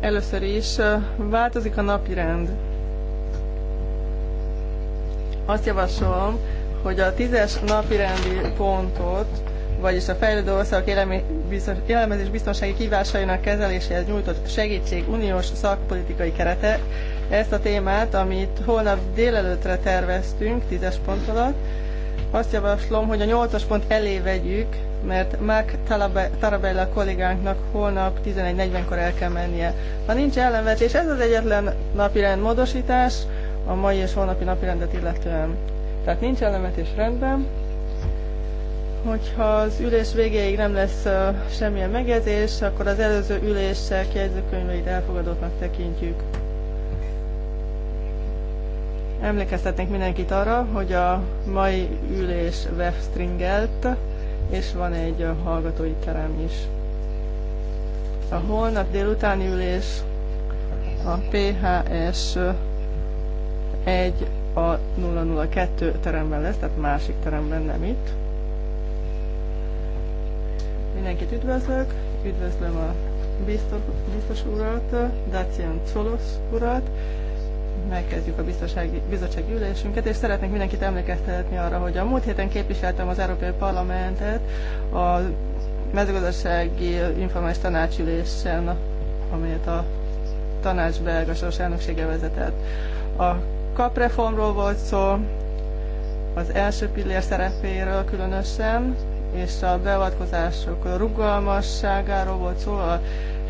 Először is változik a napirend. Azt javasolom, hogy a tízes napirendi pontot, vagyis a fejlődő országok élelmezés biztonsági kívásainak kezeléséhez nyújtott segítség uniós szakpolitikai kerete, ezt a témát, amit holnap délelőttre terveztünk, tízes pont alatt, azt javaslom, hogy a 8-as pont elé vegyük, mert Mark Tarabella kollégánknak holnap 11.40-kor el kell mennie. Ha nincs ellenvetés, ez az egyetlen napirend módosítás a mai és holnapi napirendet illetően. Tehát nincs ellenvetés rendben. Hogyha az ülés végéig nem lesz uh, semmilyen megjegyzés, akkor az előző ülések jegyzőkönyveit elfogadottnak tekintjük. Emlékeztetnék mindenkit arra, hogy a mai ülés webstringelt, és van egy hallgatói terem is. A holnap délutáni ülés a PHS 1 a 002 teremben lesz, tehát másik teremben nem itt. Mindenkit üdvözlök, üdvözlöm a biztos, biztos urat, Dacian Colos urat, megkezdjük a biztonsági, bizottsági ülésünket, és szeretnék mindenkit emlékeztetni arra, hogy a múlt héten képviseltem az Európai Parlamentet a mezőgazdasági informális tanácsülésen, amelyet a tanács belga soros elnöksége vezetett. A kapreformról volt szó, az első pillér szerepéről különösen, és a beavatkozások rugalmasságáról volt szó, a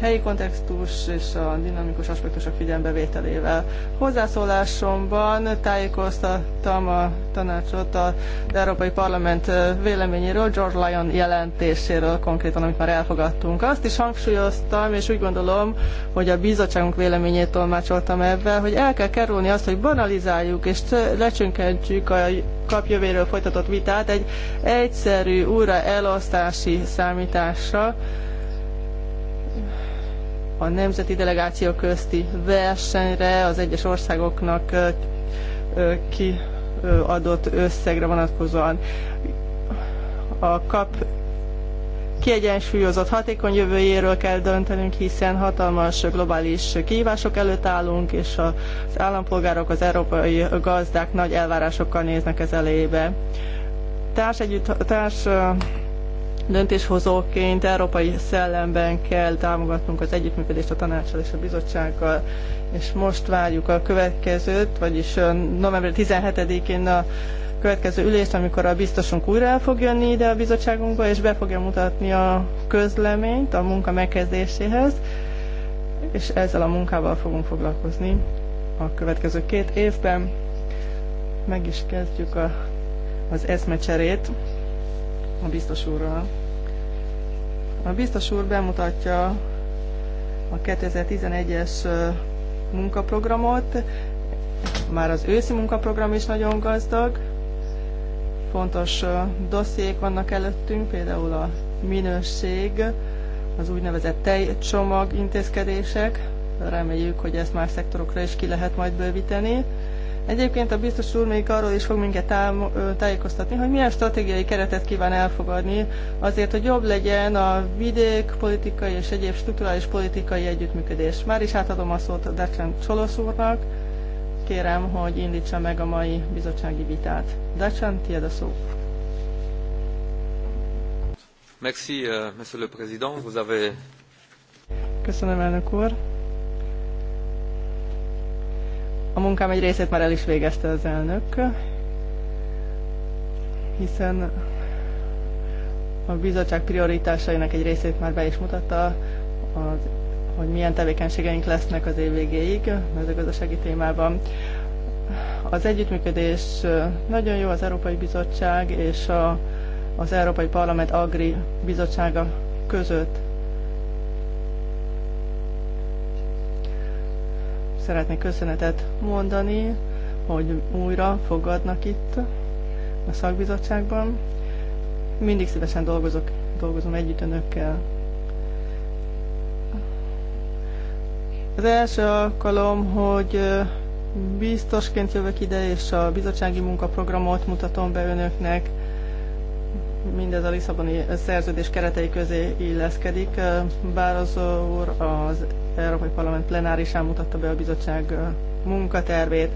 helyi kontextus és a dinamikus aspektusok figyelembevételével. Hozzászólásomban tájékoztattam a tanácsot az Európai Parlament véleményéről, George Lyon jelentéséről konkrétan, amit már elfogadtunk. Azt is hangsúlyoztam, és úgy gondolom, hogy a bizottságunk véleményét tolmácsoltam ebben, hogy el kell kerülni azt, hogy banalizáljuk és lecsökkentjük a kapjövéről folytatott vitát egy egyszerű újraelosztási elosztási számításra, a nemzeti delegáció közti versenyre, az egyes országoknak kiadott összegre vonatkozóan. A kap kiegyensúlyozott hatékony jövőjéről kell döntenünk, hiszen hatalmas globális kihívások előtt állunk, és az állampolgárok, az európai gazdák nagy elvárásokkal néznek ez elébe. Társ, együtt, társ döntéshozóként európai szellemben kell támogatnunk az együttműködést a tanácssal és a bizottsággal. És most várjuk a következőt, vagyis november 17-én a következő ülést, amikor a biztosunk újra el fog jönni ide a bizottságunkba, és be fogja mutatni a közleményt a munka megkezdéséhez, és ezzel a munkával fogunk foglalkozni a következő két évben. Meg is kezdjük a, az eszmecserét a biztos úrral. A biztos úr bemutatja a 2011-es munkaprogramot, már az őszi munkaprogram is nagyon gazdag, fontos dossziék vannak előttünk, például a minőség, az úgynevezett tejcsomag intézkedések, reméljük, hogy ezt más szektorokra is ki lehet majd bővíteni, Egyébként a biztos úr még arról is fog minket tájékoztatni, hogy milyen stratégiai keretet kíván elfogadni azért, hogy jobb legyen a vidék politikai és egyéb strukturális politikai együttműködés. Már is átadom a szót Dacsen Csolosz úrnak. Kérem, hogy indítsa meg a mai bizottsági vitát. Dacsen, tiéd a szó. Merci, euh, monsieur le président. Vous avez... Köszönöm, elnök úr. A munkám egy részét már el is végezte az elnök, hiszen a bizottság prioritásainak egy részét már be is mutatta, az, hogy milyen tevékenységeink lesznek az év végéig mezőgazdasági témában. Az együttműködés nagyon jó az Európai Bizottság és a, az Európai Parlament Agri Bizottsága között szeretnék köszönetet mondani, hogy újra fogadnak itt a szakbizottságban. Mindig szívesen dolgozok, dolgozom együtt önökkel. Az első alkalom, hogy biztosként jövök ide, és a bizottsági munkaprogramot mutatom be önöknek mindez a Lisszaboni szerződés keretei közé illeszkedik. az úr az Európai Parlament plenárisán mutatta be a bizottság munkatervét.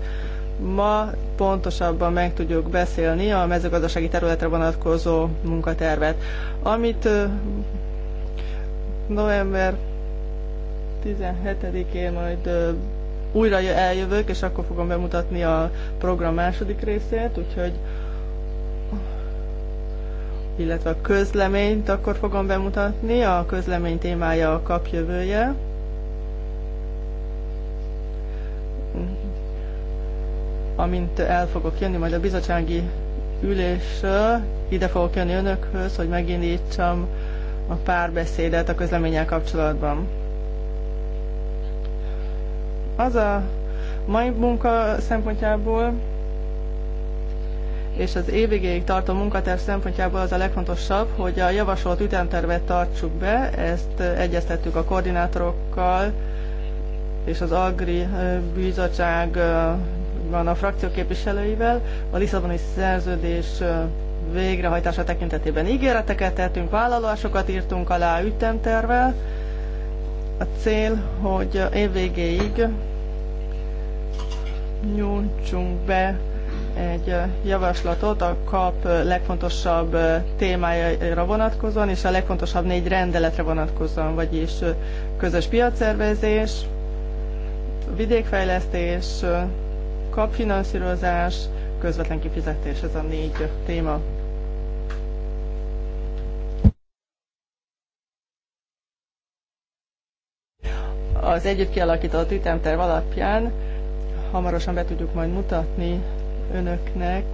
Ma pontosabban meg tudjuk beszélni a mezőgazdasági területre vonatkozó munkatervet, amit november 17-én majd újra eljövök, és akkor fogom bemutatni a program második részét, úgyhogy illetve a közleményt akkor fogom bemutatni. A közlemény témája a kapjövője. Amint el fogok jönni, majd a bizottsági ülés ide fogok jönni önökhöz, hogy megindítsam a párbeszédet a közleménnyel kapcsolatban. Az a mai munka szempontjából, és az évvégéig tartó munkaterv szempontjából az a legfontosabb, hogy a javasolt ütemtervet tartsuk be, ezt egyeztettük a koordinátorokkal, és az Agri van a frakció képviselőivel, a Lisszaboni szerződés végrehajtása tekintetében ígéreteket tettünk, vállalásokat írtunk alá ütemtervel. A cél, hogy évvégéig nyújtsunk be egy javaslatot a KAP legfontosabb témájára vonatkozóan, és a legfontosabb négy rendeletre vonatkozóan, vagyis közös piacszervezés, vidékfejlesztés, kapfinanszírozás, közvetlen kifizetés, ez a négy téma. Az együtt kialakított ütemterv alapján hamarosan be tudjuk majd mutatni önöknek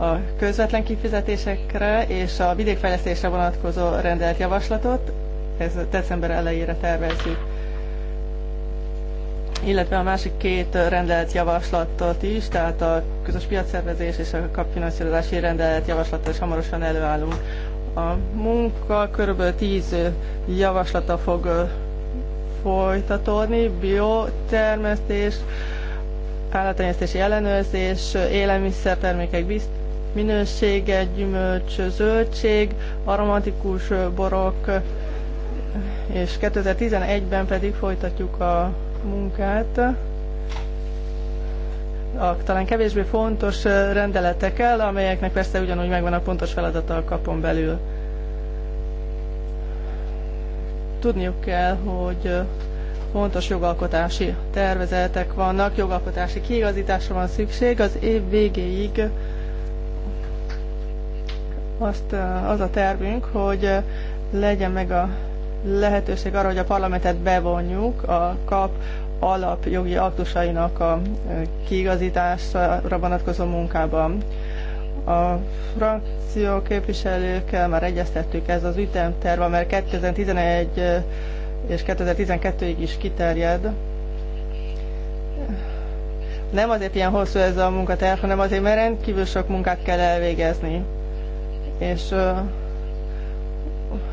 a közvetlen kifizetésekre és a vidékfejlesztésre vonatkozó rendelt javaslatot. Ez december elejére tervezzük illetve a másik két rendelt javaslatot is, tehát a közös piacszervezés és a kapfinanszírozási rendelet javaslatot is hamarosan előállunk. A munka körülbelül 10 javaslata fog folytatódni, biotermesztés, állattenyésztési ellenőrzés, élelmiszertermékek bizt, minősége, gyümölcs, zöldség, aromatikus borok, és 2011-ben pedig folytatjuk a munkát a talán kevésbé fontos rendeletekkel, amelyeknek persze ugyanúgy megvan a pontos feladata a kapon belül. Tudniuk kell, hogy fontos jogalkotási tervezetek vannak, jogalkotási kiigazításra van szükség. Az év végéig azt, az a tervünk, hogy legyen meg a lehetőség arra, hogy a parlamentet bevonjuk a kap alapjogi aktusainak a kiigazításra vonatkozó munkában. A frakció képviselőkkel már egyeztettük ez az ütemterv, mert 2011 és 2012-ig is kiterjed. Nem azért ilyen hosszú ez a munkaterv, hanem azért, mert rendkívül sok munkát kell elvégezni. És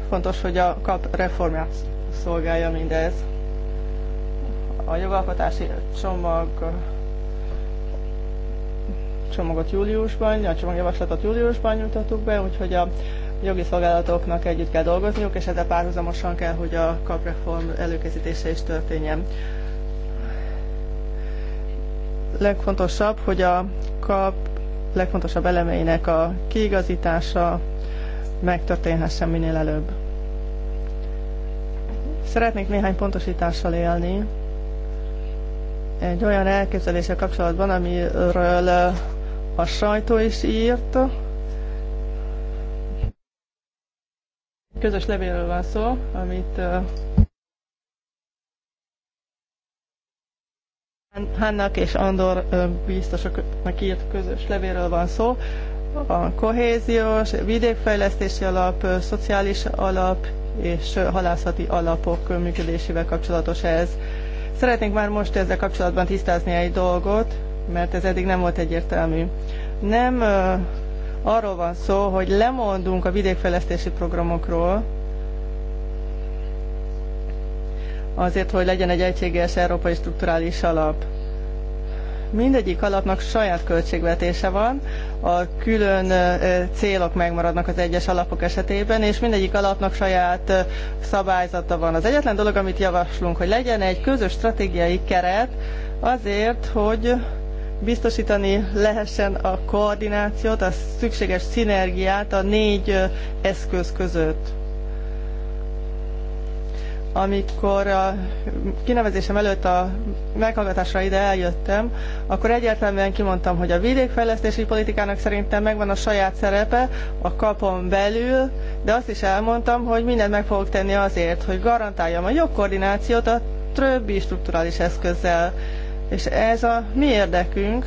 fontos, hogy a kap reformját szolgálja mindez. A jogalkotási csomag csomagot júliusban, a csomagjavaslatot júliusban nyújtottuk be, úgyhogy a jogi szolgálatoknak együtt kell dolgozniuk, és ezzel párhuzamosan kell, hogy a kapreform előkészítése is történjen. Legfontosabb, hogy a kap legfontosabb elemeinek a kiigazítása megtörténhessen minél előbb. Szeretnék néhány pontosítással élni egy olyan elképzelése kapcsolatban, amiről a sajtó is írt, Közös levélről van szó, amit Hannak és Andor biztosoknak írt közös levélről van szó. A kohéziós, vidékfejlesztési alap, szociális alap és halászati alapok működésével kapcsolatos ez. Szeretnénk már most ezzel kapcsolatban tisztázni egy dolgot, mert ez eddig nem volt egyértelmű. Nem Arról van szó, hogy lemondunk a vidékfejlesztési programokról, azért, hogy legyen egy egységes európai strukturális alap mindegyik alapnak saját költségvetése van, a külön célok megmaradnak az egyes alapok esetében, és mindegyik alapnak saját szabályzata van. Az egyetlen dolog, amit javaslunk, hogy legyen egy közös stratégiai keret azért, hogy biztosítani lehessen a koordinációt, a szükséges szinergiát a négy eszköz között. Amikor a kinevezésem előtt a meghallgatásra ide eljöttem, akkor egyértelműen kimondtam, hogy a vidékfejlesztési politikának szerintem megvan a saját szerepe a kapon belül, de azt is elmondtam, hogy mindent meg fogok tenni azért, hogy garantáljam a jobb koordinációt a többi strukturális eszközzel és ez a mi érdekünk,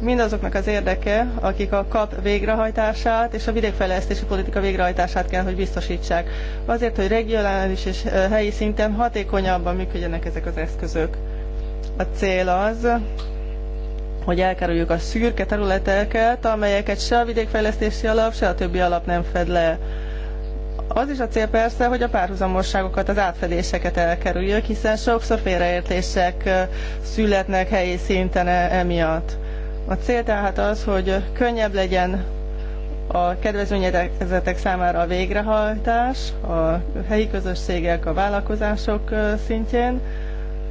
mindazoknak az érdeke, akik a kap végrehajtását és a vidékfejlesztési politika végrehajtását kell, hogy biztosítsák. Azért, hogy regionális és helyi szinten hatékonyabban működjenek ezek az eszközök. A cél az, hogy elkerüljük a szürke területeket, amelyeket se a vidékfejlesztési alap, se a többi alap nem fed le az is a cél persze, hogy a párhuzamosságokat, az átfedéseket elkerüljük, hiszen sokszor félreértések születnek helyi szinten e, emiatt. A cél tehát az, hogy könnyebb legyen a kedvezményezetek számára a végrehajtás a helyi közösségek, a vállalkozások szintjén,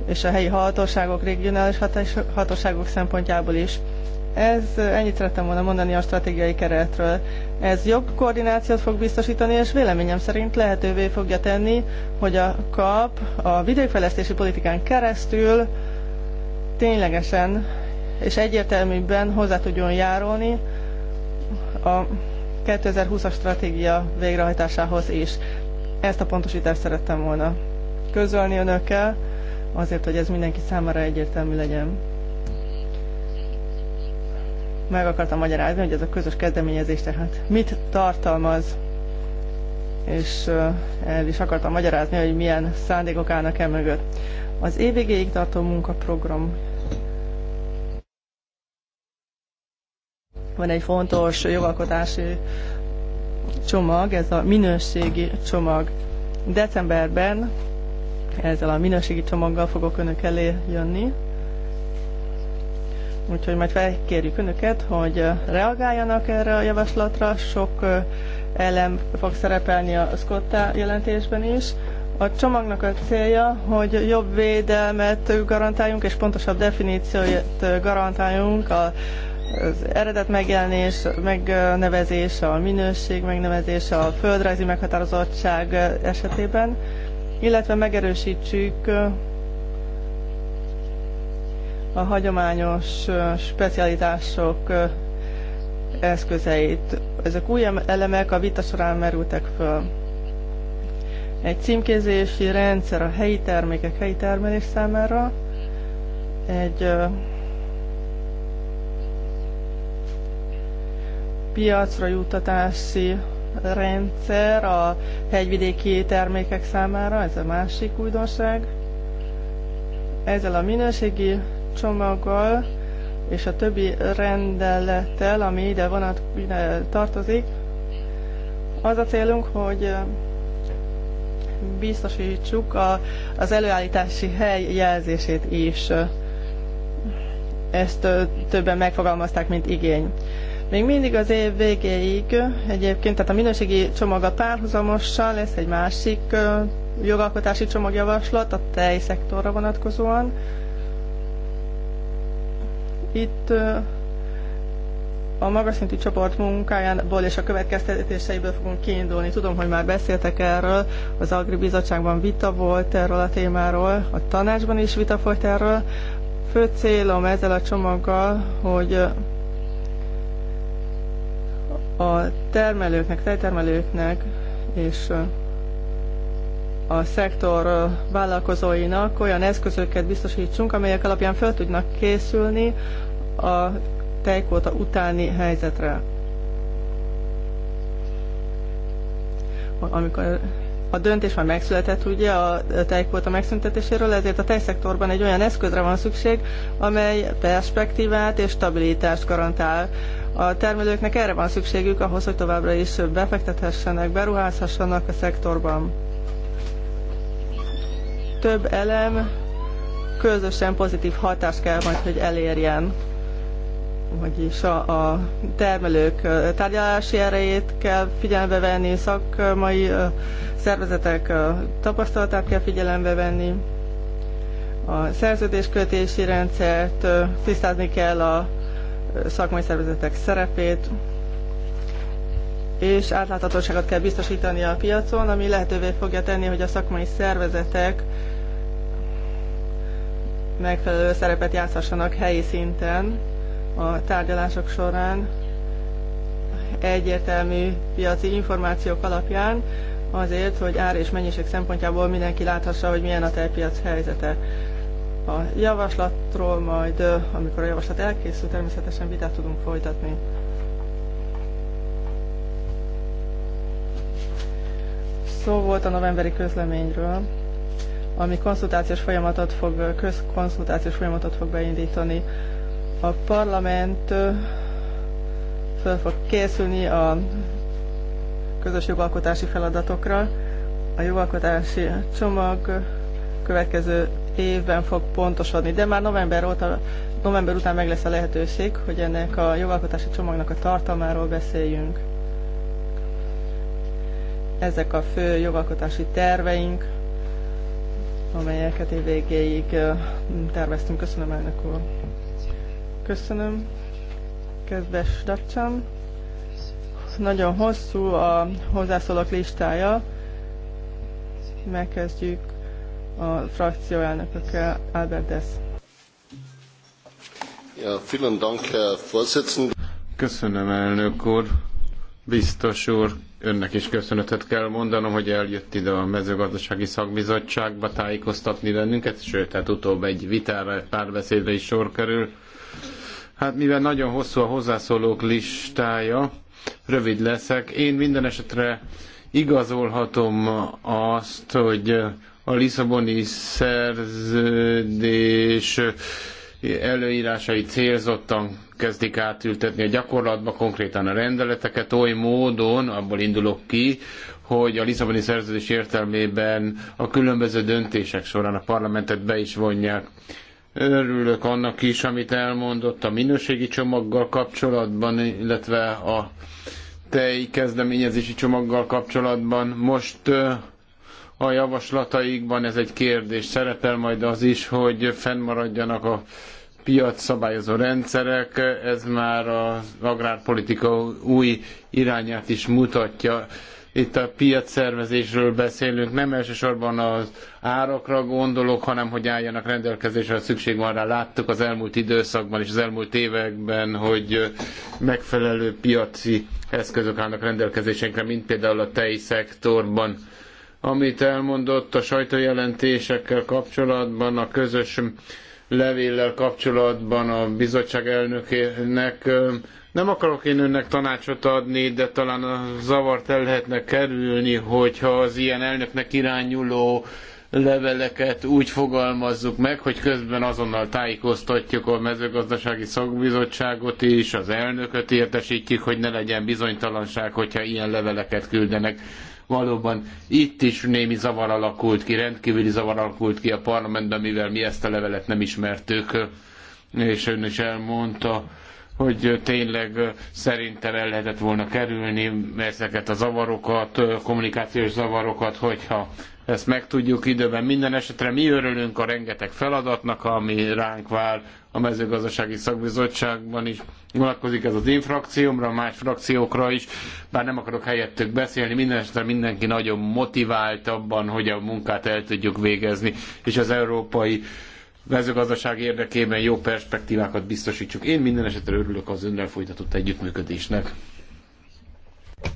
és a helyi hatóságok, regionális hatóságok szempontjából is. Ez ennyit szerettem volna mondani a stratégiai keretről. Ez jobb koordinációt fog biztosítani, és véleményem szerint lehetővé fogja tenni, hogy a KAP a vidékfejlesztési politikán keresztül ténylegesen és egyértelműbben hozzá tudjon járulni a 2020-as stratégia végrehajtásához is. Ezt a pontosítást szerettem volna közölni önökkel, azért, hogy ez mindenki számára egyértelmű legyen. Meg akartam magyarázni, hogy ez a közös kezdeményezés tehát mit tartalmaz, és el is akartam magyarázni, hogy milyen szándékok állnak el mögött. Az évvégéig tartó munkaprogram van egy fontos jogalkotási csomag, ez a minőségi csomag. Decemberben ezzel a minőségi csomaggal fogok önök elé jönni. Úgyhogy majd felkérjük Önöket, hogy reagáljanak erre a javaslatra. Sok elem fog szerepelni a Scotta jelentésben is. A csomagnak a célja, hogy jobb védelmet garantáljunk és pontosabb definíciót garantáljunk a az eredet megjelenés, megnevezés, a minőség megnevezés, a földrajzi meghatározottság esetében, illetve megerősítsük a hagyományos specialitások eszközeit. Ezek új elemek a vita során merültek föl. Egy címkézési rendszer a helyi termékek, helyi termelés számára, egy piacra juttatási rendszer a hegyvidéki termékek számára, ez a másik újdonság. Ezzel a minőségi csomaggal és a többi rendelettel, ami ide vonat ide tartozik, az a célunk, hogy biztosítsuk a, az előállítási hely jelzését is. Ezt többen megfogalmazták, mint igény. Még mindig az év végéig egyébként, tehát a minőségi csomaga párhuzamosan lesz egy másik jogalkotási csomagjavaslat a szektorra vonatkozóan, itt a magas szintű csoport munkájából és a következtetéseiből fogunk kiindulni. Tudom, hogy már beszéltek erről, az Agri Bizottságban vita volt erről a témáról, a tanácsban is vita folyt erről. Fő célom ezzel a csomaggal, hogy a termelőknek, tejtermelőknek és a szektor vállalkozóinak olyan eszközöket biztosítsunk, amelyek alapján fel tudnak készülni a tejkóta utáni helyzetre. Amikor a döntés már megszületett ugye a tejkvóta megszüntetéséről, ezért a tejszektorban egy olyan eszközre van szükség, amely perspektívát és stabilitást garantál. A termelőknek erre van szükségük ahhoz, hogy továbbra is befektethessenek, beruházhassanak a szektorban több elem közösen pozitív hatást kell majd, hogy elérjen. Vagyis a, a termelők tárgyalási erejét kell figyelembe venni, szakmai szervezetek tapasztalatát kell figyelembe venni, a szerződéskötési rendszert, tisztázni kell a szakmai szervezetek szerepét, és átláthatóságot kell biztosítani a piacon, ami lehetővé fogja tenni, hogy a szakmai szervezetek megfelelő szerepet játszhassanak helyi szinten a tárgyalások során egyértelmű piaci információk alapján azért, hogy ár és mennyiség szempontjából mindenki láthassa, hogy milyen a tejpiac helyzete. A javaslatról majd, amikor a javaslat elkészül, természetesen vitát tudunk folytatni. Szó volt a novemberi közleményről ami konzultációs folyamatot fog, közkonzultációs folyamatot fog beindítani. A parlament fel fog készülni a közös jogalkotási feladatokra. A jogalkotási csomag következő évben fog pontosodni, de már november, óta, november után meg lesz a lehetőség, hogy ennek a jogalkotási csomagnak a tartalmáról beszéljünk. Ezek a fő jogalkotási terveink, amelyeket év végéig terveztünk. Köszönöm, elnök úr. Köszönöm. kedves Dacsan. Nagyon hosszú a hozzászólók listája. Megkezdjük a frakció elnökökkel, Albert Dess. Ja, vielen Dank, Herr Vorsitzender. Köszönöm, elnök úr. Biztos úr, önnek is köszönetet kell mondanom, hogy eljött ide a mezőgazdasági szakbizottságba tájékoztatni bennünket, sőt, hát utóbb egy vitára, egy párbeszédre is sor kerül. Hát mivel nagyon hosszú a hozzászólók listája, rövid leszek. Én minden esetre igazolhatom azt, hogy a Lisszaboni szerződés Előírásai célzottan kezdik átültetni a gyakorlatba, konkrétan a rendeleteket oly módon, abból indulok ki, hogy a Lisszaboni szerződés értelmében a különböző döntések során a parlamentet be is vonják. Örülök annak is, amit elmondott a minőségi csomaggal kapcsolatban, illetve a tej kezdeményezési csomaggal kapcsolatban. Most a javaslataikban ez egy kérdés. Szerepel majd az is, hogy fennmaradjanak a piacszabályozó rendszerek, ez már az agrárpolitika új irányát is mutatja. Itt a piacszervezésről beszélünk, nem elsősorban az árakra gondolok, hanem hogy álljanak rendelkezésre, szükség van rá. Láttuk az elmúlt időszakban és az elmúlt években, hogy megfelelő piaci eszközök állnak rendelkezésünkre, mint például a tej szektorban amit elmondott a sajtójelentésekkel kapcsolatban, a közös levéllel kapcsolatban a bizottság elnökének. Nem akarok én önnek tanácsot adni, de talán a zavart el lehetne kerülni, hogyha az ilyen elnöknek irányuló leveleket úgy fogalmazzuk meg, hogy közben azonnal tájékoztatjuk a mezőgazdasági szakbizottságot is, az elnököt értesítjük, hogy ne legyen bizonytalanság, hogyha ilyen leveleket küldenek Valóban itt is némi zavar alakult ki, rendkívüli zavar alakult ki a parlamentben, mivel mi ezt a levelet nem ismertük, és ön is elmondta, hogy tényleg szerintem el lehetett volna kerülni ezeket a zavarokat, kommunikációs zavarokat, hogyha ezt megtudjuk időben. Minden esetre mi örülünk a rengeteg feladatnak, ami ránk vár a mezőgazdasági szakbizottságban is. Vonatkozik ez az én frakciómra, más frakciókra is, bár nem akarok helyettük beszélni, minden esetre mindenki nagyon motivált abban, hogy a munkát el tudjuk végezni, és az európai mezőgazdaság érdekében jó perspektívákat biztosítsuk. Én minden esetre örülök az önnel folytatott együttműködésnek.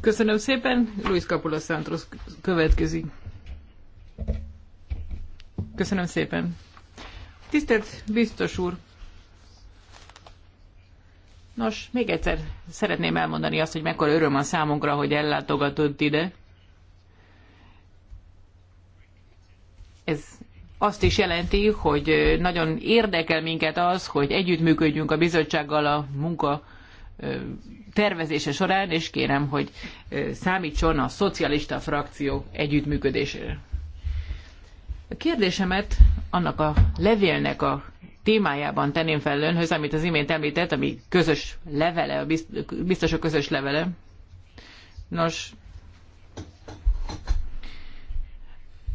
Köszönöm szépen, Luis Capulos Santos következik. Köszönöm szépen. Tisztelt biztos úr! Nos, még egyszer szeretném elmondani azt, hogy mekkora öröm a számunkra, hogy ellátogatott ide. Ez azt is jelenti, hogy nagyon érdekel minket az, hogy együttműködjünk a bizottsággal a munka tervezése során, és kérem, hogy számítson a szocialista frakció együttműködésére. A kérdésemet annak a levélnek a témájában tenném fel önhöz, amit az imént említett, ami közös levele, biztos a közös levele. Nos,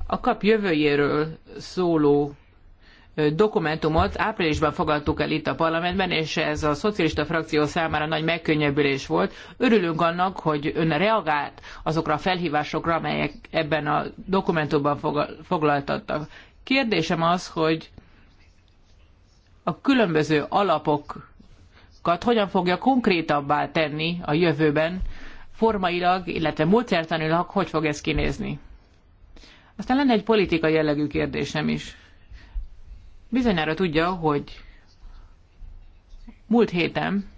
a kap jövőjéről szóló dokumentumot áprilisban fogadtuk el itt a parlamentben, és ez a szocialista frakció számára nagy megkönnyebbülés volt. Örülünk annak, hogy ön reagált azokra a felhívásokra, amelyek ebben a dokumentumban foglaltattak. Kérdésem az, hogy a különböző alapokat hogyan fogja konkrétabbá tenni a jövőben, formailag, illetve módszertanilag, hogy fog ez kinézni. Aztán lenne egy politikai jellegű kérdésem is. Bizonyára tudja, hogy múlt héten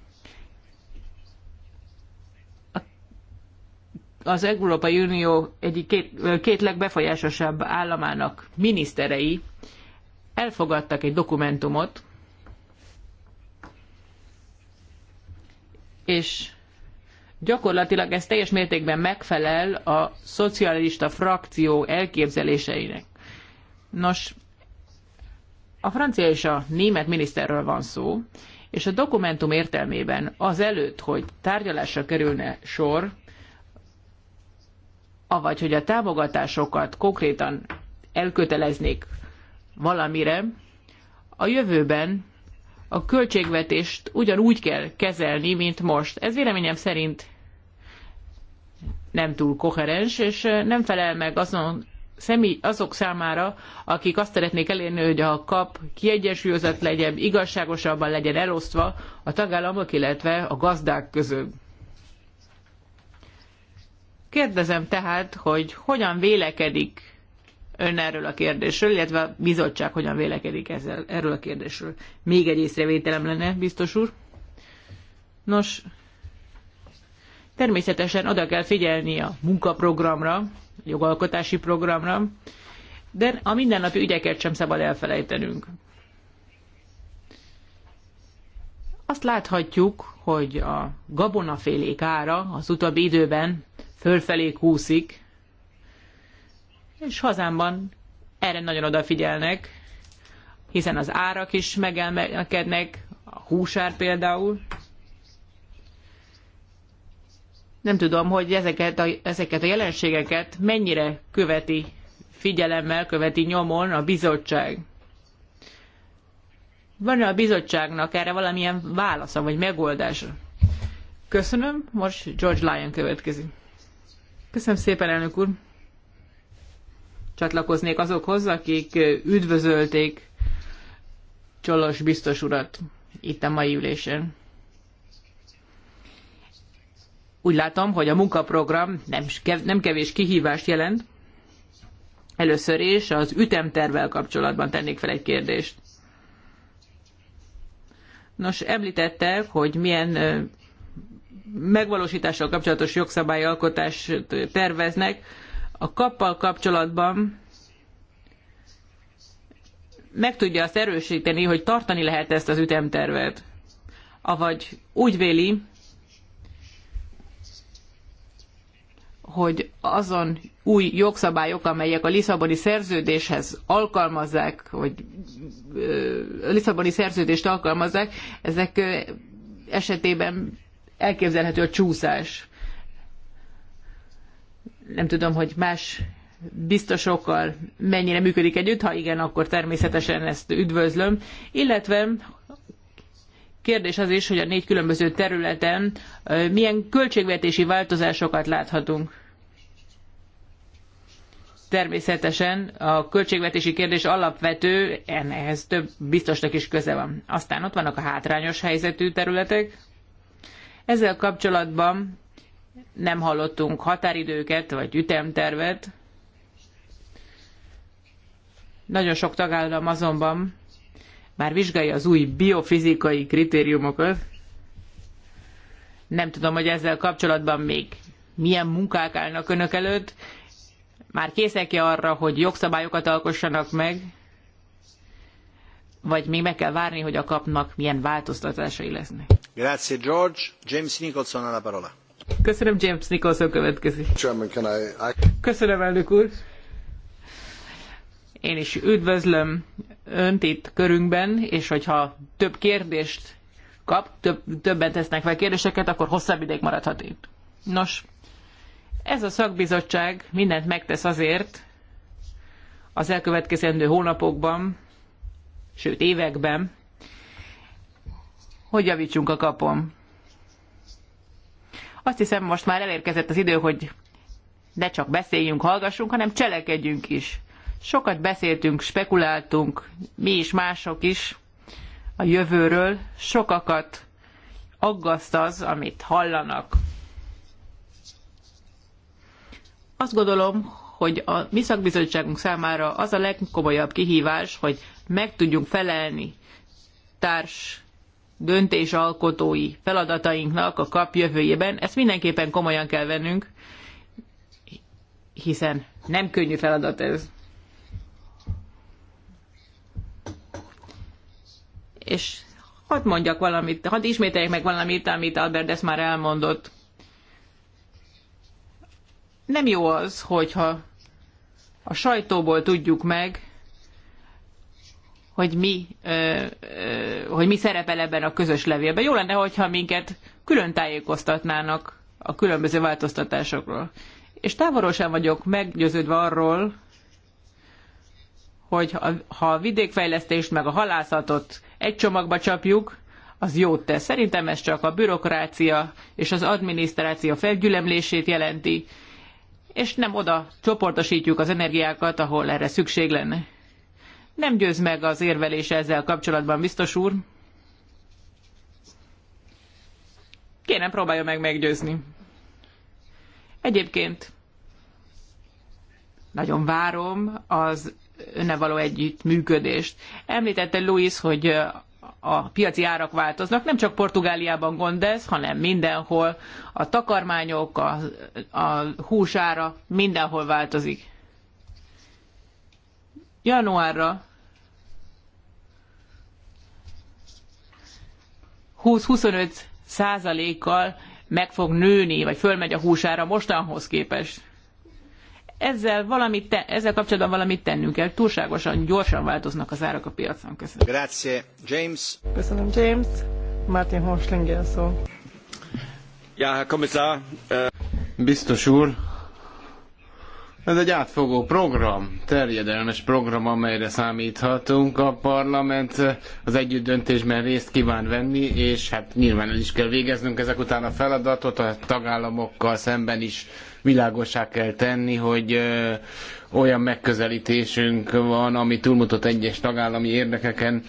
az Európai Unió egyik két, két legbefolyásosabb államának miniszterei elfogadtak egy dokumentumot, és gyakorlatilag ez teljes mértékben megfelel a szocialista frakció elképzeléseinek. Nos, a francia és a német miniszterről van szó, és a dokumentum értelmében az előtt, hogy tárgyalásra kerülne sor, avagy hogy a támogatásokat konkrétan elköteleznék valamire, a jövőben a költségvetést ugyanúgy kell kezelni, mint most. Ez véleményem szerint nem túl koherens, és nem felel meg azon személy, azok számára, akik azt szeretnék elérni, hogy a kap kiegyensúlyozott legyen, igazságosabban legyen elosztva a tagállamok, illetve a gazdák között. Kérdezem tehát, hogy hogyan vélekedik ön erről a kérdésről, illetve a bizottság hogyan vélekedik ezzel, erről a kérdésről. Még egy észrevételem lenne, biztos úr. Nos, természetesen oda kell figyelni a munkaprogramra, jogalkotási programra, de a mindennapi ügyeket sem szabad elfelejtenünk. Azt láthatjuk, hogy a gabonafélék ára az utóbbi időben fölfelé kúszik, és hazámban erre nagyon odafigyelnek, hiszen az árak is megemelkednek, a húsár például, nem tudom, hogy ezeket a, ezeket a jelenségeket mennyire követi figyelemmel, követi nyomon a bizottság. Van-e a bizottságnak erre valamilyen válasza vagy megoldása? Köszönöm, most George Lyon következik. Köszönöm szépen, elnök úr. Csatlakoznék azokhoz, akik üdvözölték Csolos biztos urat itt a mai ülésen. Úgy látom, hogy a munkaprogram nem, nem kevés kihívást jelent. Először is az ütemtervel kapcsolatban tennék fel egy kérdést. Nos, említette, hogy milyen megvalósítással kapcsolatos jogszabályalkotást terveznek. A kappal kapcsolatban meg tudja azt erősíteni, hogy tartani lehet ezt az ütemtervet. Avagy úgy véli, hogy azon új jogszabályok, amelyek a Lisszaboni szerződéshez alkalmazzák, vagy a Lisszaboni szerződést alkalmazzák, ezek esetében elképzelhető a csúszás. Nem tudom, hogy más biztosokkal mennyire működik együtt, ha igen, akkor természetesen ezt üdvözlöm. Illetve kérdés az is, hogy a négy különböző területen milyen költségvetési változásokat láthatunk természetesen a költségvetési kérdés alapvető, ehhez több biztosnak is köze van. Aztán ott vannak a hátrányos helyzetű területek. Ezzel kapcsolatban nem hallottunk határidőket vagy ütemtervet. Nagyon sok tagállam azonban már vizsgálja az új biofizikai kritériumokat. Nem tudom, hogy ezzel kapcsolatban még milyen munkák állnak önök előtt, már készek-e arra, hogy jogszabályokat alkossanak meg, vagy még meg kell várni, hogy a kapnak milyen változtatásai lesznek. Grazie George. James Nicholson alla parola. Köszönöm, James Nicholson következik. can I... Köszönöm, elnök úr. Én is üdvözlöm önt itt körünkben, és hogyha több kérdést kap, több, többen tesznek fel kérdéseket, akkor hosszabb ideig maradhat itt. Nos, ez a szakbizottság mindent megtesz azért az elkövetkezendő hónapokban, sőt években, hogy javítsunk a kapom. Azt hiszem, most már elérkezett az idő, hogy ne csak beszéljünk, hallgassunk, hanem cselekedjünk is. Sokat beszéltünk, spekuláltunk, mi is, mások is a jövőről, sokakat aggaszt az, amit hallanak Azt gondolom, hogy a mi szakbizottságunk számára az a legkomolyabb kihívás, hogy meg tudjunk felelni társ döntésalkotói feladatainknak a kap jövőjében. Ezt mindenképpen komolyan kell vennünk, hiszen nem könnyű feladat ez. És hadd mondjak valamit, hadd ismételjek meg valamit, amit Albert ezt már elmondott nem jó az, hogyha a sajtóból tudjuk meg, hogy mi, ö, ö, hogy mi szerepel ebben a közös levélben. Jó lenne, hogyha minket külön tájékoztatnának a különböző változtatásokról. És távolról sem vagyok meggyőződve arról, hogy ha a vidékfejlesztést meg a halászatot egy csomagba csapjuk, az jót tesz. Szerintem ez csak a bürokrácia és az adminisztráció felgyülemlését jelenti, és nem oda csoportosítjuk az energiákat, ahol erre szükség lenne. Nem győz meg az érvelés ezzel kapcsolatban, biztos úr. Kérem, próbálja meg meggyőzni. Egyébként nagyon várom az önne való együttműködést. Említette Louis, hogy a piaci árak változnak. Nem csak Portugáliában gond ez, hanem mindenhol. A takarmányok, a, a húsára mindenhol változik. Januárra 20-25 százalékkal meg fog nőni, vagy fölmegy a húsára mostanhoz képest ezzel, valamit te, ezzel kapcsolatban valamit tennünk kell. Túlságosan gyorsan változnak az árak a piacon. Köszönöm. Grazie, James. Köszönöm, James. Martin Hoslinger szó. Ja, Herr Kommissar. Uh... Biztos úr, ez egy átfogó program, terjedelmes program, amelyre számíthatunk. A parlament az együttdöntésben részt kíván venni, és hát nyilván el is kell végeznünk ezek után a feladatot, a tagállamokkal szemben is világosá kell tenni, hogy olyan megközelítésünk van, ami túlmutat egyes tagállami érdekeken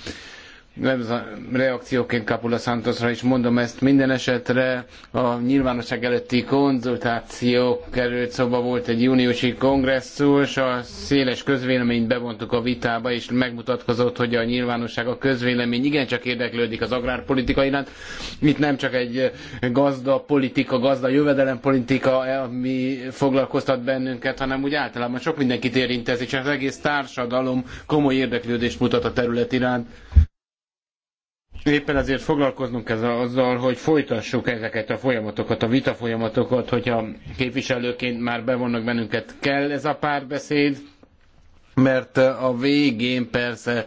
reakcióként Capula Santosra is mondom ezt. Minden esetre a nyilvánosság előtti konzultáció került szóba, volt egy júniusi kongresszus, a széles közvéleményt bevontuk a vitába, és megmutatkozott, hogy a nyilvánosság, a közvélemény igencsak érdeklődik az agrárpolitika iránt. Itt nem csak egy gazda politika, gazda jövedelempolitika, eh, ami foglalkoztat bennünket, hanem úgy általában sok mindenkit érint ez, és az egész társadalom komoly érdeklődést mutat a terület iránt. Éppen ezért foglalkoznunk kell azzal, hogy folytassuk ezeket a folyamatokat, a vita folyamatokat, hogyha képviselőként már bevonnak bennünket. Kell ez a párbeszéd, mert a végén persze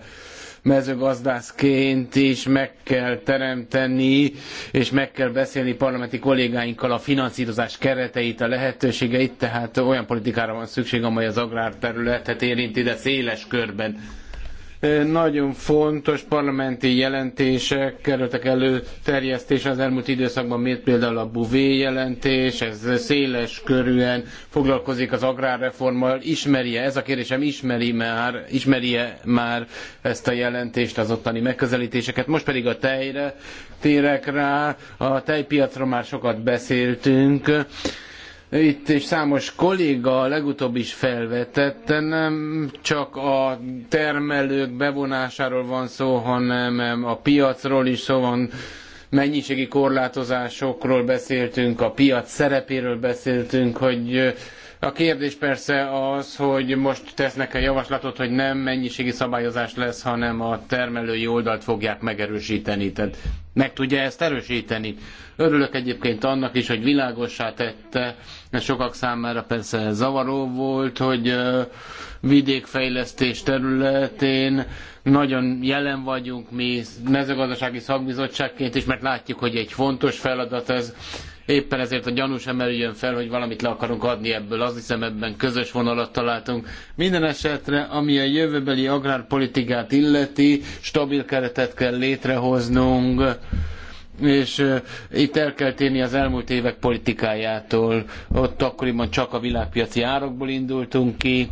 mezőgazdászként is meg kell teremteni, és meg kell beszélni parlamenti kollégáinkkal a finanszírozás kereteit, a lehetőségeit, tehát olyan politikára van szükség, amely az agrárterületet érinti, de széles körben nagyon fontos parlamenti jelentések kerültek elő terjesztés az elmúlt időszakban, mint például a Bouvé jelentés, ez széles körűen foglalkozik az agrárreformmal. Ismerje, ez a kérdésem, ismeri már, ismerje már ezt a jelentést, az ottani megközelítéseket. Most pedig a tejre térek rá, a tejpiacról már sokat beszéltünk itt is számos kolléga legutóbb is felvetette, nem csak a termelők bevonásáról van szó, hanem a piacról is szó van, mennyiségi korlátozásokról beszéltünk, a piac szerepéről beszéltünk, hogy a kérdés persze az, hogy most tesznek-e javaslatot, hogy nem mennyiségi szabályozás lesz, hanem a termelői oldalt fogják megerősíteni. Tehát meg tudja ezt erősíteni. Örülök egyébként annak is, hogy világossá tette, mert sokak számára persze zavaró volt, hogy vidékfejlesztés területén nagyon jelen vagyunk mi mezőgazdasági szakbizottságként is, mert látjuk, hogy egy fontos feladat ez Éppen ezért a gyanús emeljön fel, hogy valamit le akarunk adni ebből. Azt hiszem ebben közös vonalat találtunk. Minden esetre, ami a jövőbeli agrárpolitikát illeti, stabil keretet kell létrehoznunk és itt el kell térni az elmúlt évek politikájától. Ott akkoriban csak a világpiaci árakból indultunk ki,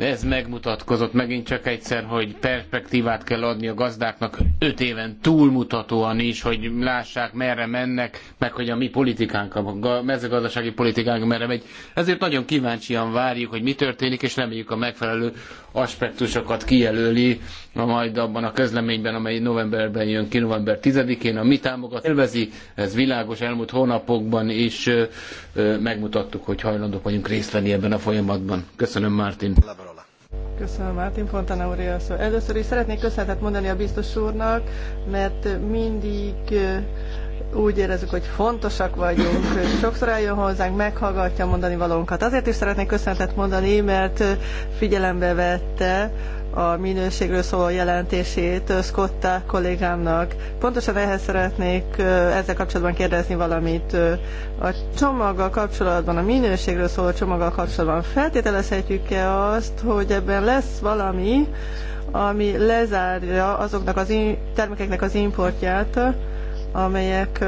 ez megmutatkozott megint csak egyszer, hogy perspektívát kell adni a gazdáknak öt éven túlmutatóan is, hogy lássák merre mennek, meg hogy a mi politikánk, a mezőgazdasági politikánk merre megy. Ezért nagyon kíváncsian várjuk, hogy mi történik, és reméljük a megfelelő aspektusokat kijelöli a majd abban a közleményben, amely novemberben jön ki, november 10-én. A mi támogat élvezi, ez világos, elmúlt hónapokban is megmutattuk, hogy hajlandók vagyunk részt venni ebben a folyamatban. Köszönöm, Martin. Köszönöm, Mártin Fontana úr. Szóval először is szeretnék köszönetet mondani a biztos úrnak, mert mindig eh, úgy érezzük, hogy fontosak vagyunk. Sokszor eljön hozzánk, meghallgatja mondani valónkat. Azért is szeretnék köszönetet mondani, mert eh, figyelembe vette a minőségről szóló jelentését Scotta kollégámnak. Pontosan ehhez szeretnék ezzel kapcsolatban kérdezni valamit. A csomaggal kapcsolatban, a minőségről szóló csomaggal kapcsolatban feltételezhetjük-e azt, hogy ebben lesz valami, ami lezárja azoknak az termékeknek az importját, amelyek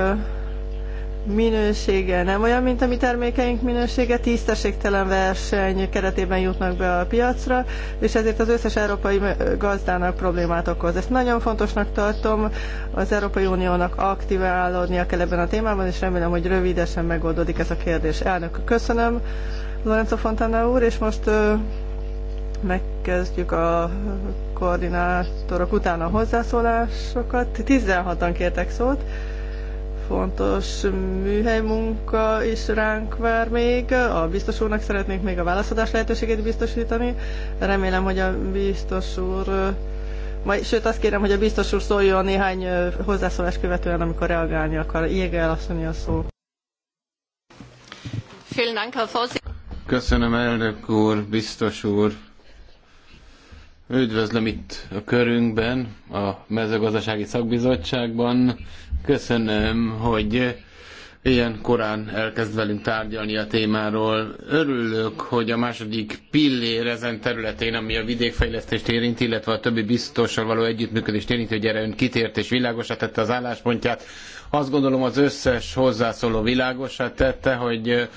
minősége nem olyan, mint a mi termékeink minősége, tisztességtelen verseny keretében jutnak be a piacra, és ezért az összes európai gazdának problémát okoz. Ezt nagyon fontosnak tartom, az Európai Uniónak aktiválódnia kell ebben a témában, és remélem, hogy rövidesen megoldódik ez a kérdés. Elnök, köszönöm, Lorenzo Fontana úr, és most megkezdjük a koordinátorok után a hozzászólásokat. 16-an kértek szót fontos műhelymunka is ránk vár még. A biztos úrnak szeretnénk még a válaszadás lehetőségét biztosítani. Remélem, hogy a biztos úr majd, sőt, azt kérem, hogy a biztos úr szóljon néhány hozzászólás követően, amikor reagálni akar. Jégel asszony a szó. Köszönöm, elnök úr, biztos úr, Üdvözlöm itt a körünkben, a mezőgazdasági szakbizottságban. Köszönöm, hogy ilyen korán elkezd velünk tárgyalni a témáról. Örülök, hogy a második pillér ezen területén, ami a vidékfejlesztést érinti, illetve a többi biztossal való együttműködést érinti, hogy erre ön kitért és világosat tette az álláspontját. Azt gondolom az összes hozzászóló világosat tette, hogy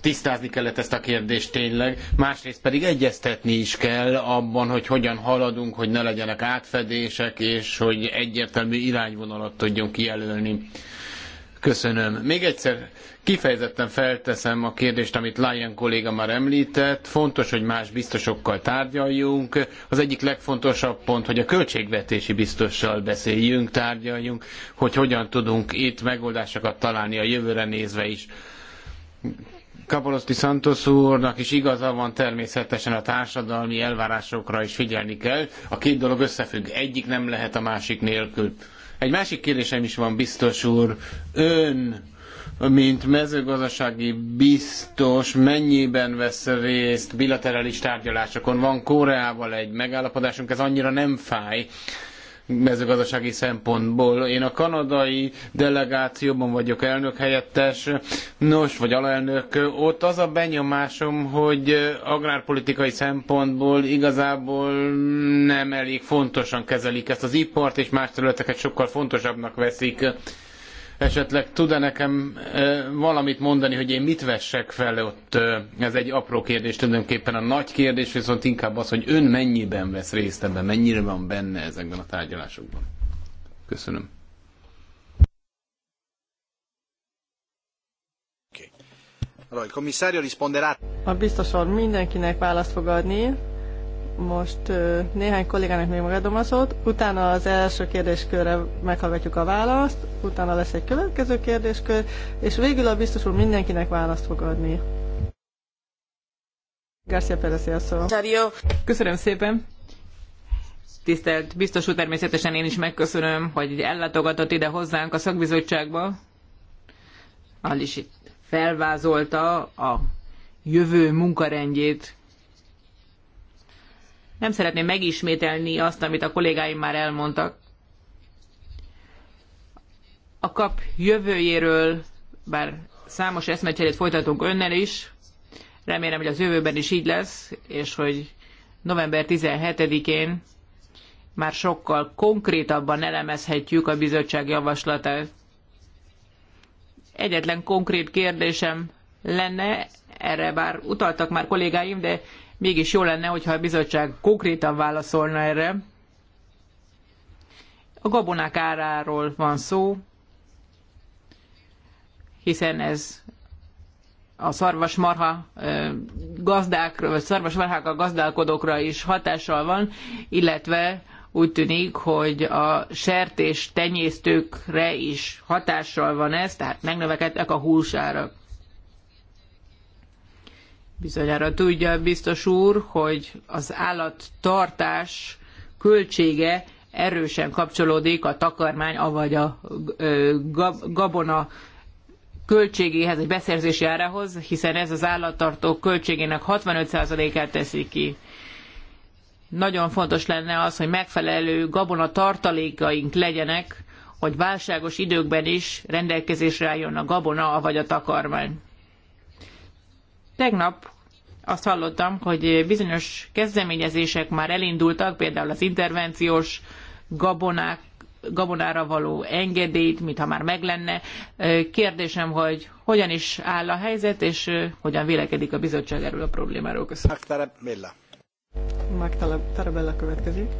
tisztázni kellett ezt a kérdést tényleg, másrészt pedig egyeztetni is kell abban, hogy hogyan haladunk, hogy ne legyenek átfedések, és hogy egyértelmű irányvonalat tudjunk kijelölni. Köszönöm. Még egyszer kifejezetten felteszem a kérdést, amit Lyon kolléga már említett. Fontos, hogy más biztosokkal tárgyaljunk. Az egyik legfontosabb pont, hogy a költségvetési biztossal beszéljünk, tárgyaljunk, hogy hogyan tudunk itt megoldásokat találni a jövőre nézve is Kapoloszti Santos úrnak is igaza van, természetesen a társadalmi elvárásokra is figyelni kell. A két dolog összefügg, egyik nem lehet a másik nélkül. Egy másik kérdésem is van, biztos úr. Ön, mint mezőgazdasági biztos, mennyiben vesz részt bilaterális tárgyalásokon? Van Koreával egy megállapodásunk, ez annyira nem fáj mezőgazdasági szempontból. Én a kanadai delegációban vagyok elnök helyettes, nos, vagy alelnök. Ott az a benyomásom, hogy agrárpolitikai szempontból igazából nem elég fontosan kezelik ezt az ipart, és más területeket sokkal fontosabbnak veszik esetleg tud-e nekem valamit mondani, hogy én mit vessek fel ott? Ez egy apró kérdés, tulajdonképpen a nagy kérdés viszont inkább az, hogy ön mennyiben vesz részt ebben, mennyire van benne ezekben a tárgyalásokban. Köszönöm. A biztos úr mindenkinek választ fog adni, most néhány kollégának még megadom a szót, utána az első kérdéskörre meghallgatjuk a választ, utána lesz egy következő kérdéskör, és végül a biztos úr mindenkinek választ fog adni. Garcia Perez, szó. Köszönöm szépen. Tisztelt biztos úr, természetesen én is megköszönöm, hogy ellátogatott ide hozzánk a szakbizottságba. Alisi felvázolta a jövő munkarendjét nem szeretném megismételni azt, amit a kollégáim már elmondtak. A kap jövőjéről, bár számos eszmecserét folytatunk önnel is, remélem, hogy az jövőben is így lesz, és hogy november 17-én már sokkal konkrétabban elemezhetjük a bizottság javaslatát. Egyetlen konkrét kérdésem lenne, erre bár utaltak már kollégáim, de mégis jó lenne, hogyha a bizottság konkrétan válaszolna erre. A gabonák áráról van szó, hiszen ez a szarvasmarha gazdákra, vagy a gazdálkodókra is hatással van, illetve úgy tűnik, hogy a sertés tenyésztőkre is hatással van ez, tehát megnövekedtek a húsárak. Bizonyára tudja biztos úr, hogy az állattartás költsége erősen kapcsolódik a takarmány, avagy a gabona költségéhez, egy beszerzési árához, hiszen ez az állattartók költségének 65%-át teszi ki. Nagyon fontos lenne az, hogy megfelelő gabona tartalékaink legyenek, hogy válságos időkben is rendelkezésre álljon a gabona, avagy a takarmány. Tegnap azt hallottam, hogy bizonyos kezdeményezések már elindultak, például az intervenciós gabonák, gabonára való engedélyt, mintha már meglenne. Kérdésem, hogy hogyan is áll a helyzet, és hogyan vélekedik a bizottság erről a problémáról. Köszönöm. Magtarabella. Magtarabella következik.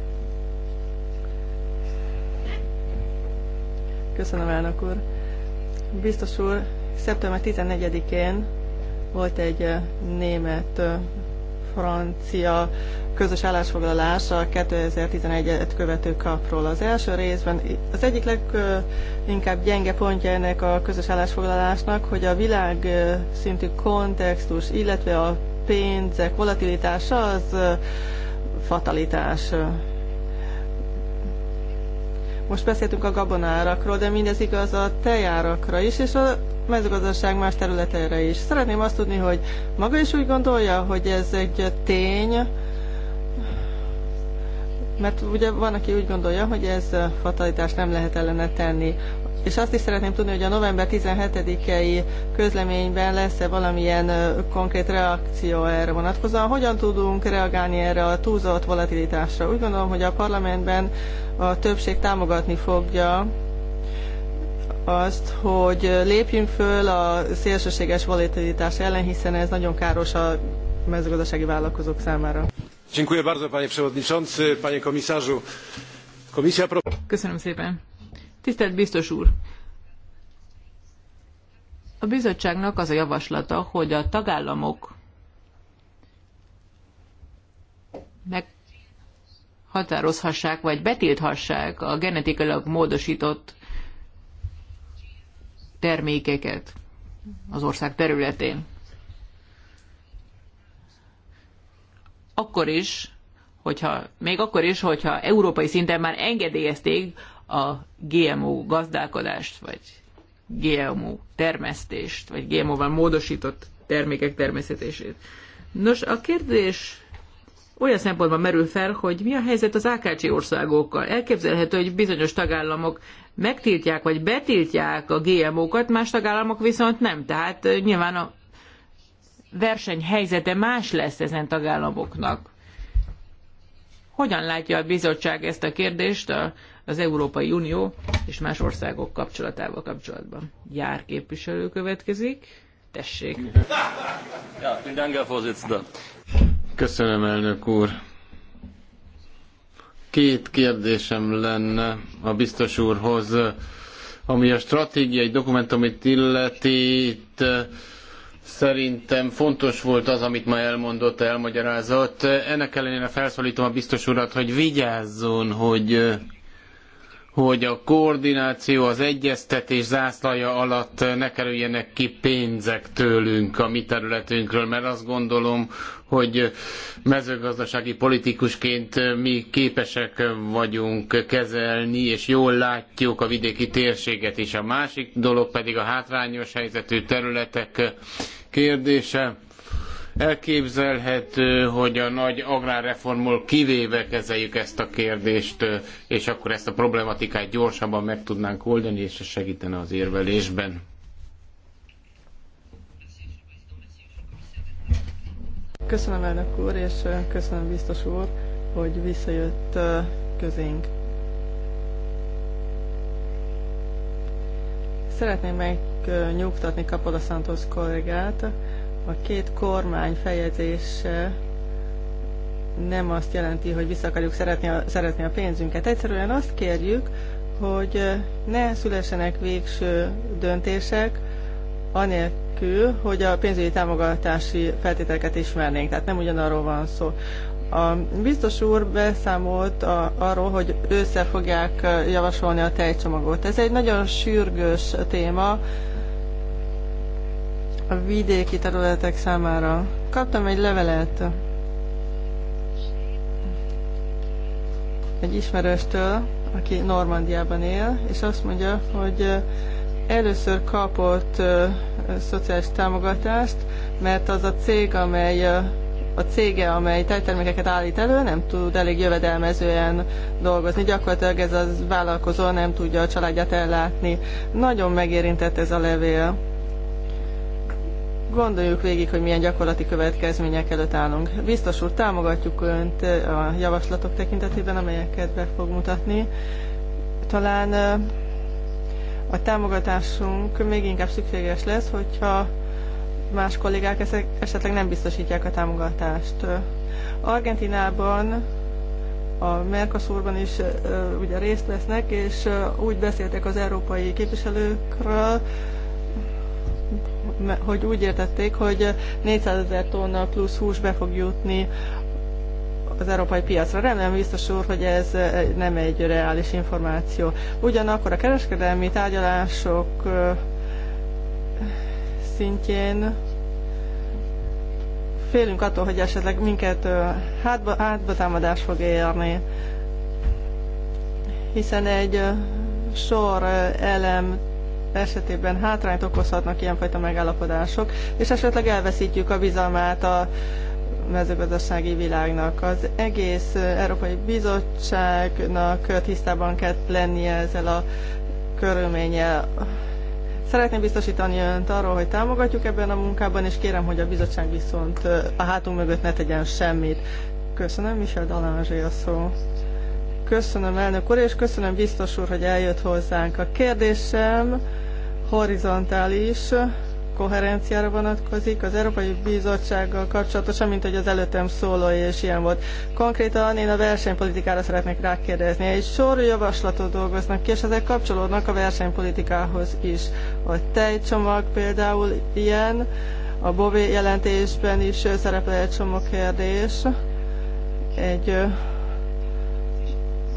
Köszönöm, elnök úr. Biztos úr, szeptember 14-én volt egy német francia közös állásfoglalás a 2011-et követő kapról. Az első részben az egyik leginkább gyenge pontja ennek a közös állásfoglalásnak, hogy a világ szintű kontextus, illetve a pénzek volatilitása az fatalitás. Most beszéltünk a gabonárakról, de mindez igaz a tejárakra is, és a mezőgazdaság más területeire is. Szeretném azt tudni, hogy maga is úgy gondolja, hogy ez egy tény, mert ugye van, aki úgy gondolja, hogy ez fatalitást nem lehet ellene tenni. És azt is szeretném tudni, hogy a november 17-i közleményben lesz-e valamilyen konkrét reakció erre vonatkozóan. Hogyan tudunk reagálni erre a túlzott volatilitásra? Úgy gondolom, hogy a parlamentben a többség támogatni fogja azt, hogy lépjünk föl a szélsőséges volatilitás ellen, hiszen ez nagyon káros a mezőgazdasági vállalkozók számára. Dziękuję bardzo, panie przewodniczący, panie komisarzu. Komisja... Köszönöm szépen. Tisztelt biztos úr! A bizottságnak az a javaslata, hogy a tagállamok meghatározhassák, vagy betilthassák a genetikailag módosított termékeket az ország területén. Akkor is, hogyha, még akkor is, hogyha európai szinten már engedélyezték a GMO gazdálkodást, vagy GMO termesztést, vagy GMO-val módosított termékek termesztését. Nos, a kérdés olyan szempontban merül fel, hogy mi a helyzet az AKC országokkal. Elképzelhető, hogy bizonyos tagállamok megtiltják vagy betiltják a GMO-kat, más tagállamok viszont nem. Tehát nyilván a versenyhelyzete más lesz ezen tagállamoknak. Hogyan látja a bizottság ezt a kérdést? az Európai Unió és más országok kapcsolatával kapcsolatban. Jár képviselő következik. Tessék. Köszönöm, elnök úr. Két kérdésem lenne a biztos úrhoz, ami a stratégiai dokumentumit illeti, itt eh, Szerintem fontos volt az, amit ma elmondott, elmagyarázott. Ennek ellenére felszólítom a biztos urat, hogy vigyázzon, hogy eh, hogy a koordináció, az egyeztetés zászlaja alatt ne kerüljenek ki pénzek tőlünk a mi területünkről, mert azt gondolom, hogy mezőgazdasági politikusként mi képesek vagyunk kezelni, és jól látjuk a vidéki térséget is. A másik dolog pedig a hátrányos helyzetű területek kérdése Elképzelhető, hogy a nagy agrárreformból kivéve kezeljük ezt a kérdést, és akkor ezt a problematikát gyorsabban meg tudnánk oldani, és ez segítene az érvelésben. Köszönöm elnök úr, és köszönöm biztos úr, hogy visszajött közénk. Szeretném megnyugtatni Kapoda Santos kollégát, a két kormány fejezése nem azt jelenti, hogy vissza akarjuk szeretni a, szeretni a pénzünket. Egyszerűen azt kérjük, hogy ne szülessenek végső döntések, anélkül, hogy a pénzügyi támogatási feltételeket ismernénk. Tehát nem ugyanarról van szó. A biztos úr beszámolt a, arról, hogy össze fogják javasolni a tejcsomagot. Ez egy nagyon sürgős téma, a vidéki területek számára. Kaptam egy levelet egy ismerőstől, aki Normandiában él, és azt mondja, hogy először kapott szociális támogatást, mert az a cég, amely a cége, amely tejtermékeket állít elő, nem tud elég jövedelmezően dolgozni. Gyakorlatilag ez a vállalkozó nem tudja a családját ellátni. Nagyon megérintett ez a levél. Gondoljuk végig, hogy milyen gyakorlati következmények előtt állunk. Biztos úr, támogatjuk Önt a javaslatok tekintetében, amelyeket be fog mutatni. Talán a támogatásunk még inkább szükséges lesz, hogyha más kollégák esetleg nem biztosítják a támogatást. Argentinában a Mercosurban is ugye részt vesznek, és úgy beszéltek az európai képviselőkről, hogy úgy értették, hogy 400 ezer tonna plusz hús be fog jutni az európai piacra. Remélem biztos úr, hogy ez eh, nem egy reális információ. Ugyanakkor a kereskedelmi tárgyalások eh, szintjén félünk attól, hogy esetleg minket eh, hátba, hátba támadás fog érni, hiszen egy sor elem esetében hátrányt okozhatnak ilyenfajta megállapodások, és esetleg elveszítjük a bizalmát a mezőgazdasági világnak. Az egész Európai Bizottságnak tisztában kell lennie ezzel a körülménnyel. Szeretném biztosítani önt arról, hogy támogatjuk ebben a munkában, és kérem, hogy a bizottság viszont a hátunk mögött ne tegyen semmit. Köszönöm, Michel Dalanzsé a szó. Köszönöm, elnök úr, és köszönöm, biztos úr, hogy eljött hozzánk. A kérdésem horizontális koherenciára vonatkozik az Európai Bizottsággal kapcsolatosan, mint hogy az előttem szóló és ilyen volt. Konkrétan én a versenypolitikára szeretnék rákérdezni. Egy sor javaslatot dolgoznak ki, és ezek kapcsolódnak a versenypolitikához is. A tejcsomag például ilyen, a Bové jelentésben is szerepel egy csomó kérdés. Egy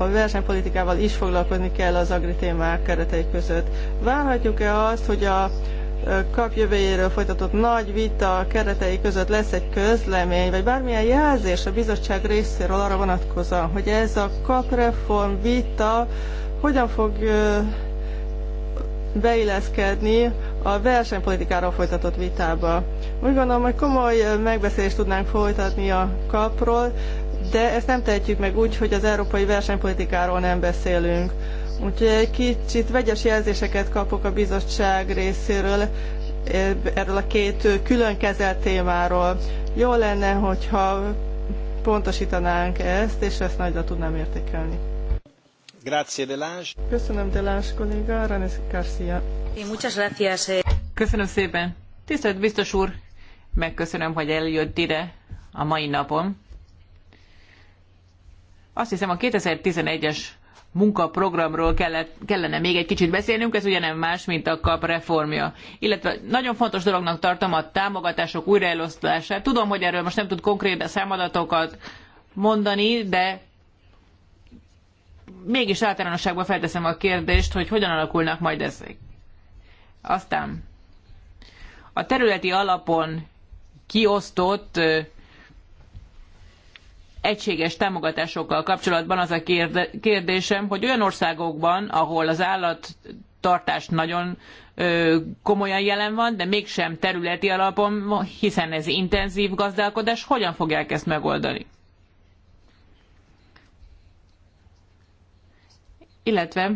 a versenypolitikával is foglalkozni kell az agri témák keretei között. Várhatjuk-e azt, hogy a kap jövőjéről folytatott nagy vita keretei között lesz egy közlemény, vagy bármilyen jelzés a bizottság részéről arra vonatkozóan, hogy ez a kapreform vita hogyan fog beilleszkedni a versenypolitikáról folytatott vitába. Úgy gondolom, hogy komoly megbeszélést tudnánk folytatni a kapról, de ezt nem tehetjük meg úgy, hogy az európai versenypolitikáról nem beszélünk. Úgyhogy egy kicsit vegyes jelzéseket kapok a bizottság részéről eh, erről a két eh, külön kezelt témáról. Jó lenne, hogyha pontosítanánk ezt, és ezt nagyra tudnám értékelni. Grazie, Delange. Köszönöm, Delange kolléga. Ranes Garcia. Muchas gracias. Eh. Köszönöm szépen. Tisztelt biztos úr, megköszönöm, hogy eljött ide a mai napon. Azt hiszem a 2011-es munkaprogramról kellett, kellene még egy kicsit beszélnünk, ez ugye nem más, mint a KAP reformja. Illetve nagyon fontos dolognak tartom a támogatások újraelosztását. Tudom, hogy erről most nem tud konkrét számadatokat mondani, de mégis általánosságban felteszem a kérdést, hogy hogyan alakulnak majd ezek. Aztán a területi alapon kiosztott egységes támogatásokkal kapcsolatban az a kérdésem, hogy olyan országokban, ahol az állattartás nagyon komolyan jelen van, de mégsem területi alapon, hiszen ez intenzív gazdálkodás, hogyan fogják ezt megoldani? Illetve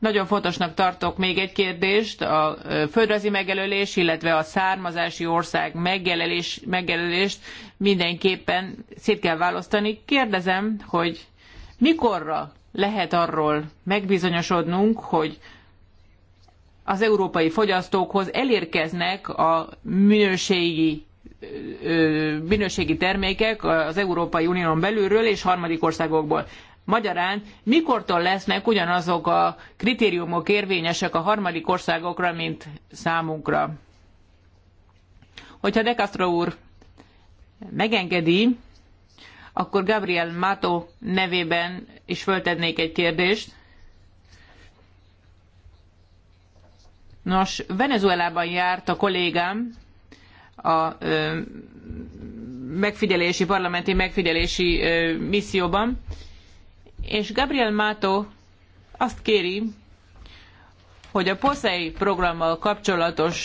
nagyon fontosnak tartok még egy kérdést, a földrajzi megjelölés, illetve a származási ország megjelölés, megjelölést mindenképpen szét kell választani. Kérdezem, hogy mikorra lehet arról megbizonyosodnunk, hogy az európai fogyasztókhoz elérkeznek a minőségi minőségi termékek az Európai Unión belülről és harmadik országokból. Magyarán mikortól lesznek ugyanazok a kritériumok érvényesek a harmadik országokra, mint számunkra? Hogyha De Castro úr megengedi, akkor Gabriel Mato nevében is föltednék egy kérdést. Nos, Venezuelában járt a kollégám, a megfigyelési, parlamenti megfigyelési misszióban, és Gabriel Mato azt kéri, hogy a POSEI programmal kapcsolatos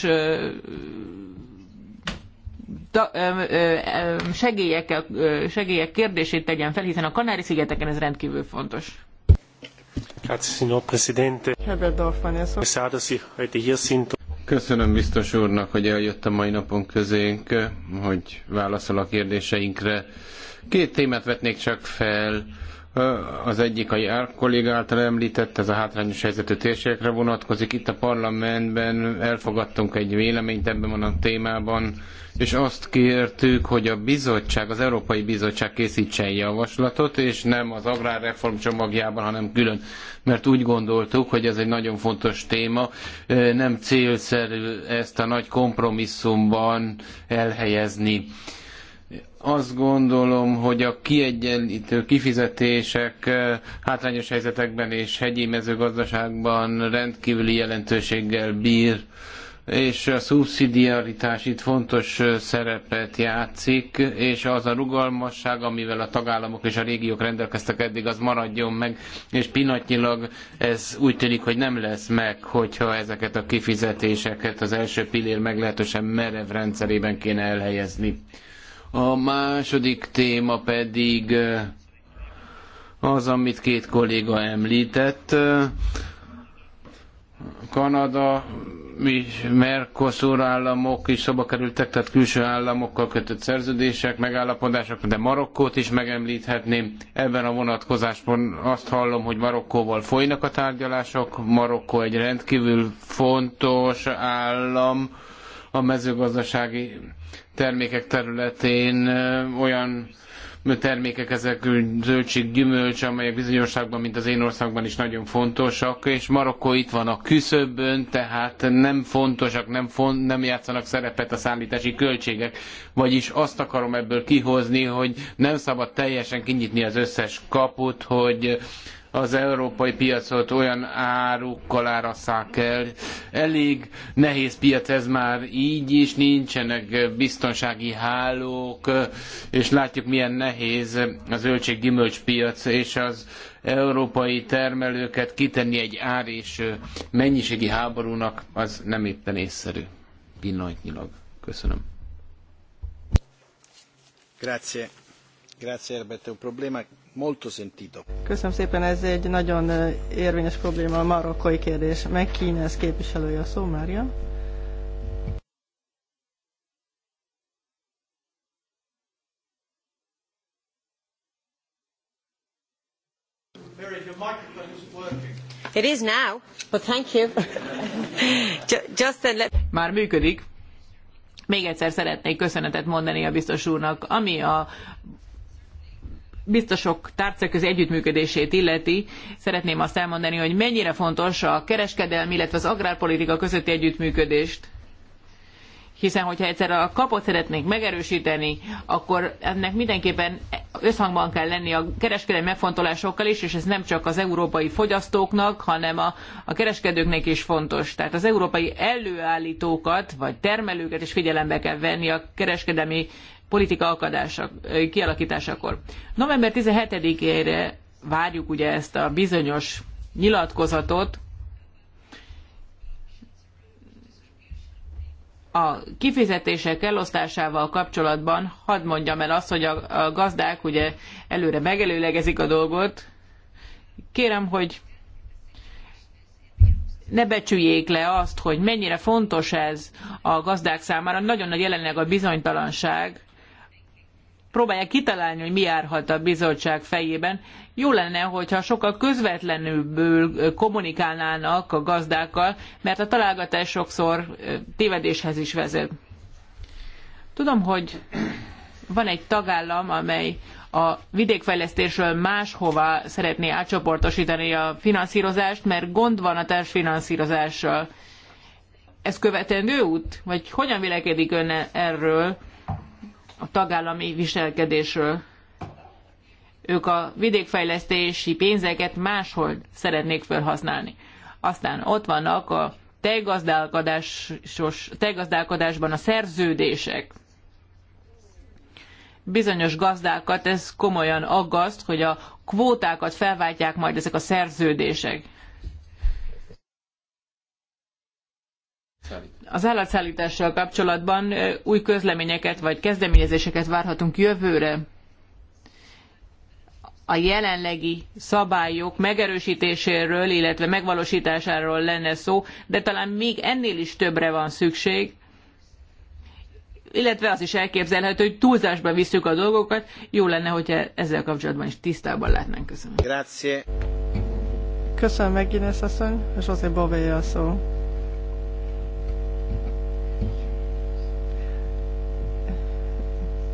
segélyek, segélyek kérdését tegyen fel, hiszen a Kanári-szigeteken ez rendkívül fontos. Köszönöm biztos úrnak, hogy eljött a mai napon közénk, hogy válaszol a kérdéseinkre. Két témát vetnék csak fel az egyik a jár kollég által említett, ez a hátrányos helyzetű térségekre vonatkozik. Itt a parlamentben elfogadtunk egy véleményt ebben a témában, és azt kértük, hogy a bizottság, az Európai Bizottság készítsen javaslatot, és nem az agrárreform csomagjában, hanem külön, mert úgy gondoltuk, hogy ez egy nagyon fontos téma. Nem célszerű ezt a nagy kompromisszumban elhelyezni azt gondolom, hogy a kiegyenlítő kifizetések eh, hátrányos helyzetekben és hegyi mezőgazdaságban rendkívüli jelentőséggel bír, és a szubszidiaritás itt fontos eh, szerepet játszik, és az a rugalmasság, amivel a tagállamok és a régiók rendelkeztek eddig, az maradjon meg, és pillanatnyilag ez úgy tűnik, hogy nem lesz meg, hogyha ezeket a kifizetéseket az első pillér meglehetősen merev rendszerében kéne elhelyezni. A második téma pedig az, amit két kolléga említett. Kanada és Mercosur államok is szoba kerültek, tehát külső államokkal kötött szerződések, megállapodások, de Marokkót is megemlíthetném. Ebben a vonatkozásban azt hallom, hogy Marokkóval folynak a tárgyalások. Marokkó egy rendkívül fontos állam a mezőgazdasági termékek területén olyan termékek, ezek zöldség, gyümölcs, amelyek bizonyosságban, mint az én országban is nagyon fontosak, és Marokkó itt van a küszöbön, tehát nem fontosak, nem, font, nem játszanak szerepet a szállítási költségek, vagyis azt akarom ebből kihozni, hogy nem szabad teljesen kinyitni az összes kaput, hogy az európai piacot olyan árukkal árasszák el. Elég nehéz piac ez már így is, nincsenek biztonsági hálók, és látjuk milyen nehéz a zöldség-gyümölcs piac, és az európai termelőket kitenni egy ár és mennyiségi háborúnak, az nem éppen észszerű pillanatnyilag. Köszönöm. Grazie. Grazie Alberto. Un problema molto sentito. Köszönöm szépen, ez egy nagyon érvényes probléma, a marokkói kérdés. Meg Kínez képviselője a szó, Mária. It is now, but thank you. Justin, let... Már működik. Még egyszer szeretnék köszönetet mondani a biztos úrnak, ami a biztosok tárcaközi együttműködését illeti, szeretném azt elmondani, hogy mennyire fontos a kereskedelmi, illetve az agrárpolitika közötti együttműködést. Hiszen, hogyha egyszer a kapot szeretnénk megerősíteni, akkor ennek mindenképpen összhangban kell lenni a kereskedelmi megfontolásokkal is, és ez nem csak az európai fogyasztóknak, hanem a, a kereskedőknek is fontos. Tehát az európai előállítókat, vagy termelőket is figyelembe kell venni a kereskedelmi politika akadása, kialakításakor. November 17-ére várjuk ugye ezt a bizonyos nyilatkozatot, a kifizetések elosztásával kapcsolatban hadd mondjam el azt, hogy a, gazdák ugye előre megelőlegezik a dolgot. Kérem, hogy ne becsüljék le azt, hogy mennyire fontos ez a gazdák számára. Nagyon nagy jelenleg a bizonytalanság próbálják kitalálni, hogy mi járhat a bizottság fejében. Jó lenne, hogyha sokkal közvetlenül kommunikálnának a gazdákkal, mert a találgatás sokszor tévedéshez is vezet. Tudom, hogy van egy tagállam, amely a vidékfejlesztésről máshova szeretné átcsoportosítani a finanszírozást, mert gond van a társfinanszírozással. Ez követendő út? Vagy hogyan vélekedik ön erről? a tagállami viselkedésről. Ők a vidékfejlesztési pénzeket máshol szeretnék felhasználni. Aztán ott vannak a tejgazdálkodásban a szerződések. Bizonyos gazdákat ez komolyan aggaszt, hogy a kvótákat felváltják majd ezek a szerződések. Az állatszállítással kapcsolatban új közleményeket vagy kezdeményezéseket várhatunk jövőre. A jelenlegi szabályok megerősítéséről, illetve megvalósításáról lenne szó, de talán még ennél is többre van szükség, illetve az is elképzelhető, hogy túlzásba visszük a dolgokat. Jó lenne, hogyha ezzel kapcsolatban is tisztában látnánk. Köszönöm. Grazie. Köszönöm meg, Ines asszony, és azért Bové a szó.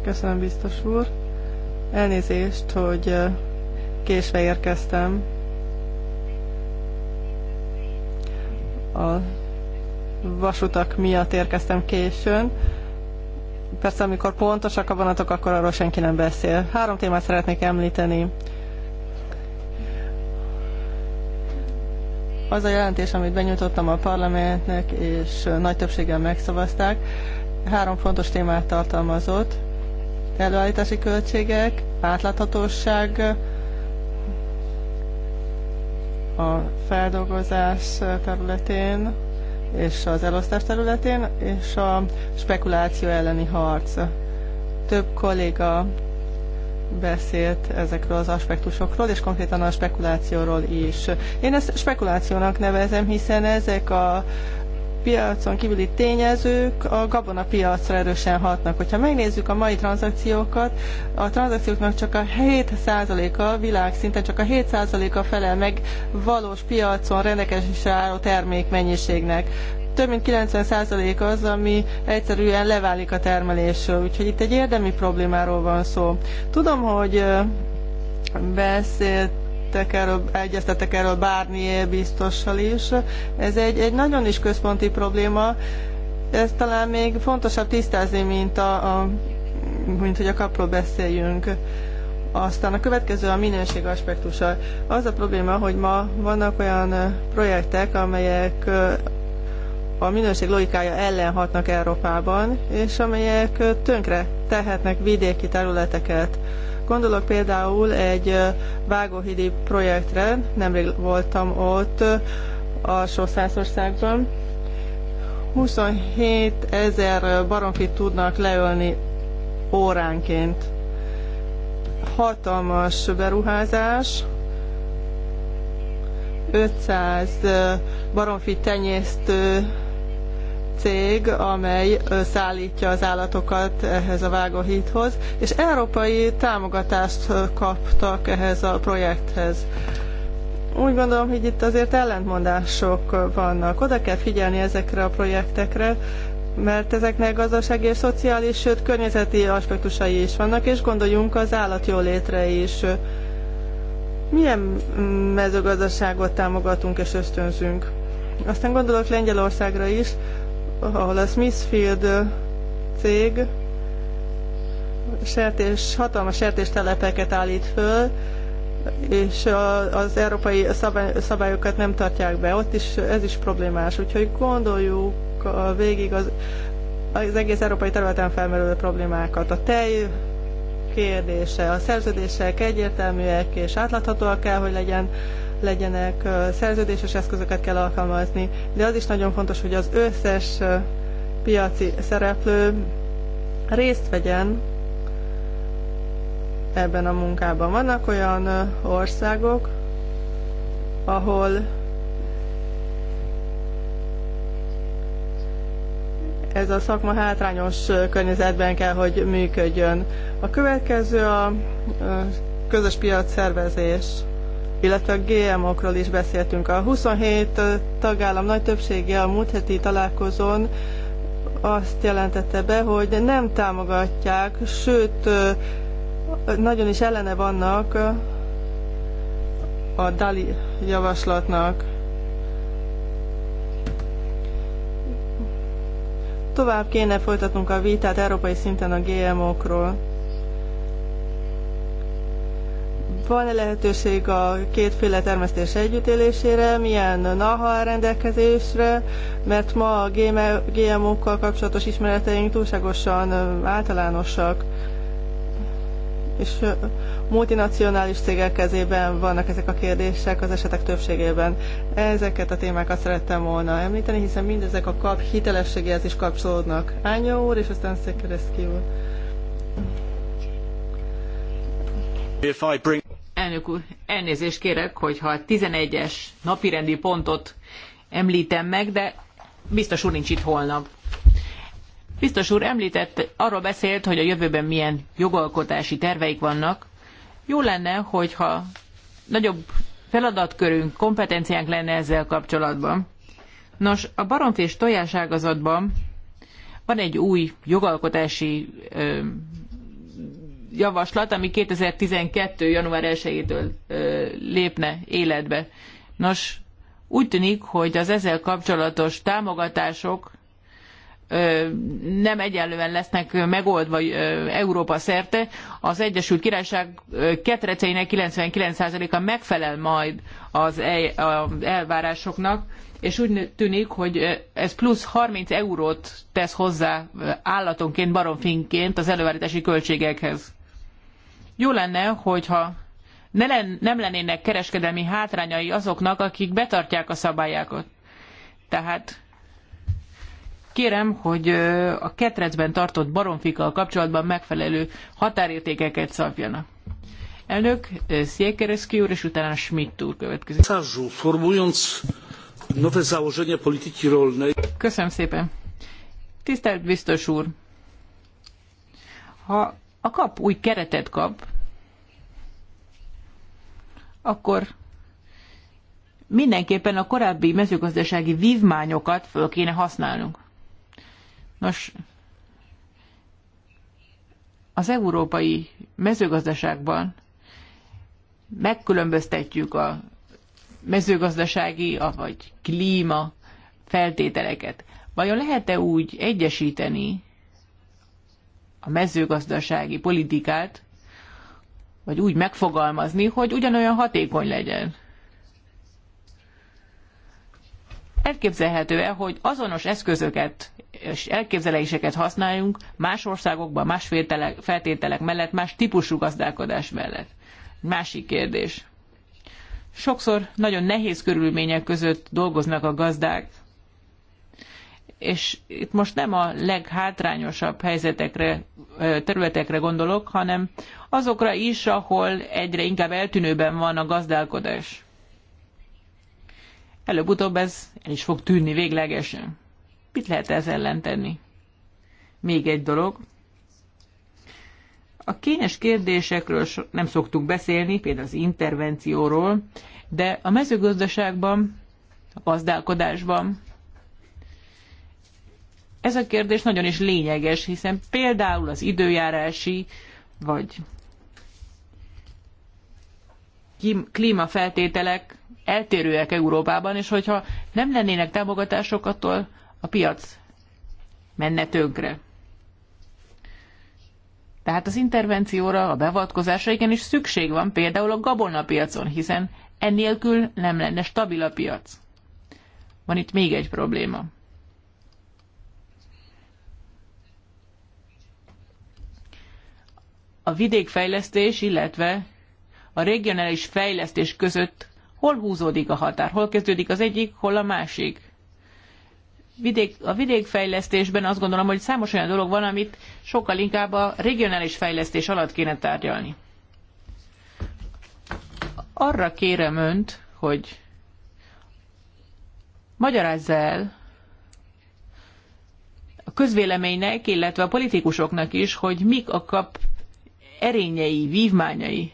Köszönöm, biztos úr. Elnézést, hogy késve érkeztem. A vasutak miatt érkeztem későn. Persze, amikor pontosak a vonatok, akkor arról senki nem beszél. Három témát szeretnék említeni. Az a jelentés, amit benyújtottam a parlamentnek, és nagy többséggel megszavazták, három fontos témát tartalmazott előállítási költségek, átláthatóság, a feldolgozás területén és az elosztás területén, és a spekuláció elleni harc. Több kolléga beszélt ezekről az aspektusokról, és konkrétan a spekulációról is. Én ezt spekulációnak nevezem, hiszen ezek a piacon kívüli tényezők a gabonapiacra erősen hatnak. Hogyha megnézzük a mai tranzakciókat, a tranzakcióknak csak a 7%-a, világszinten csak a 7%-a felel meg valós piacon rendelkezésre álló termékmennyiségnek több mint 90% az, ami egyszerűen leválik a termelésről. Úgyhogy itt egy érdemi problémáról van szó. Tudom, hogy beszélt egyeztettek erről, egyeztettek erről Barnier biztossal is. Ez egy, egy nagyon is központi probléma. Ez talán még fontosabb tisztázni, mint, a, a, mint hogy a kapról beszéljünk. Aztán a következő a minőség aspektusa. Az a probléma, hogy ma vannak olyan projektek, amelyek a minőség logikája ellen hatnak Európában, és amelyek tönkre tehetnek vidéki területeket. Gondolok például egy vágóhidi projektre, nemrég voltam ott a Sószászországban. 27 ezer baromfit tudnak leölni óránként. Hatalmas beruházás, 500 baromfi tenyésztő cég, amely szállítja az állatokat ehhez a vágóhíthoz, és európai támogatást kaptak ehhez a projekthez. Úgy gondolom, hogy itt azért ellentmondások vannak. Oda kell figyelni ezekre a projektekre, mert ezeknek gazdasági és szociális, sőt környezeti aspektusai is vannak, és gondoljunk az állatjólétre is. Milyen mm, mezőgazdaságot támogatunk és ösztönzünk? Aztán gondolok Lengyelországra is, ahol a Smithfield cég sertés, hatalmas sertéstelepeket állít föl, és az európai szabályokat nem tartják be. Ott is ez is problémás. Úgyhogy gondoljuk végig az, az egész európai területen felmerülő problémákat. A tej kérdése, a szerződések egyértelműek és átláthatóak kell, hogy legyen legyenek, szerződéses eszközöket kell alkalmazni, de az is nagyon fontos, hogy az összes piaci szereplő részt vegyen ebben a munkában. Vannak olyan országok, ahol ez a szakma hátrányos környezetben kell, hogy működjön. A következő a közös piac szervezés illetve a GMO-król is beszéltünk. A 27 tagállam nagy többsége a múlt heti találkozón azt jelentette be, hogy nem támogatják, sőt, nagyon is ellene vannak a Dali javaslatnak. Tovább kéne folytatnunk a vitát európai szinten a GMO-król. Van-e lehetőség a kétféle termesztés együttélésére? Milyen naha rendelkezésre? Mert ma a GMO-kkal kapcsolatos ismereteink túlságosan általánosak és multinacionális cégek kezében vannak ezek a kérdések az esetek többségében. Ezeket a témákat szerettem volna említeni, hiszen mindezek a kap hitelességéhez is kapcsolódnak. Ánya úr, és aztán Szekereszki úr. If I bring... Elnök úr, elnézést kérek, hogyha a 11-es napirendi pontot említem meg, de biztos úr nincs itt holnap. Biztos úr említett, arról beszélt, hogy a jövőben milyen jogalkotási terveik vannak. Jó lenne, hogyha nagyobb feladatkörünk, kompetenciánk lenne ezzel kapcsolatban. Nos, a baromfés tojáságazatban van egy új jogalkotási javaslat, ami 2012. január 1-től lépne életbe. Nos, úgy tűnik, hogy az ezzel kapcsolatos támogatások nem egyenlően lesznek megoldva Európa szerte. Az Egyesült Királyság ketreceinek 99%-a megfelel majd az elvárásoknak, és úgy tűnik, hogy ez plusz 30 eurót tesz hozzá állatonként, baromfinként az előállítási költségekhez. Jó lenne, hogyha ne len, nem lennének kereskedelmi hátrányai azoknak, akik betartják a szabályokat. Tehát kérem, hogy a ketrecben tartott baromfikkal kapcsolatban megfelelő határértékeket szabjanak. Elnök Sziekereszki úr, és utána Schmidt úr következik. Köszönöm szépen. Tisztelt biztos úr! Ha a kap új keretet kap, akkor mindenképpen a korábbi mezőgazdasági vívmányokat föl kéne használnunk. Nos, az európai mezőgazdaságban megkülönböztetjük a mezőgazdasági, vagy klíma feltételeket. Vajon lehet-e úgy egyesíteni a mezőgazdasági politikát, vagy úgy megfogalmazni, hogy ugyanolyan hatékony legyen. Elképzelhető-e, hogy azonos eszközöket és elképzeléseket használjunk más országokban, más feltételek mellett, más típusú gazdálkodás mellett? Másik kérdés. Sokszor nagyon nehéz körülmények között dolgoznak a gazdák, és itt most nem a leghátrányosabb helyzetekre, területekre gondolok, hanem azokra is, ahol egyre inkább eltűnőben van a gazdálkodás. Előbb-utóbb ez el is fog tűnni véglegesen. Mit lehet ez ellen tenni? Még egy dolog. A kényes kérdésekről nem szoktuk beszélni, például az intervencióról, de a mezőgazdaságban, a gazdálkodásban ez a kérdés nagyon is lényeges, hiszen például az időjárási vagy klímafeltételek eltérőek Európában, és hogyha nem lennének támogatások, attól a piac menne tönkre. Tehát az intervencióra, a beavatkozásra igenis szükség van például a gabonapiacon, hiszen ennélkül nem lenne stabil a piac. Van itt még egy probléma. a vidékfejlesztés, illetve a regionális fejlesztés között hol húzódik a határ, hol kezdődik az egyik, hol a másik. Vidék, a vidékfejlesztésben azt gondolom, hogy számos olyan dolog van, amit sokkal inkább a regionális fejlesztés alatt kéne tárgyalni. Arra kérem önt, hogy magyarázza el a közvéleménynek, illetve a politikusoknak is, hogy mik a kap erényei, vívmányai.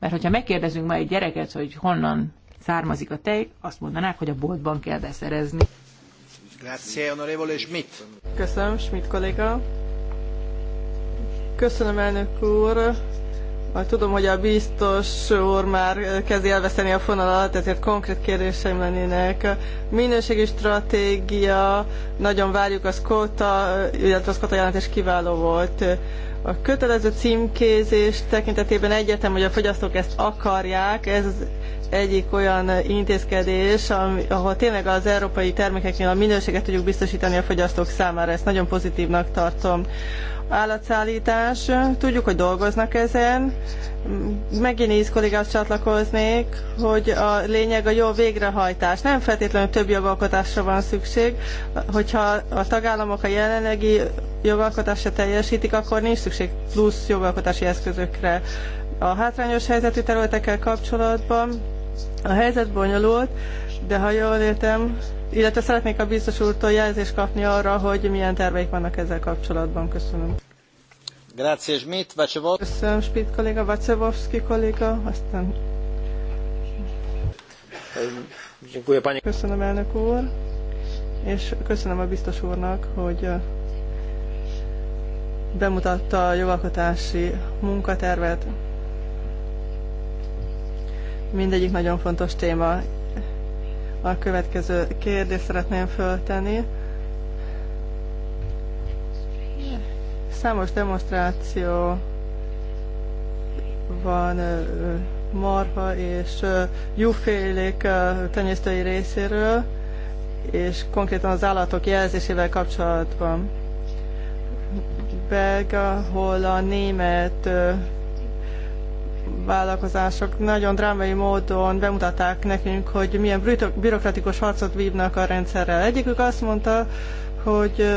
Mert hogyha megkérdezünk ma egy gyereket, hogy honnan származik a tej, azt mondanák, hogy a boltban kell beszerezni. Grazie, onorevole Schmidt. Köszönöm, Schmidt kolléga. Köszönöm, elnök úr. Majd tudom, hogy a biztos úr már kezd elveszteni a fonalat, ezért konkrét kérdéseim lennének. Minőségi stratégia, nagyon várjuk a Skóta, illetve a Skóta jelentés kiváló volt. A kötelező címkézés tekintetében egyetem, hogy a fogyasztók ezt akarják, ez az egyik olyan intézkedés, ahol tényleg az európai termékeknél a minőséget tudjuk biztosítani a fogyasztók számára. Ezt nagyon pozitívnak tartom állatszállítás. Tudjuk, hogy dolgoznak ezen. Megint íz kollégához csatlakoznék, hogy a lényeg a jó végrehajtás. Nem feltétlenül több jogalkotásra van szükség. Hogyha a tagállamok a jelenlegi jogalkotásra teljesítik, akkor nincs szükség plusz jogalkotási eszközökre. A hátrányos helyzetű területekkel kapcsolatban a helyzet bonyolult, de ha jól értem, illetve szeretnék a biztos úrtól jelzést kapni arra, hogy milyen terveik vannak ezzel kapcsolatban. Köszönöm. Grazie, Schmidt, Vacevov. Köszönöm, Schmidt kolléga, Vacevovski kolléga, aztán... Köszönöm, elnök úr, és köszönöm a biztos úrnak, hogy bemutatta a jogalkotási munkatervet. Mindegyik nagyon fontos téma. A következő kérdést szeretném föltenni. Számos demonstráció van marha és jufélék tenyésztői részéről, és konkrétan az állatok jelzésével kapcsolatban. Belga, hol a német vállalkozások nagyon drámai módon bemutatták nekünk, hogy milyen bürokratikus harcot vívnak a rendszerrel. Egyikük azt mondta, hogy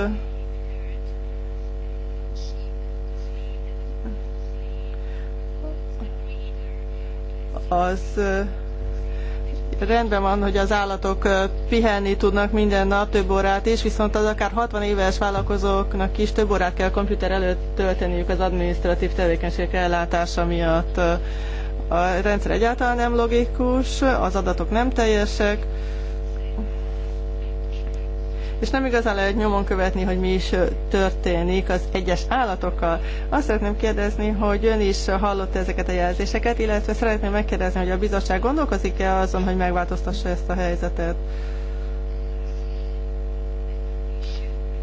az rendben van, hogy az állatok pihenni tudnak minden nap több órát is, viszont az akár 60 éves vállalkozóknak is több órát kell komputer előtt tölteniük az administratív tevékenységek ellátása miatt. A rendszer egyáltalán nem logikus, az adatok nem teljesek, és nem igazán lehet nyomon követni, hogy mi is történik az egyes állatokkal. Azt szeretném kérdezni, hogy ön is hallotta ezeket a jelzéseket, illetve szeretném megkérdezni, hogy a bizottság gondolkozik-e azon, hogy megváltoztassa ezt a helyzetet.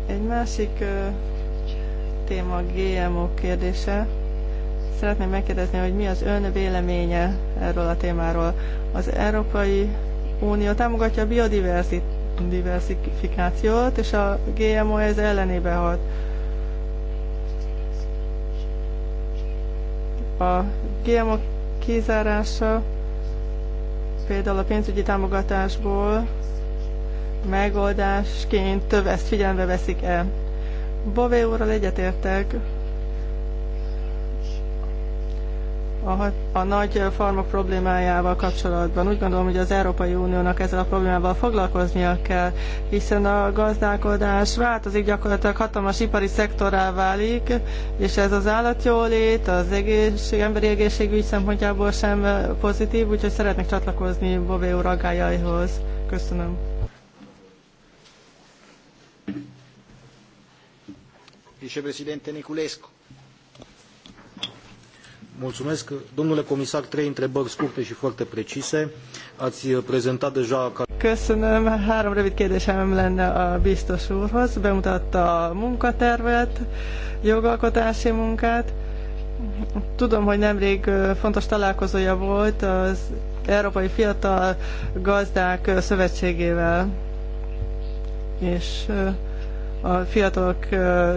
Egy másik téma GMO kérdése. Szeretném megkérdezni, hogy mi az ön véleménye erről a témáról. Az Európai Unió támogatja a biodiverzitást, diversifikációt, és a GMO ez ellenébe hat. A GMO kizárása például a pénzügyi támogatásból megoldásként ezt figyelembe veszik el. Bové úrral egyetértek, a, a nagy farmok problémájával kapcsolatban. Úgy gondolom, hogy az Európai Uniónak ezzel a problémával foglalkoznia kell, hiszen a gazdálkodás változik, gyakorlatilag hatalmas ipari szektorá válik, és ez az állatjólét, az egészség, emberi egészségügy szempontjából sem pozitív, úgyhogy szeretnék csatlakozni Bové úr aggájaihoz. Köszönöm. Presidente Niculescu. Domnule comisar, trei întrebări scurte și foarte precise. Ați uh, prezentat deja... Köszönöm. Három rövid kérdésem lenne a biztos úrhoz. Bemutatta a munkatervet, jogalkotási munkát. Tudom, hogy nemrég uh, fontos találkozója volt az Európai Fiatal Gazdák uh, Szövetségével, és a fiatalok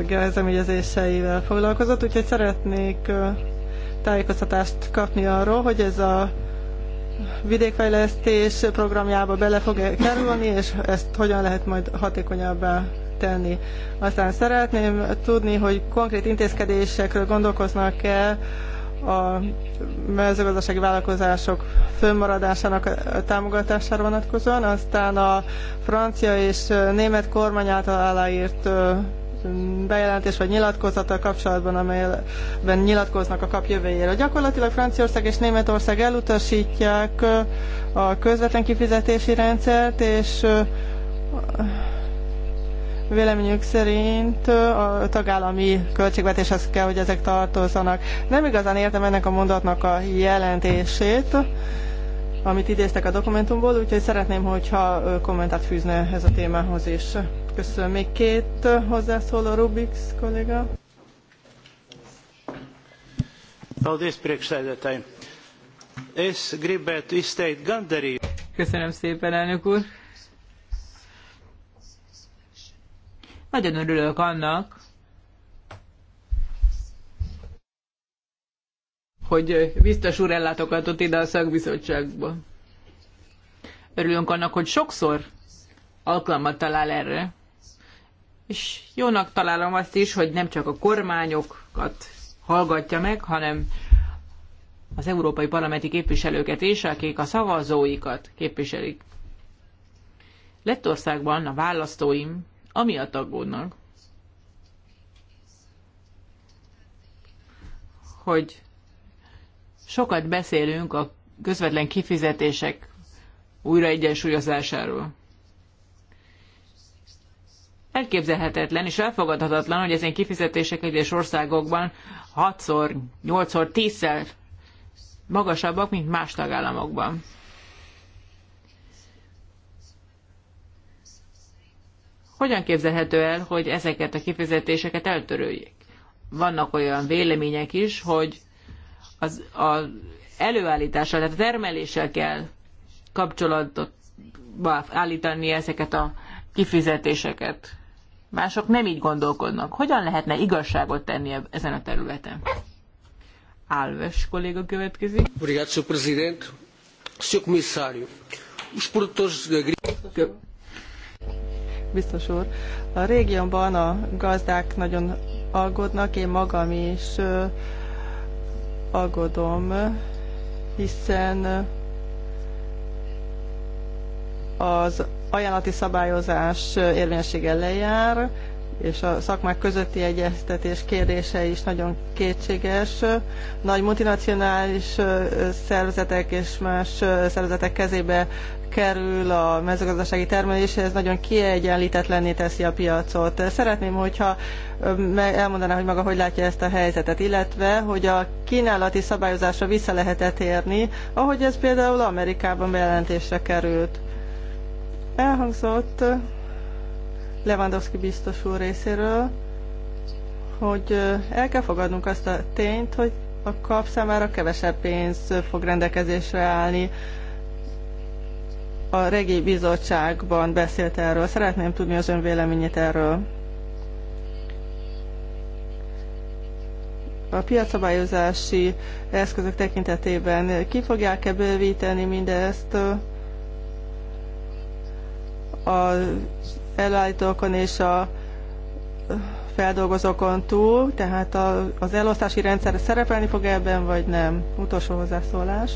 gázemügyezéseivel foglalkozott, úgyhogy szeretnék tájékoztatást kapni arról, hogy ez a vidékfejlesztés programjába bele fog -e kerülni, és ezt hogyan lehet majd hatékonyabbá tenni. Aztán szeretném tudni, hogy konkrét intézkedésekről gondolkoznak-e a mezőgazdasági vállalkozások fönnmaradásának támogatására vonatkozóan, aztán a francia és német kormány által aláírt bejelentés vagy a kapcsolatban, amelyben nyilatkoznak a kap jövőjéről. Gyakorlatilag Franciaország és Németország elutasítják a közvetlen kifizetési rendszert, és véleményük szerint a tagállami költségvetéshez kell, hogy ezek tartozzanak. Nem igazán értem ennek a mondatnak a jelentését, amit idéztek a dokumentumból, úgyhogy szeretném, hogyha kommentát fűzne ez a témához is. Köszönöm. Még két hozzászóló Rubix kolléga. Paldies, priekšsēdētāji. Es gribētu izteikt gandarījumu. Köszönöm szépen, elnök úr. Nagyon örülök annak, hogy biztos úr ellátogatott ide a szakbizottságba. Örülünk annak, hogy sokszor alkalmat talál erre és jónak találom azt is, hogy nem csak a kormányokat hallgatja meg, hanem az európai parlamenti képviselőket is, akik a szavazóikat képviselik. Lettországban a választóim amiatt aggódnak, hogy sokat beszélünk a közvetlen kifizetések újraegyensúlyozásáról. Elképzelhetetlen és elfogadhatatlan, hogy ezen kifizetések egyes országokban 6-szor, 8-szor, 10-szer magasabbak, mint más tagállamokban. Hogyan képzelhető el, hogy ezeket a kifizetéseket eltöröljék? Vannak olyan vélemények is, hogy az, az előállítással, tehát a termeléssel kell kapcsolatot állítani ezeket a kifizetéseket mások nem így gondolkodnak. Hogyan lehetne igazságot tenni ezen a területen? Álves kolléga következik. Obrigado, Sr. Presidente. Sr. Comissário, os produtores de Biztos úr, a régiónban a gazdák nagyon aggódnak, én magam is aggódom, hiszen az ajánlati szabályozás érvényessége lejár, és a szakmák közötti egyeztetés kérdése is nagyon kétséges. Nagy multinacionális szervezetek és más szervezetek kezébe kerül a mezőgazdasági termelés, ez nagyon kiegyenlítetlenné teszi a piacot. Szeretném, hogyha elmondaná, hogy maga hogy látja ezt a helyzetet, illetve, hogy a kínálati szabályozásra vissza lehetett érni, ahogy ez például Amerikában bejelentésre került Elhangzott Lewandowski biztos úr részéről, hogy el kell fogadnunk azt a tényt, hogy a kap számára kevesebb pénz fog rendelkezésre állni. A regi bizottságban beszélt erről. Szeretném tudni az ön véleményét erről. A piacabályozási eszközök tekintetében ki fogják-e bővíteni mindezt? az előállítókon és a feldolgozókon túl, tehát a, az elosztási rendszer szerepelni fog ebben, vagy nem? Utolsó hozzászólás.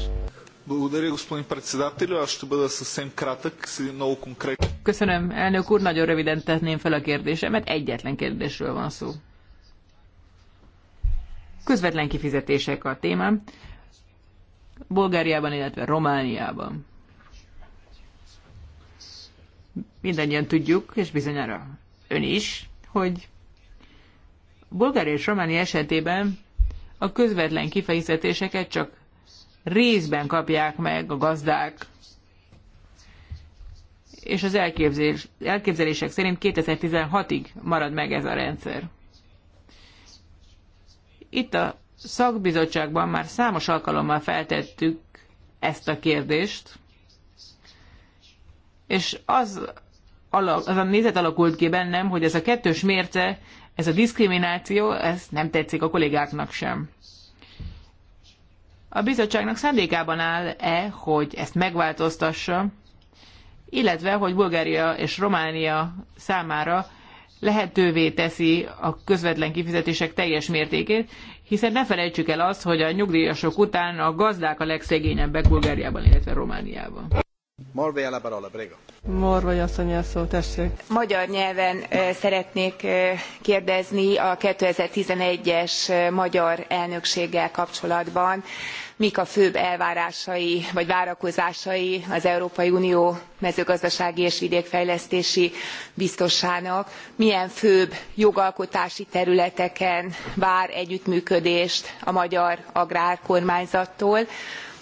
Köszönöm, elnök úr, nagyon röviden tenném fel a kérdésemet, egyetlen kérdésről van szó. Közvetlen kifizetések a témám. Bulgáriában, illetve Romániában. mindannyian tudjuk, és bizonyára ön is, hogy Bulgária és Románia esetében a közvetlen kifejezetéseket csak részben kapják meg a gazdák, és az elképzelés, elképzelések szerint 2016-ig marad meg ez a rendszer. Itt a szakbizottságban már számos alkalommal feltettük ezt a kérdést, és az alak, az a nézet alakult ki bennem, hogy ez a kettős mérce, ez a diszkrimináció, ez nem tetszik a kollégáknak sem. A bizottságnak szándékában áll-e, hogy ezt megváltoztassa, illetve, hogy Bulgária és Románia számára lehetővé teszi a közvetlen kifizetések teljes mértékét, hiszen ne felejtsük el azt, hogy a nyugdíjasok után a gazdák a legszegényebbek Bulgáriában, illetve Romániában. Morvai asszony elszó, tessék. Magyar nyelven szeretnék kérdezni a 2011-es magyar elnökséggel kapcsolatban. Mik a főbb elvárásai vagy várakozásai az Európai Unió mezőgazdasági és vidékfejlesztési biztosának? Milyen főbb jogalkotási területeken vár együttműködést a magyar agrárkormányzattól?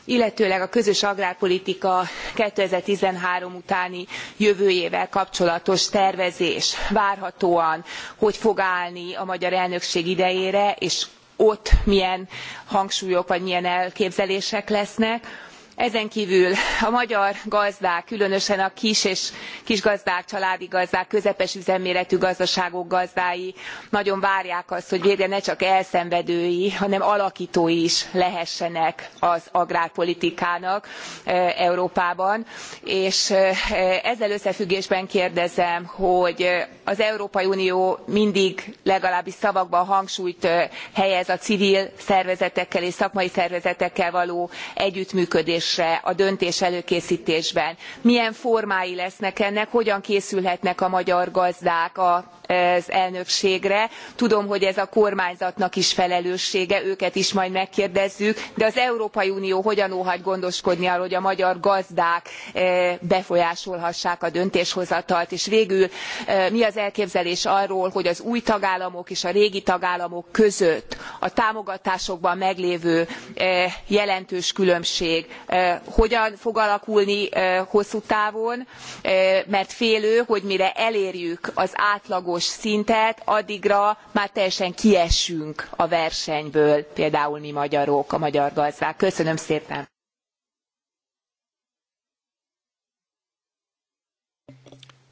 illetőleg a közös agrárpolitika two thousand and thirteen utáni jövőjével kapcsolatos tervezés várhatóan hogy fog állni a magyar elnökség idejére és ott milyen hangsúlyok vagy milyen elképzelések lesznek? ezenkvül a magyar gazdák különösen a kis és kisgazdák családi gazdák közepes üzemméretű gazdaságok gazdái nagyon várják azt hogy végre ne csak elszenvedői hanem alaktói is lehessenek az agrárpolitikának eh, európában és eh, ezzel összefüggésben kérdezem hogy az európai unió mindig legalábbis szavakban hangsúlyt eh, helyez a civil szervezetekkel és szakmai szervezetekkel való együttműködésre felmérésre a döntés előkésztésben milyen formái lesznek ennek hogyan készülhetnek a magyar gazdák az elnökségre tudom hogy ez a kormányzatnak is felelőssége őket is majd megkérdezzük de az európai unió hogyan óhajt gondoskodni arról hogy a magyar gazdák e, befolyásolhassák a döntéshozatalt és végül e, mi az elképzelés arról hogy az új tagállamok és a régi tagállamok között a támogatásokban meglévő e, jelentős különbség Eh, hogyan fog alakulni eh, hosszú távon eh, mert félő hogy mire elérjük az átlagos szintet addigra már teljesen kiesünk a versenyből például mi magyarok a magyar gazdák. köszönöm szépen!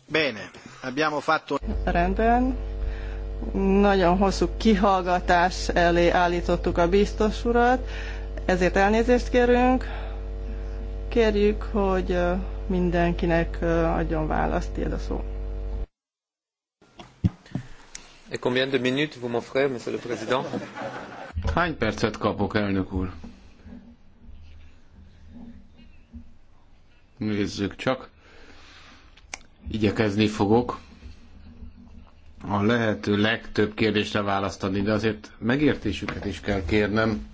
Bene, abbiamo fatto... Rendben. Nagyon hosszú kihallgatás elé állítottuk a biztos urat, ezért elnézést kérünk Kérjük, hogy mindenkinek adjon választ, a szó. Et combien de minutes vous m'offrez, monsieur le président? Hány percet kapok, elnök úr? Nézzük csak. Igyekezni fogok a lehető legtöbb kérdésre választani, de azért megértésüket is kell kérnem.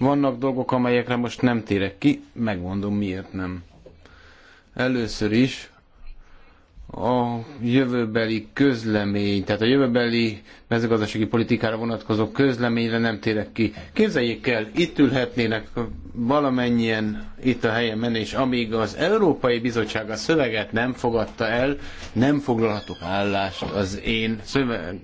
Vannak dolgok, amelyekre most nem térek ki, megmondom miért nem. Először is a jövőbeli közlemény, tehát a jövőbeli mezőgazdasági politikára vonatkozó közleményre nem térek ki. Képzeljék el, itt ülhetnének valamennyien itt a menni, és amíg az Európai Bizottság a szöveget nem fogadta el, nem foglalhatok állást az én szöveg,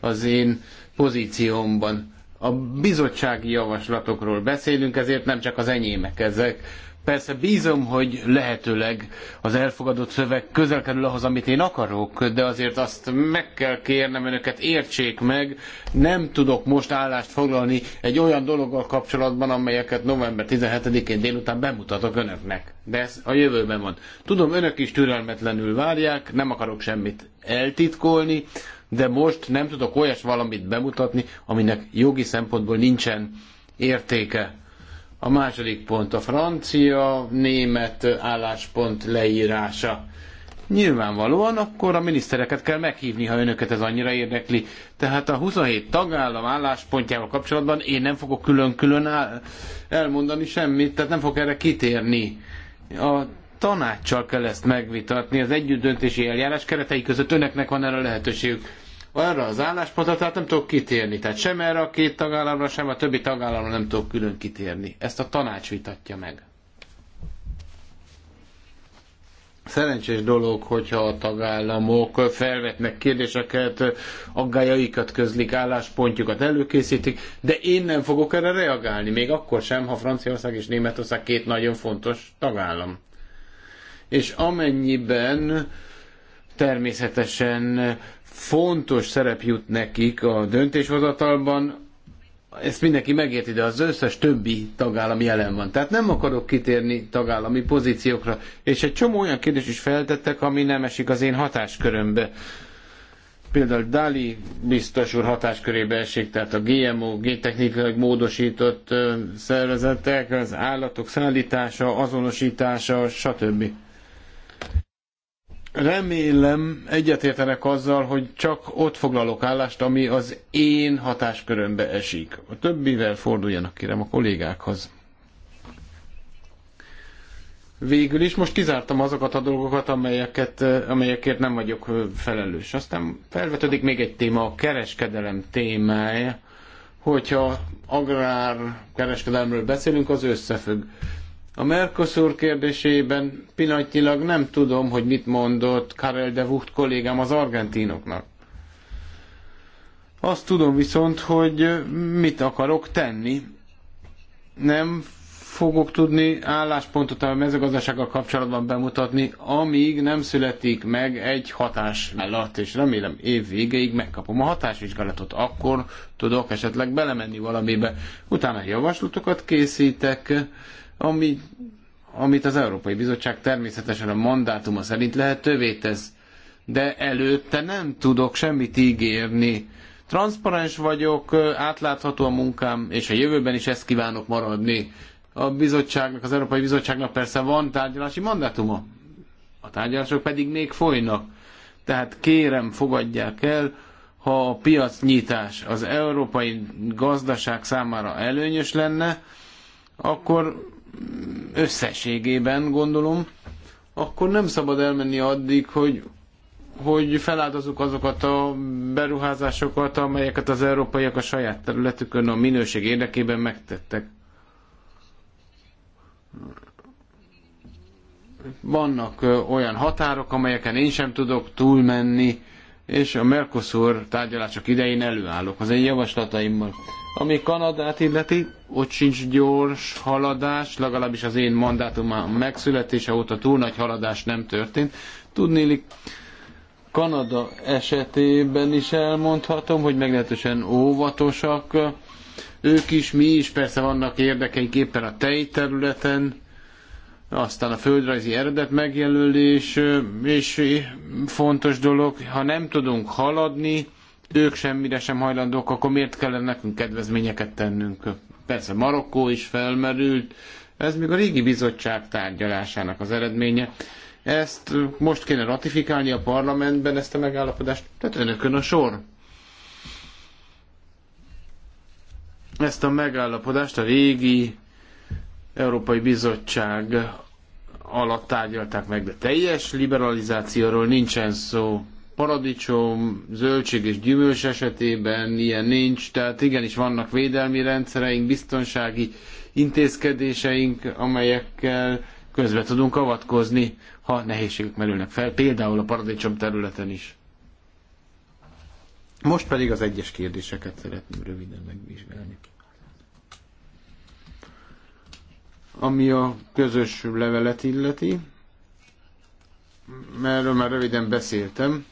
az én pozíciómban a bizottsági javaslatokról beszélünk, ezért nem csak az enyémek ezek. Persze bízom, hogy lehetőleg az elfogadott szöveg közel kerül ahhoz, amit én akarok, de azért azt meg kell kérnem önöket, értsék meg, nem tudok most állást foglalni egy olyan dologgal kapcsolatban, amelyeket november 17-én délután bemutatok önöknek. De ez a jövőben van. Tudom, önök is türelmetlenül várják, nem akarok semmit eltitkolni, de most nem tudok olyas valamit bemutatni, aminek jogi szempontból nincsen értéke. A második pont a francia-német álláspont leírása. Nyilvánvalóan akkor a minisztereket kell meghívni, ha önöket ez annyira érdekli. Tehát a 27 tagállam álláspontjával kapcsolatban én nem fogok külön-külön elmondani semmit, tehát nem fogok erre kitérni. A tanácssal kell ezt megvitatni. Az együttdöntési eljárás keretei között önöknek van erre lehetőségük. Arra az álláspontra tehát nem tudok kitérni. Tehát sem erre a két tagállamra, sem a többi tagállamra nem tudok külön kitérni. Ezt a tanács vitatja meg. szerencsés dolog, hogyha a tagállamok felvetnek kérdéseket, aggájaikat közlik, álláspontjukat előkészítik, de én nem fogok erre reagálni, még akkor sem, ha Franciaország és Németország két nagyon fontos tagállam és amennyiben természetesen fontos szerep jut nekik a döntéshozatalban, ezt mindenki megérti, de az összes többi tagállam jelen van. Tehát nem akarok kitérni tagállami pozíciókra. És egy csomó olyan kérdés is feltettek, ami nem esik az én hatáskörömbe. Például Dali biztos úr hatáskörébe esik, tehát a GMO, géntechnikailag módosított szervezetek, az állatok szállítása, azonosítása, stb. Remélem egyetértenek azzal, hogy csak ott foglalok állást, ami az én hatáskörömbe esik. A többivel forduljanak kérem a kollégákhoz. Végül is most kizártam azokat a dolgokat, amelyeket, amelyekért nem vagyok felelős. Aztán felvetődik még egy téma, a kereskedelem témája. Hogyha agrár kereskedelemről beszélünk, az összefügg. A Mercosur kérdésében pillanatnyilag nem tudom, hogy mit mondott Karel de Vucht kollégám az argentinoknak. Azt tudom viszont, hogy mit akarok tenni. Nem fogok tudni álláspontot a mezőgazdasággal kapcsolatban bemutatni, amíg nem születik meg egy hatás mellett, és remélem év végéig megkapom a hatásvizsgálatot, akkor tudok esetleg belemenni valamibe. Utána javaslatokat készítek, ami, amit az Európai Bizottság természetesen a mandátuma szerint lehetővé tesz, de előtte nem tudok semmit ígérni. Transzparens vagyok, átlátható a munkám, és a jövőben is ezt kívánok maradni. A bizottságnak, az Európai Bizottságnak persze van tárgyalási mandátuma, a tárgyalások pedig még folynak. Tehát kérem, fogadják el, ha a piacnyitás az európai gazdaság számára előnyös lenne, akkor összességében, gondolom, akkor nem szabad elmenni addig, hogy hogy feláldozunk azokat a beruházásokat, amelyeket az európaiak a saját területükön a minőség érdekében megtettek. Vannak olyan határok, amelyeken én sem tudok túlmenni, és a Mercosur tárgyalások idején előállok az én javaslataimmal. Ami Kanadát illeti, ott sincs gyors haladás, legalábbis az én mandátum megszületése óta túl nagy haladás nem történt. Tudnélik, Kanada esetében is elmondhatom, hogy meglehetősen óvatosak. Ők is, mi is persze vannak érdekeik éppen a tej területen. aztán a földrajzi eredet megjelölés, és fontos dolog, ha nem tudunk haladni, ők semmire sem hajlandók, akkor miért kellene nekünk kedvezményeket tennünk? Persze Marokkó is felmerült, ez még a régi bizottság tárgyalásának az eredménye. Ezt most kéne ratifikálni a parlamentben, ezt a megállapodást, tehát önökön a sor. Ezt a megállapodást a régi Európai Bizottság alatt tárgyalták meg, de teljes liberalizációról nincsen szó paradicsom, zöldség és gyümölcs esetében ilyen nincs, tehát igenis vannak védelmi rendszereink, biztonsági intézkedéseink, amelyekkel közbe tudunk avatkozni, ha nehézségek merülnek fel, például a paradicsom területen is. Most pedig az egyes kérdéseket szeretném röviden megvizsgálni. Ami a közös levelet illeti, erről már röviden beszéltem.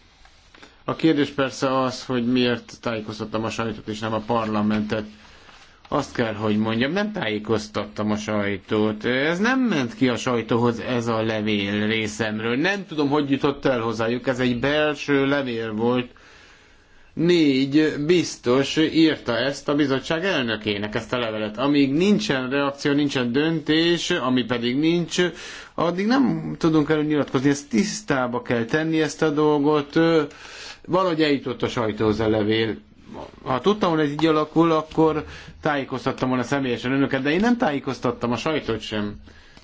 A kérdés persze az, hogy miért tájékoztattam a sajtót és nem a parlamentet. Azt kell, hogy mondjam, nem tájékoztattam a sajtót. Ez nem ment ki a sajtóhoz, ez a levél részemről. Nem tudom, hogy jutott el hozzájuk. Ez egy belső levél volt. Négy biztos írta ezt a bizottság elnökének, ezt a levelet. Amíg nincsen reakció, nincsen döntés, ami pedig nincs, addig nem tudunk előnyilatkozni. Ezt tisztába kell tenni ezt a dolgot. Valahogy eljutott a sajtóhoz a levél. Ha tudtam, hogy ez így alakul, akkor tájékoztattam volna személyesen önöket, de én nem tájékoztattam a sajtót sem.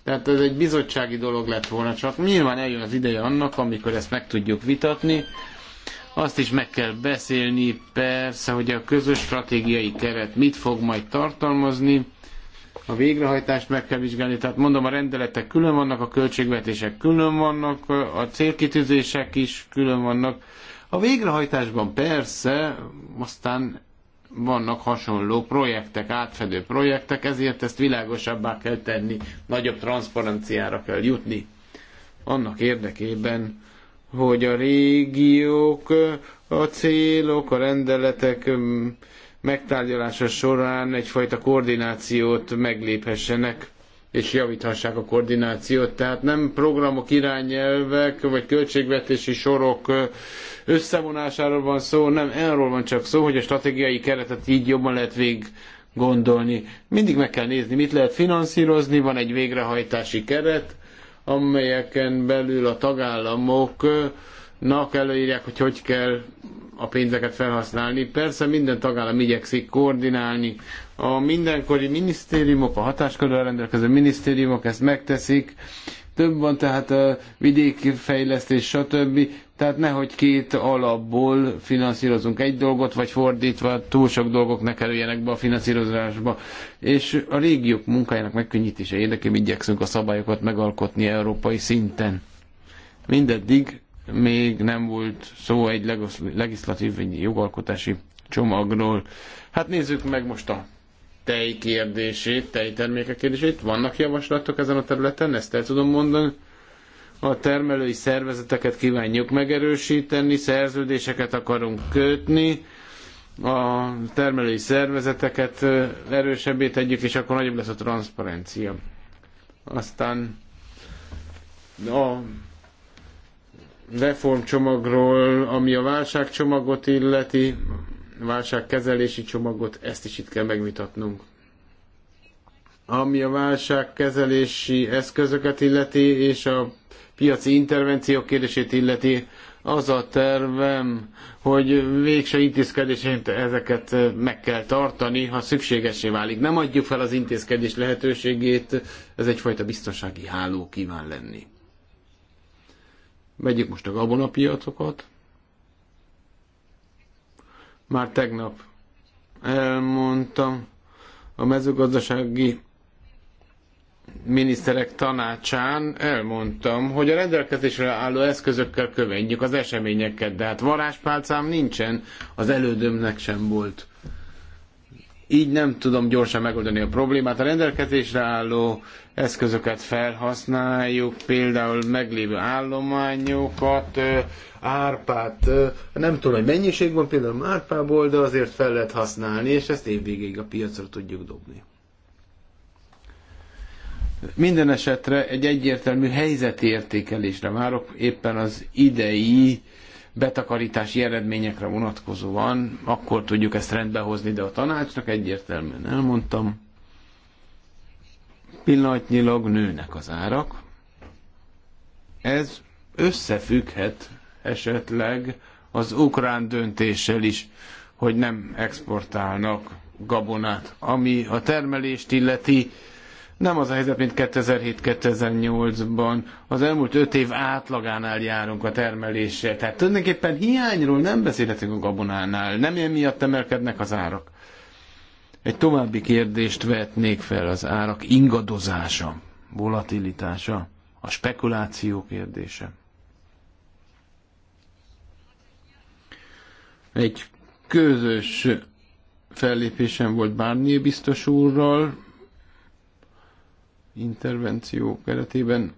Tehát ez egy bizottsági dolog lett volna, csak nyilván eljön az ideje annak, amikor ezt meg tudjuk vitatni. Azt is meg kell beszélni persze, hogy a közös stratégiai keret mit fog majd tartalmazni. A végrehajtást meg kell vizsgálni, tehát mondom, a rendeletek külön vannak, a költségvetések külön vannak, a célkitűzések is külön vannak. A végrehajtásban persze aztán vannak hasonló projektek, átfedő projektek, ezért ezt világosabbá kell tenni, nagyobb transzparenciára kell jutni. Annak érdekében, hogy a régiók, a célok, a rendeletek mm, megtárgyalása során egyfajta koordinációt megléphessenek és javíthassák a koordinációt. Tehát nem programok, irányelvek vagy költségvetési sorok összevonásáról van szó, nem erről van csak szó, hogy a stratégiai keretet így jobban lehet vég gondolni. Mindig meg kell nézni, mit lehet finanszírozni, van egy végrehajtási keret, amelyeken belül a tagállamoknak előírják, hogy hogy kell a pénzeket felhasználni. Persze minden tagállam igyekszik koordinálni a mindenkori minisztériumok, a hatáskörrel rendelkező minisztériumok ezt megteszik, több van, tehát a vidéki fejlesztés, stb. Tehát nehogy két alapból finanszírozunk egy dolgot, vagy fordítva túl sok dolgok ne kerüljenek be a finanszírozásba. És a régiók munkájának megkönnyítése érdekében igyekszünk a szabályokat megalkotni európai szinten. Mindeddig még nem volt szó egy legislatív vagy jogalkotási csomagról. Hát nézzük meg most a tej kérdését, tejtermékek kérdését. Vannak javaslatok ezen a területen, ezt el tudom mondani. A termelői szervezeteket kívánjuk megerősíteni, szerződéseket akarunk kötni, a termelői szervezeteket erősebbé tegyük, és akkor nagyobb lesz a transzparencia. Aztán a reformcsomagról, ami a válságcsomagot illeti, válságkezelési csomagot, ezt is itt kell megvitatnunk. Ami a válságkezelési eszközöket illeti, és a piaci intervenció kérdését illeti, az a tervem, hogy végső intézkedésként ezeket meg kell tartani, ha szükségesé válik. Nem adjuk fel az intézkedés lehetőségét, ez egyfajta biztonsági háló kíván lenni. Vegyük most a gabonapiacokat. Már tegnap elmondtam a mezőgazdasági miniszterek tanácsán elmondtam, hogy a rendelkezésre álló eszközökkel követjük az eseményeket, de hát varázspálcám nincsen, az elődömnek sem volt. Így nem tudom gyorsan megoldani a problémát. A rendelkezésre álló eszközöket felhasználjuk, például meglévő állományokat, árpát, nem tudom, hogy mennyiség van például árpából, de azért fel lehet használni, és ezt évvégéig a piacra tudjuk dobni. Minden esetre egy egyértelmű helyzeti értékelésre várok, éppen az idei betakarítási eredményekre vonatkozóan, akkor tudjuk ezt rendbe hozni, de a tanácsnak egyértelműen elmondtam, pillanatnyilag nőnek az árak. Ez összefügghet esetleg az ukrán döntéssel is, hogy nem exportálnak gabonát, ami a termelést illeti nem az a helyzet, mint 2007-2008-ban. Az elmúlt öt év átlagánál járunk a termeléssel. Tehát tulajdonképpen hiányról nem beszélhetünk a gabonánál. Nem ilyen miatt emelkednek az árak. Egy további kérdést vetnék fel az árak ingadozása, volatilitása, a spekuláció kérdése. Egy közös fellépésem volt Bárnyi biztos úrral, intervenció keretében.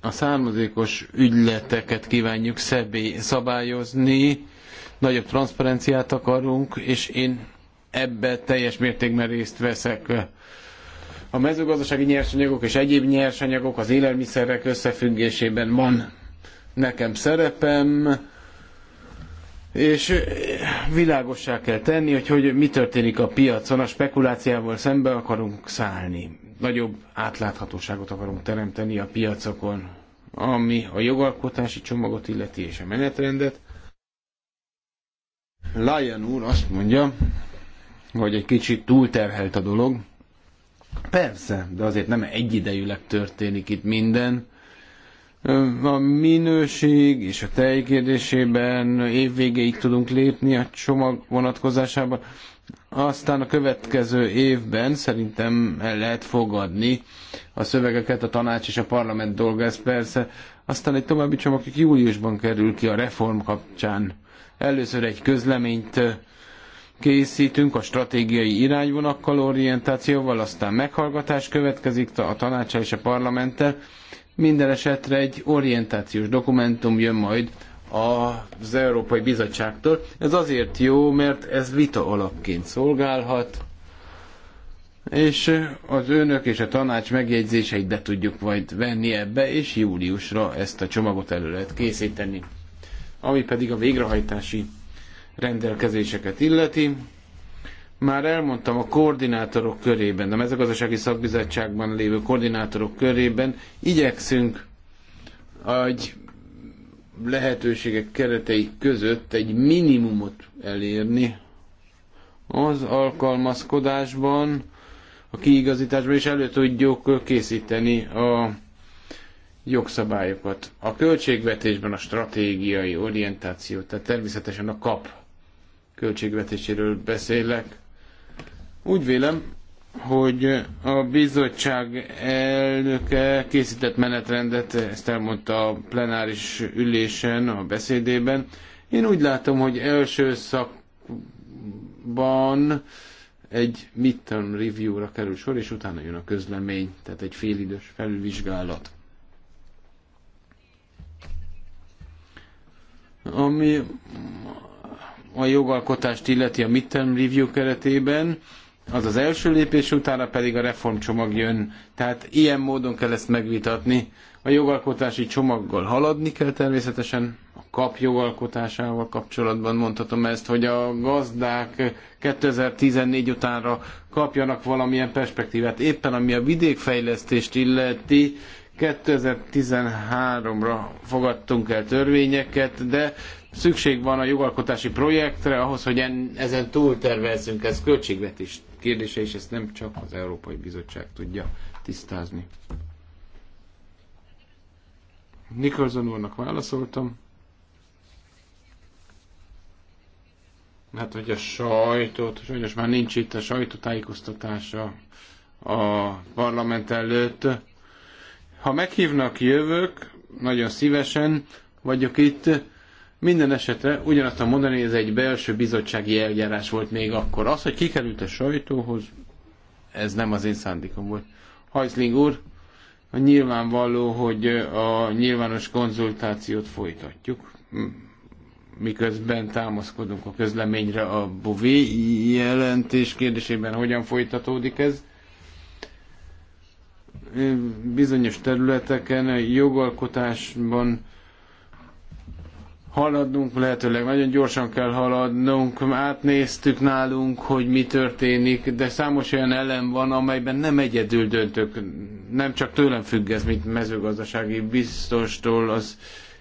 A származékos ügyleteket kívánjuk szebbé szabályozni, nagyobb transzparenciát akarunk, és én ebbe teljes mértékben részt veszek. A mezőgazdasági nyersanyagok és egyéb nyersanyagok az élelmiszerek összefüggésében van nekem szerepem, és világossá kell tenni, hogy, hogy mi történik a piacon, a spekulációval szembe akarunk szállni. Nagyobb átláthatóságot akarunk teremteni a piacokon, ami a jogalkotási csomagot illeti és a menetrendet. Lion úr azt mondja, hogy egy kicsit túlterhelt a dolog. Persze, de azért nem egyidejűleg történik itt minden a minőség és a tej kérdésében évvégéig tudunk lépni a csomag vonatkozásában. Aztán a következő évben szerintem el lehet fogadni a szövegeket, a tanács és a parlament dolga, ez persze. Aztán egy további csomag, aki júliusban kerül ki a reform kapcsán. Először egy közleményt készítünk a stratégiai irányvonakkal, orientációval, aztán meghallgatás következik a tanácsal és a parlamenttel minden esetre egy orientációs dokumentum jön majd az Európai Bizottságtól. Ez azért jó, mert ez vita alapként szolgálhat, és az önök és a tanács megjegyzéseit be tudjuk majd venni ebbe, és júliusra ezt a csomagot elő lehet készíteni. Ami pedig a végrehajtási rendelkezéseket illeti, már elmondtam a koordinátorok körében, a mezőgazdasági szakbizottságban lévő koordinátorok körében igyekszünk egy lehetőségek keretei között egy minimumot elérni az alkalmazkodásban, a kiigazításban, és elő tudjuk készíteni a jogszabályokat. A költségvetésben a stratégiai orientáció, tehát természetesen a kap költségvetéséről beszélek. Úgy vélem, hogy a bizottság elnöke készített menetrendet, ezt elmondta a plenáris ülésen, a beszédében. Én úgy látom, hogy első szakban egy midterm review-ra kerül sor, és utána jön a közlemény, tehát egy félidős felülvizsgálat. Ami a jogalkotást illeti a midterm review keretében, az az első lépés, utána pedig a reformcsomag jön. Tehát ilyen módon kell ezt megvitatni. A jogalkotási csomaggal haladni kell természetesen, a kap jogalkotásával kapcsolatban mondhatom ezt, hogy a gazdák 2014 utánra kapjanak valamilyen perspektívát. Éppen ami a vidékfejlesztést illeti, 2013-ra fogadtunk el törvényeket, de szükség van a jogalkotási projektre ahhoz, hogy en, ezen túltervezzünk ez költségvetést kérdése, és ezt nem csak az Európai Bizottság tudja tisztázni. Nicholson úrnak válaszoltam. Hát, hogy a sajtót, sajnos már nincs itt a sajtótájékoztatása a parlament előtt. Ha meghívnak, jövök, nagyon szívesen vagyok itt minden esetre ugyanazt a mondani, hogy ez egy belső bizottsági eljárás volt még akkor. Az, hogy kikerült a sajtóhoz, ez nem az én szándékom volt. Hajszling úr, nyilvánvaló, hogy a nyilvános konzultációt folytatjuk, hm. miközben támaszkodunk a közleményre a Bové jelentés kérdésében, hogyan folytatódik ez hm. bizonyos területeken jogalkotásban haladnunk, lehetőleg nagyon gyorsan kell haladnunk. Átnéztük nálunk, hogy mi történik, de számos olyan elem van, amelyben nem egyedül döntök. Nem csak tőlem függ ez, mint mezőgazdasági biztostól, az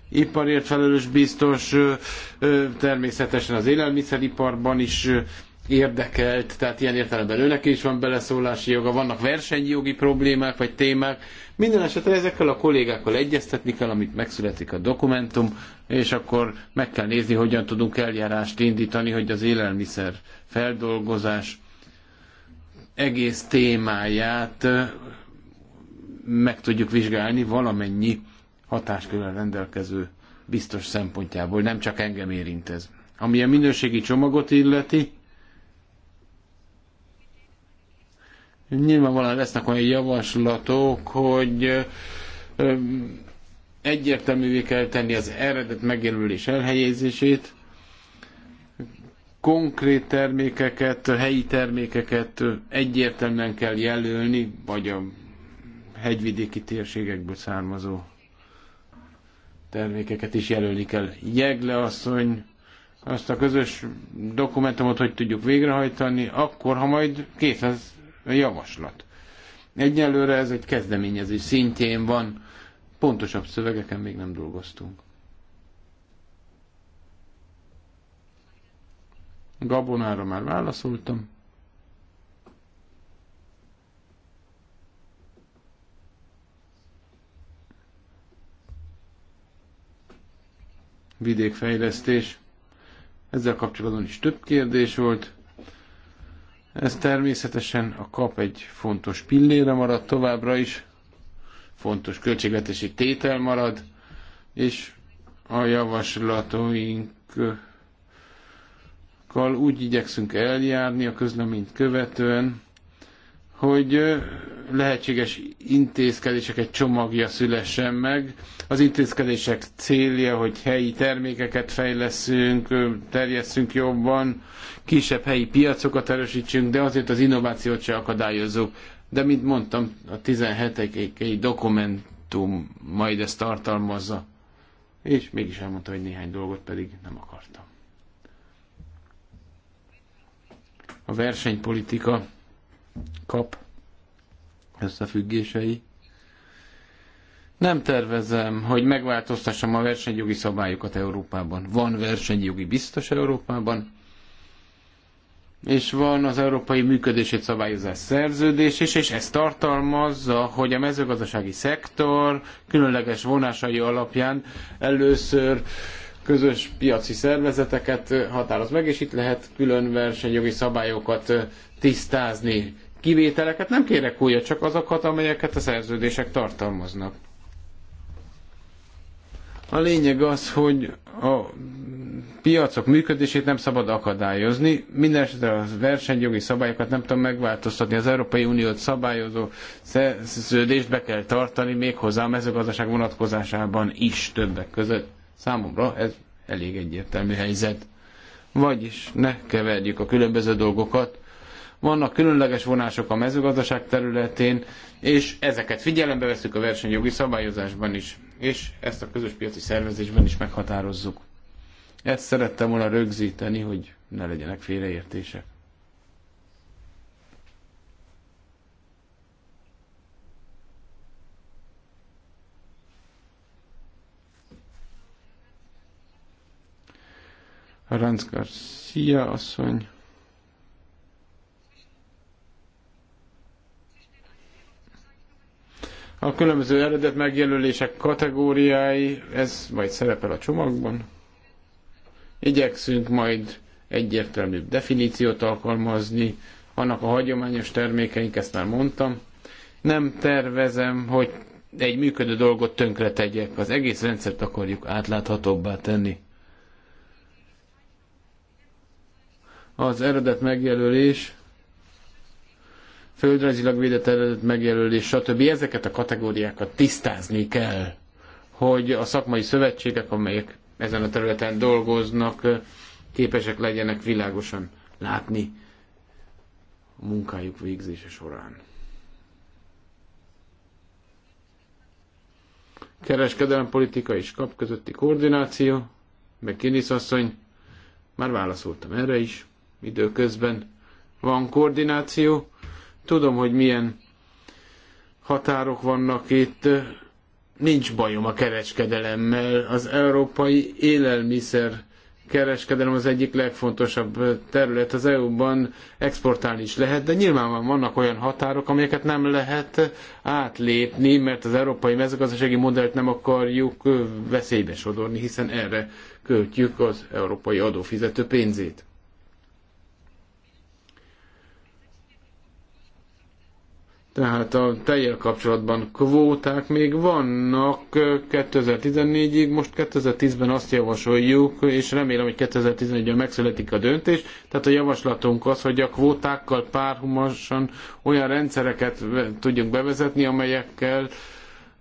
iparért felelős biztos, természetesen az élelmiszeriparban is érdekelt, tehát ilyen értelemben önnek is van beleszólási joga, vannak versenyjogi problémák vagy témák. Minden esetre ezekkel a kollégákkal egyeztetni kell, amit megszületik a dokumentum, és akkor meg kell nézni, hogyan tudunk eljárást indítani, hogy az élelmiszer feldolgozás egész témáját meg tudjuk vizsgálni valamennyi hatáskörrel rendelkező biztos szempontjából, nem csak engem érint ez. Ami a minőségi csomagot illeti, Nyilvánvalóan lesznek olyan javaslatok, hogy egyértelművé kell tenni az eredet megjelölés elhelyezését, konkrét termékeket, helyi termékeket egyértelműen kell jelölni, vagy a hegyvidéki térségekből származó termékeket is jelölni kell. Jegle asszony azt a közös dokumentumot hogy tudjuk végrehajtani, akkor, ha majd kész az javaslat. Egyelőre ez egy kezdeményezés szintjén van, pontosabb szövegeken még nem dolgoztunk. Gabonára már válaszoltam. Vidékfejlesztés. Ezzel kapcsolatban is több kérdés volt. Ez természetesen a kap egy fontos pillére marad továbbra is, fontos költségvetési tétel marad, és a javaslatainkkal úgy igyekszünk eljárni a közleményt követően, hogy lehetséges intézkedéseket csomagja szülessen meg. Az intézkedések célja, hogy helyi termékeket fejleszünk, terjesszünk jobban, kisebb helyi piacokat erősítsünk, de azért az innovációt se akadályozzuk. De mint mondtam, a 17 egy dokumentum majd ezt tartalmazza. És mégis elmondta, hogy néhány dolgot pedig nem akartam. A versenypolitika kap összefüggései. Nem tervezem, hogy megváltoztassam a versenyjogi szabályokat Európában. Van versenyjogi biztos Európában, és van az Európai Működését Szabályozás Szerződés is, és ez tartalmazza, hogy a mezőgazdasági szektor különleges vonásai alapján először közös piaci szervezeteket határoz meg, és itt lehet külön versenyjogi szabályokat tisztázni kivételeket nem kérek újra, csak azokat, amelyeket a szerződések tartalmaznak. A lényeg az, hogy a piacok működését nem szabad akadályozni, minden esetre a versenyjogi szabályokat nem tudom megváltoztatni, az Európai Uniót szabályozó szerződést be kell tartani, méghozzá a mezőgazdaság vonatkozásában is többek között. Számomra ez elég egyértelmű helyzet. Vagyis ne keverjük a különböző dolgokat, vannak különleges vonások a mezőgazdaság területén, és ezeket figyelembe veszük a versenyjogi szabályozásban is, és ezt a közös piaci szervezésben is meghatározzuk. Ezt szerettem volna rögzíteni, hogy ne legyenek félreértések. Ranz Garcia asszony. a különböző eredet megjelölések kategóriái, ez majd szerepel a csomagban. Igyekszünk majd egyértelműbb definíciót alkalmazni, annak a hagyományos termékeink, ezt már mondtam. Nem tervezem, hogy egy működő dolgot tönkre tegyek. Az egész rendszert akarjuk átláthatóbbá tenni. Az eredet megjelölés földrajzilag védett eredet megjelölés, stb. Ezeket a kategóriákat tisztázni kell, hogy a szakmai szövetségek, amelyek ezen a területen dolgoznak, képesek legyenek világosan látni a munkájuk végzése során. Kereskedelmi politika és kap közötti koordináció, meg asszony, már válaszoltam erre is, időközben van koordináció, Tudom, hogy milyen határok vannak itt, nincs bajom a kereskedelemmel. Az európai élelmiszer kereskedelem az egyik legfontosabb terület az EU-ban, exportálni is lehet, de nyilván vannak olyan határok, amelyeket nem lehet átlépni, mert az európai mezőgazdasági modellt nem akarjuk veszélybe sodorni, hiszen erre költjük az európai adófizető pénzét. Tehát a tejjel kapcsolatban kvóták még vannak 2014-ig, most 2010-ben azt javasoljuk, és remélem, hogy 2011-ben megszületik a döntés. Tehát a javaslatunk az, hogy a kvótákkal párhumasan olyan rendszereket tudjunk bevezetni, amelyekkel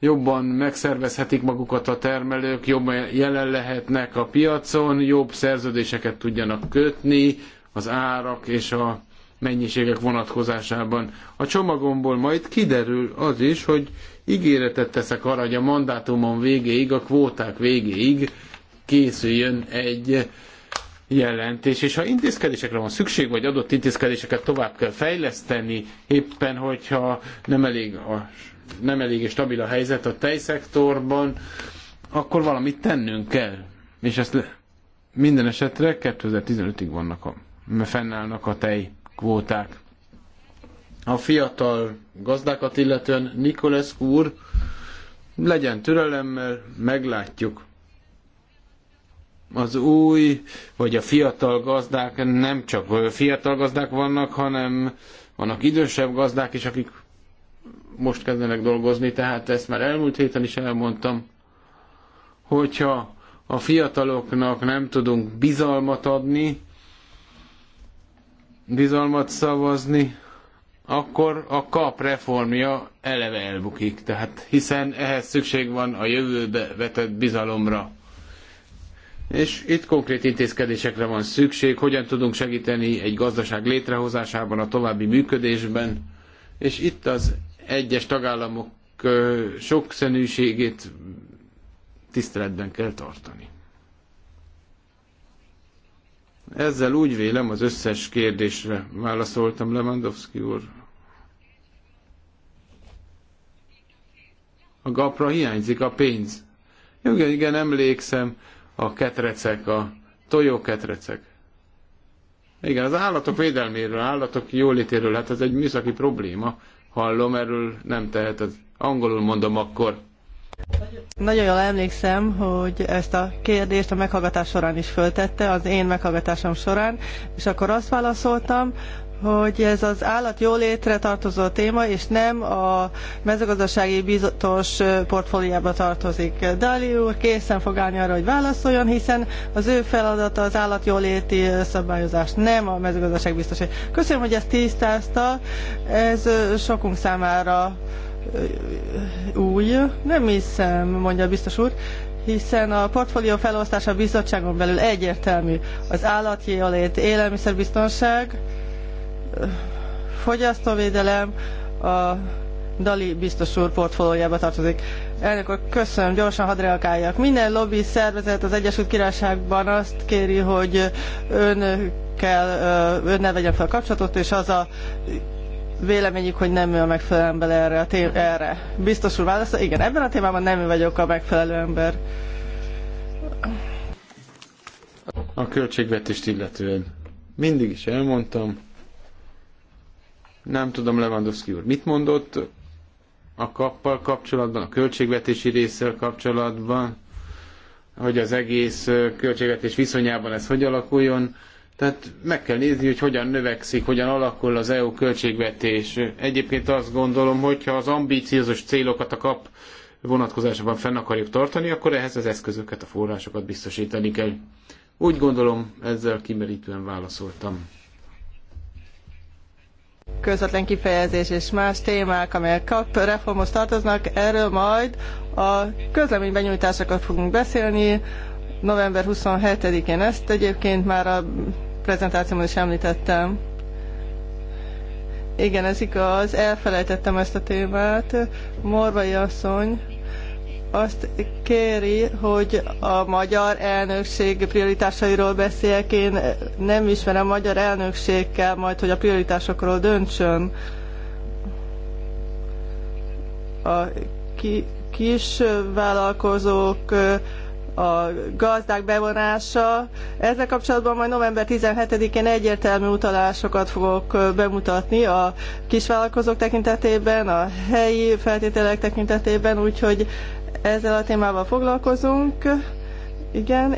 jobban megszervezhetik magukat a termelők, jobban jelen lehetnek a piacon, jobb szerződéseket tudjanak kötni, az árak és a mennyiségek vonatkozásában. A csomagomból majd kiderül az is, hogy ígéretet teszek arra, hogy a mandátumon végéig, a kvóták végéig készüljön egy jelentés, és ha intézkedésekre van szükség, vagy adott intézkedéseket tovább kell fejleszteni, éppen hogyha nem elég, a, nem elég és stabil a helyzet a tejszektorban, akkor valamit tennünk kell. És ezt le, minden esetre 2015-ig vannak a, fennállnak a tej kvóták. A fiatal gazdákat illetően Nikolesz úr legyen türelemmel, meglátjuk. Az új, vagy a fiatal gazdák nem csak fiatal gazdák vannak, hanem vannak idősebb gazdák is, akik most kezdenek dolgozni, tehát ezt már elmúlt héten is elmondtam, hogyha a fiataloknak nem tudunk bizalmat adni, bizalmat szavazni, akkor a kap reformja eleve elbukik. Tehát hiszen ehhez szükség van a jövőbe vetett bizalomra. És itt konkrét intézkedésekre van szükség, hogyan tudunk segíteni egy gazdaság létrehozásában, a további működésben. És itt az egyes tagállamok sokszínűségét tiszteletben kell tartani. Ezzel úgy vélem az összes kérdésre válaszoltam Lewandowski úr. A gapra hiányzik a pénz. Igen, igen, emlékszem, a ketrecek, a tojóketrecek. Igen, az állatok védelméről, állatok jólétéről, hát ez egy műszaki probléma. Hallom, erről nem az Angolul mondom akkor. Nagyon jól emlékszem, hogy ezt a kérdést a meghallgatás során is föltette, az én meghallgatásom során, és akkor azt válaszoltam, hogy ez az állat jólétre tartozó téma, és nem a mezőgazdasági biztos portfóliába tartozik. Dali úr készen fog állni arra, hogy válaszoljon, hiszen az ő feladata az állatjóléti szabályozás, nem a mezőgazdaság biztos. Köszönöm, hogy ezt tisztázta, ez sokunk számára új? Nem hiszem, mondja biztos úr, hiszen a portfólió felosztása a bizottságon belül egyértelmű. Az állatjólét, élelmiszerbiztonság, fogyasztóvédelem, a Dali biztos úr portfóliójába tartozik. Elnök úr, köszönöm, gyorsan hadd reagáljak. Minden lobby szervezet az Egyesült Királyságban azt kéri, hogy ön kell, ön ne vegyen fel kapcsolatot, és az a véleményük, hogy nem ő a megfelelő ember erre. A té- erre. Biztos úr válasza, igen, ebben a témában nem vagyok a megfelelő ember. A költségvetést illetően mindig is elmondtam, nem tudom Lewandowski úr mit mondott a kappal kapcsolatban, a költségvetési résszel kapcsolatban, hogy az egész költségvetés viszonyában ez hogy alakuljon. Tehát meg kell nézni, hogy hogyan növekszik, hogyan alakul az EU költségvetés. Egyébként azt gondolom, hogyha az ambíciózus célokat a kap vonatkozásában fenn akarjuk tartani, akkor ehhez az eszközöket, a forrásokat biztosítani kell. Úgy gondolom, ezzel kimerítően válaszoltam. Közvetlen kifejezés és más témák, amelyek kap reformhoz tartoznak, erről majd a közlemény benyújtásokat fogunk beszélni. November 27-én ezt egyébként már a prezentációban is említettem. Igen, ez igaz, elfelejtettem ezt a témát. Morvai asszony azt kéri, hogy a magyar elnökség prioritásairól beszéljek. Én nem ismerem a magyar elnökségkel majd, hogy a prioritásokról döntsön. A ki, kis vállalkozók a gazdák bevonása. Ezzel kapcsolatban majd november 17-én egyértelmű utalásokat fogok bemutatni a kisvállalkozók tekintetében, a helyi feltételek tekintetében, úgyhogy ezzel a témával foglalkozunk. Igen,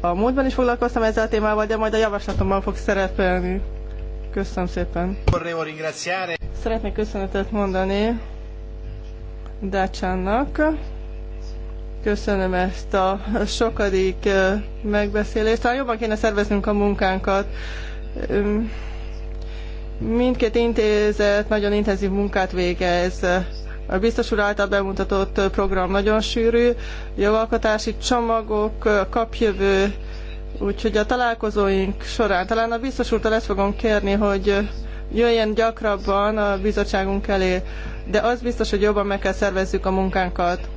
a múltban is foglalkoztam ezzel a témával, de majd a javaslatomban fog szerepelni. Köszönöm szépen. Szeretnék köszönetet mondani Dacsánnak. Köszönöm ezt a sokadik megbeszélést. Talán jobban kéne szerveznünk a munkánkat. Mindkét intézet nagyon intenzív munkát végez. A biztos úr által bemutatott program nagyon sűrű, jogalkotási csomagok, kapjövő, úgyhogy a találkozóink során talán a biztos úrtól ezt fogom kérni, hogy jöjjen gyakrabban a bizottságunk elé, de az biztos, hogy jobban meg kell szervezzük a munkánkat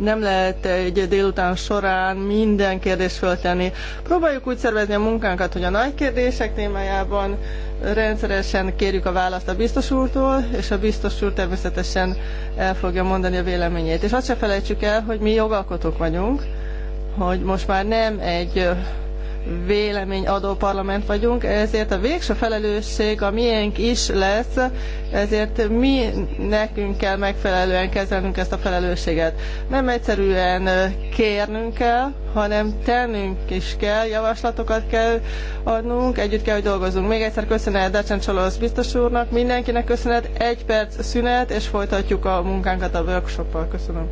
nem lehet egy délután során minden kérdést föltenni. Próbáljuk úgy szervezni a munkánkat, hogy a nagy kérdések témájában rendszeresen kérjük a választ a biztos úrtól, és a biztos úr természetesen el fogja mondani a véleményét. És azt se felejtsük el, hogy mi jogalkotók vagyunk, hogy most már nem egy véleményadó parlament vagyunk, ezért a végső felelősség a miénk is lesz, ezért mi nekünk kell megfelelően kezelnünk ezt a felelősséget. Nem egyszerűen kérnünk kell, hanem tennünk is kell, javaslatokat kell adnunk, együtt kell, hogy dolgozzunk. Még egyszer köszönet Dacsen Csolosz biztos úrnak, mindenkinek köszönet, egy perc szünet, és folytatjuk a munkánkat a workshoppal. Köszönöm.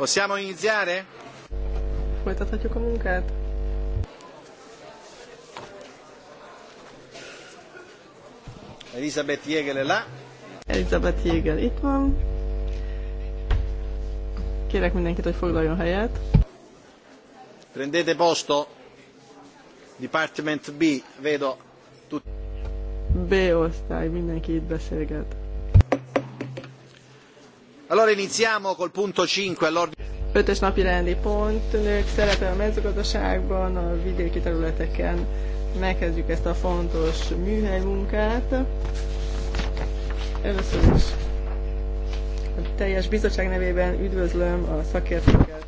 Possiamo iniziare? Folytathatjuk a munkát? Elizabeth Jégel -e lá. Elizabeth Jégel itt van. Kérek mindenkit, hogy foglaljon helyet. Prendete posto. Department B, vedo. B osztály, mindenki itt beszélget. Allora iniziamo col punto 5 all'ordine. Ötös napi rendi pont, nők szerepe a mezőgazdaságban, a vidéki területeken. Megkezdjük ezt a fontos műhely munkát. Először is a teljes bizottság nevében üdvözlöm a szakértőket.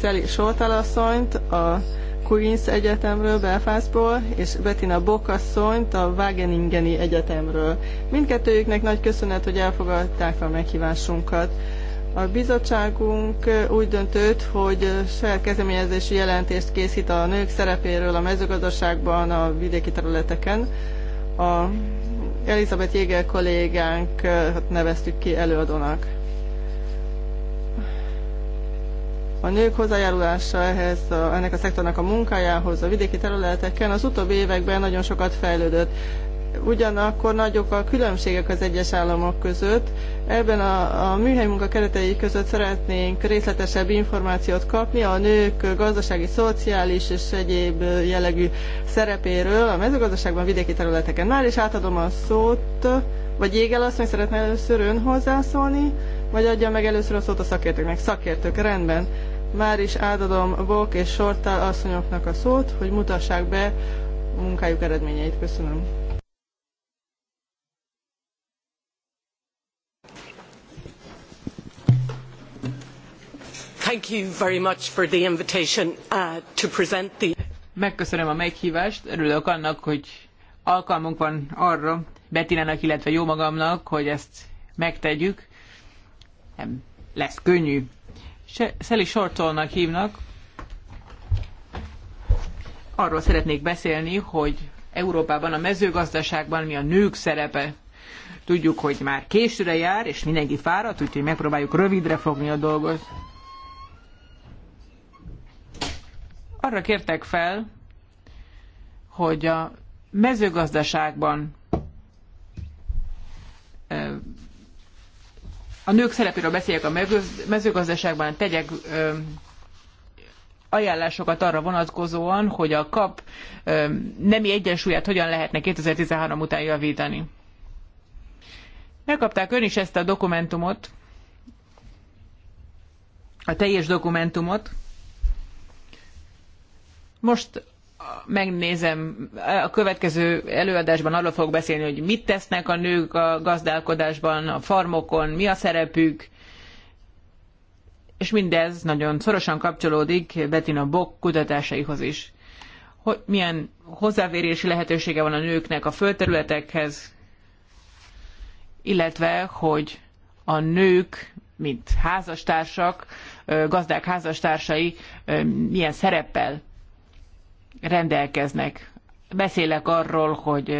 Szeli Soltalasszonyt, a Queen's Egyetemről, Belfastból, és Bettina Bokasszonyt a Wageningeni Egyetemről. Mindkettőjüknek nagy köszönet, hogy elfogadták a meghívásunkat. A bizottságunk eh, úgy döntött, hogy eh, saját kezdeményezési jelentést készít a nők szerepéről a mezőgazdaságban, a vidéki területeken. A Elizabeth Jégel kollégánk eh, hát neveztük ki előadónak. A nők hozzájárulása ehhez, a, ennek a szektornak a munkájához, a vidéki területeken az utóbbi években nagyon sokat fejlődött. Ugyanakkor nagyok a különbségek az egyes államok között. Ebben a, a műhely munka keretei között szeretnénk részletesebb információt kapni a nők gazdasági, szociális és egyéb jellegű szerepéről a mezőgazdaságban, a vidéki területeken. Már is átadom a szót, vagy Jégel hogy szeretne először ön hozzászólni, vagy adja meg először a szót a szakértőknek. Szakértők, rendben. Már is átadom Bok és Sortál asszonyoknak a szót, hogy mutassák be a munkájuk eredményeit. Köszönöm. Thank you very much for the invitation uh, to present the... Megköszönöm a meghívást, örülök annak, hogy alkalmunk van arra, Betinának, illetve jó magamnak, hogy ezt megtegyük. Nem lesz könnyű Sally Shortolnak hívnak. Arról szeretnék beszélni, hogy Európában a mezőgazdaságban mi a nők szerepe. Tudjuk, hogy már későre jár, és mindenki fáradt, úgyhogy megpróbáljuk rövidre fogni a dolgot. Arra kértek fel, hogy a mezőgazdaságban a nők szerepéről beszéljek a mezőgazdaságban, tegyek ö, ajánlásokat arra vonatkozóan, hogy a kap ö, nemi egyensúlyát hogyan lehetne 2013 után javítani. Megkapták ön is ezt a dokumentumot, a teljes dokumentumot. Most megnézem, a következő előadásban arról fogok beszélni, hogy mit tesznek a nők a gazdálkodásban, a farmokon, mi a szerepük, és mindez nagyon szorosan kapcsolódik Bettina Bock kutatásaihoz is. Hogy milyen hozzávérési lehetősége van a nőknek a földterületekhez, illetve, hogy a nők, mint házastársak, gazdák házastársai milyen szereppel rendelkeznek. Beszélek arról, hogy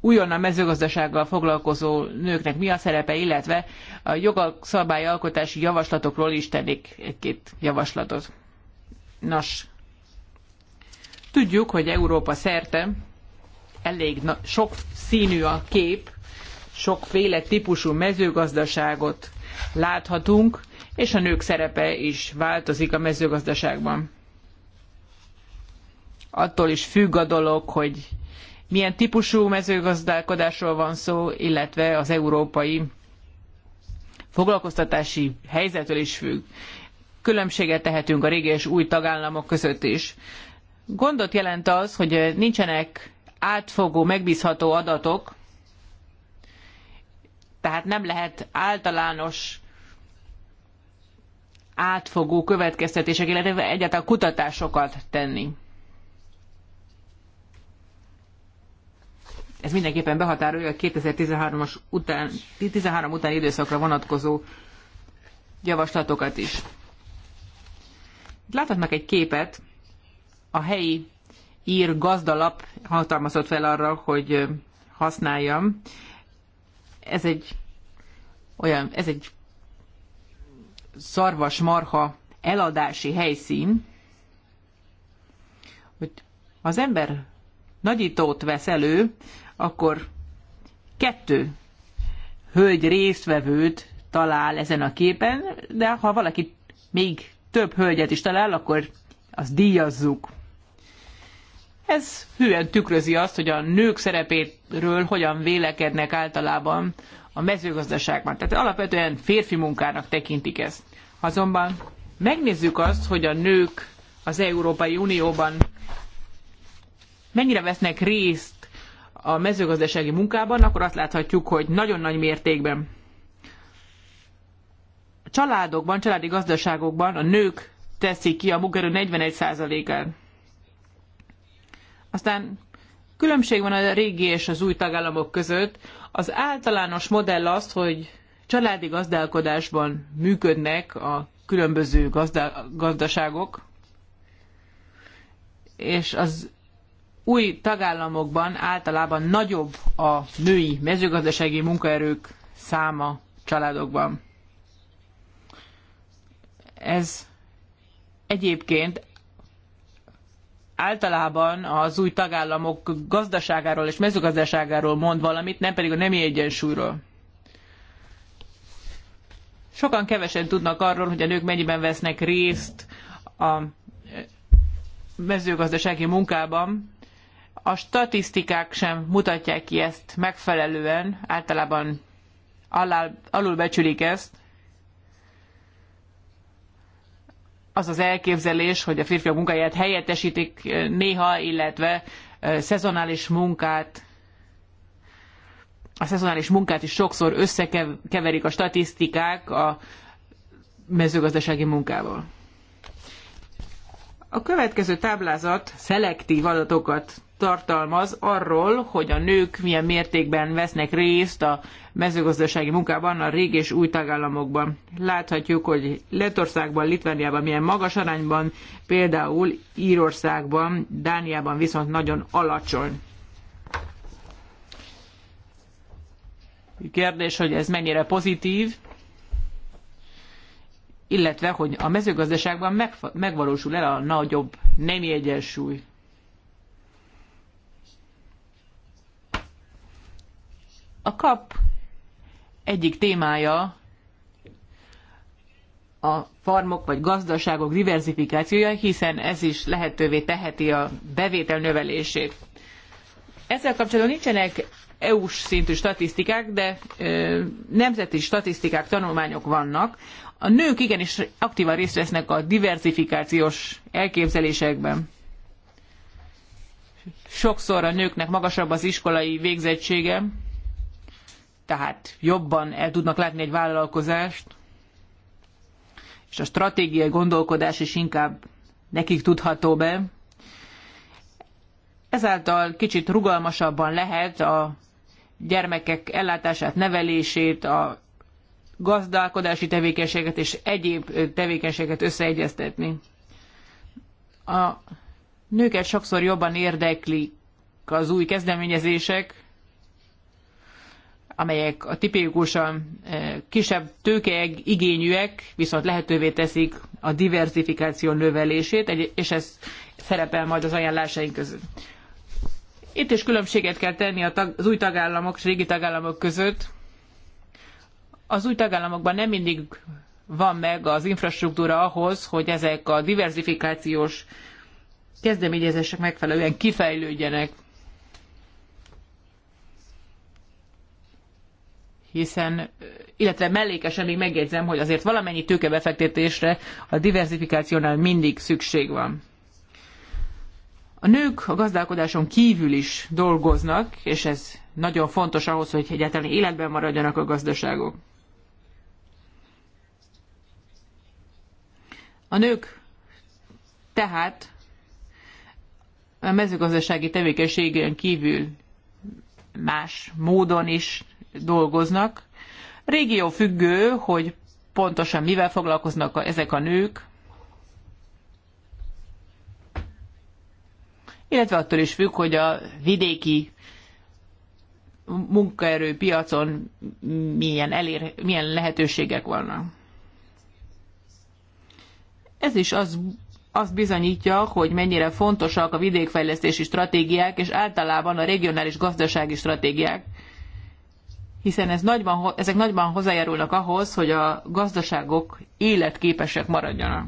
újonnan mezőgazdasággal foglalkozó nőknek mi a szerepe, illetve a jogszabályalkotási javaslatokról is tennék egy-két javaslatot. Nos, tudjuk, hogy Európa szerte elég na- sok színű a kép, sokféle típusú mezőgazdaságot láthatunk, és a nők szerepe is változik a mezőgazdaságban attól is függ a dolog, hogy milyen típusú mezőgazdálkodásról van szó, illetve az európai foglalkoztatási helyzetről is függ. Különbséget tehetünk a régi és új tagállamok között is. Gondot jelent az, hogy nincsenek átfogó, megbízható adatok, tehát nem lehet általános átfogó következtetések, illetve egyáltalán kutatásokat tenni. Ez mindenképpen behatárolja a 2013-as után, 2013 után időszakra vonatkozó javaslatokat is. Láthatnak egy képet, a helyi ír gazdalap hatalmazott fel arra, hogy használjam. Ez egy olyan, ez egy szarvasmarha eladási helyszín, hogy az ember nagyítót vesz elő, akkor kettő hölgy résztvevőt talál ezen a képen, de ha valaki még több hölgyet is talál, akkor azt díjazzuk. Ez hűen tükrözi azt, hogy a nők szerepéről hogyan vélekednek általában a mezőgazdaságban. Tehát alapvetően férfi munkának tekintik ezt. Azonban megnézzük azt, hogy a nők az Európai Unióban mennyire vesznek részt a mezőgazdasági munkában, akkor azt láthatjuk, hogy nagyon nagy mértékben a családokban, családi gazdaságokban a nők teszik ki a munkerő 41%-át. Aztán különbség van a régi és az új tagállamok között. Az általános modell az, hogy családi gazdálkodásban működnek a különböző gazda- gazdaságok, és az új tagállamokban általában nagyobb a női mezőgazdasági munkaerők száma családokban. Ez egyébként általában az új tagállamok gazdaságáról és mezőgazdaságáról mond valamit, nem pedig a nemi egyensúlyról. Sokan kevesen tudnak arról, hogy a nők mennyiben vesznek részt a mezőgazdasági munkában, a statisztikák sem mutatják ki ezt megfelelően, általában alál, alulbecsülik ezt. Az az elképzelés, hogy a férfiak munkáját helyettesítik eh, néha, illetve eh, szezonális munkát a szezonális munkát is sokszor összekeverik a statisztikák a mezőgazdasági munkával. A következő táblázat szelektív adatokat tartalmaz arról, hogy a nők milyen mértékben vesznek részt a mezőgazdasági munkában a régi és új tagállamokban. Láthatjuk, hogy Lettországban, Litvániában milyen magas arányban, például Írországban, Dániában viszont nagyon alacsony. Kérdés, hogy ez mennyire pozitív, illetve, hogy a mezőgazdaságban megvalósul el a nagyobb nemi egyensúly. A kap egyik témája a farmok vagy gazdaságok diversifikációja, hiszen ez is lehetővé teheti a bevétel növelését. Ezzel kapcsolatban nincsenek EU-s szintű statisztikák, de ö, nemzeti statisztikák, tanulmányok vannak. A nők igenis aktívan részt vesznek a diversifikációs elképzelésekben. Sokszor a nőknek magasabb az iskolai végzettsége, tehát jobban el tudnak látni egy vállalkozást, és a stratégiai gondolkodás is inkább nekik tudható be. Ezáltal kicsit rugalmasabban lehet a gyermekek ellátását, nevelését, a gazdálkodási tevékenységet és egyéb tevékenységet összeegyeztetni. A nőket sokszor jobban érdeklik az új kezdeményezések, amelyek a tipikusan eh, kisebb tőkeigényűek, viszont lehetővé teszik a diversifikáció növelését, és ez szerepel majd az ajánlásaink között. Itt is különbséget kell tenni az új tagállamok és régi tagállamok között. Az új tagállamokban nem mindig van meg az infrastruktúra ahhoz, hogy ezek a diversifikációs kezdeményezések megfelelően kifejlődjenek. hiszen, illetve mellékesen még megjegyzem, hogy azért valamennyi tőkebefektetésre a diversifikációnál mindig szükség van. A nők a gazdálkodáson kívül is dolgoznak, és ez nagyon fontos ahhoz, hogy egyáltalán életben maradjanak a gazdaságok. A nők tehát a mezőgazdasági tevékenységen kívül más módon is dolgoznak. Régió függő, hogy pontosan mivel foglalkoznak a, ezek a nők, illetve attól is függ, hogy a vidéki munkaerőpiacon milyen, elér, milyen lehetőségek vannak. Ez is az, azt bizonyítja, hogy mennyire fontosak a vidékfejlesztési stratégiák, és általában a regionális gazdasági stratégiák hiszen ez nagyban, ezek nagyban hozzájárulnak ahhoz, hogy a gazdaságok életképesek maradjanak.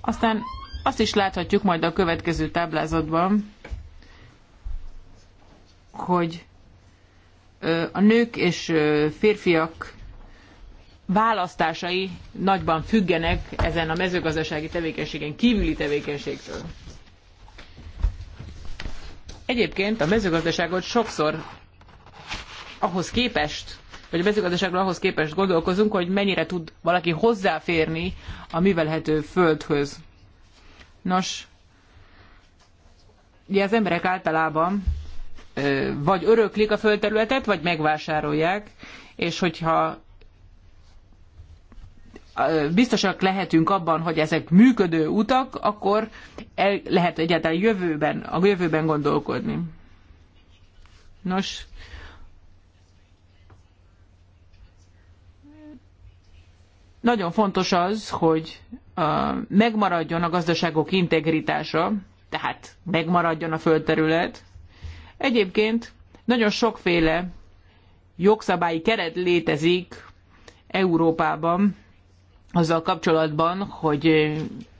Aztán azt is láthatjuk majd a következő táblázatban, hogy a nők és férfiak választásai nagyban függenek ezen a mezőgazdasági tevékenységen kívüli tevékenységtől. Egyébként a mezőgazdaságot sokszor ahhoz képest, vagy a mezőgazdaságról ahhoz képest gondolkozunk, hogy mennyire tud valaki hozzáférni a művelhető földhöz. Nos, ugye az emberek általában vagy öröklik a földterületet, vagy megvásárolják, és hogyha biztosak lehetünk abban, hogy ezek működő utak, akkor el lehet egyáltalán jövőben, a jövőben gondolkodni. Nos, nagyon fontos az, hogy megmaradjon a gazdaságok integritása, tehát megmaradjon a földterület. Egyébként nagyon sokféle jogszabályi keret létezik Európában, azzal kapcsolatban, hogy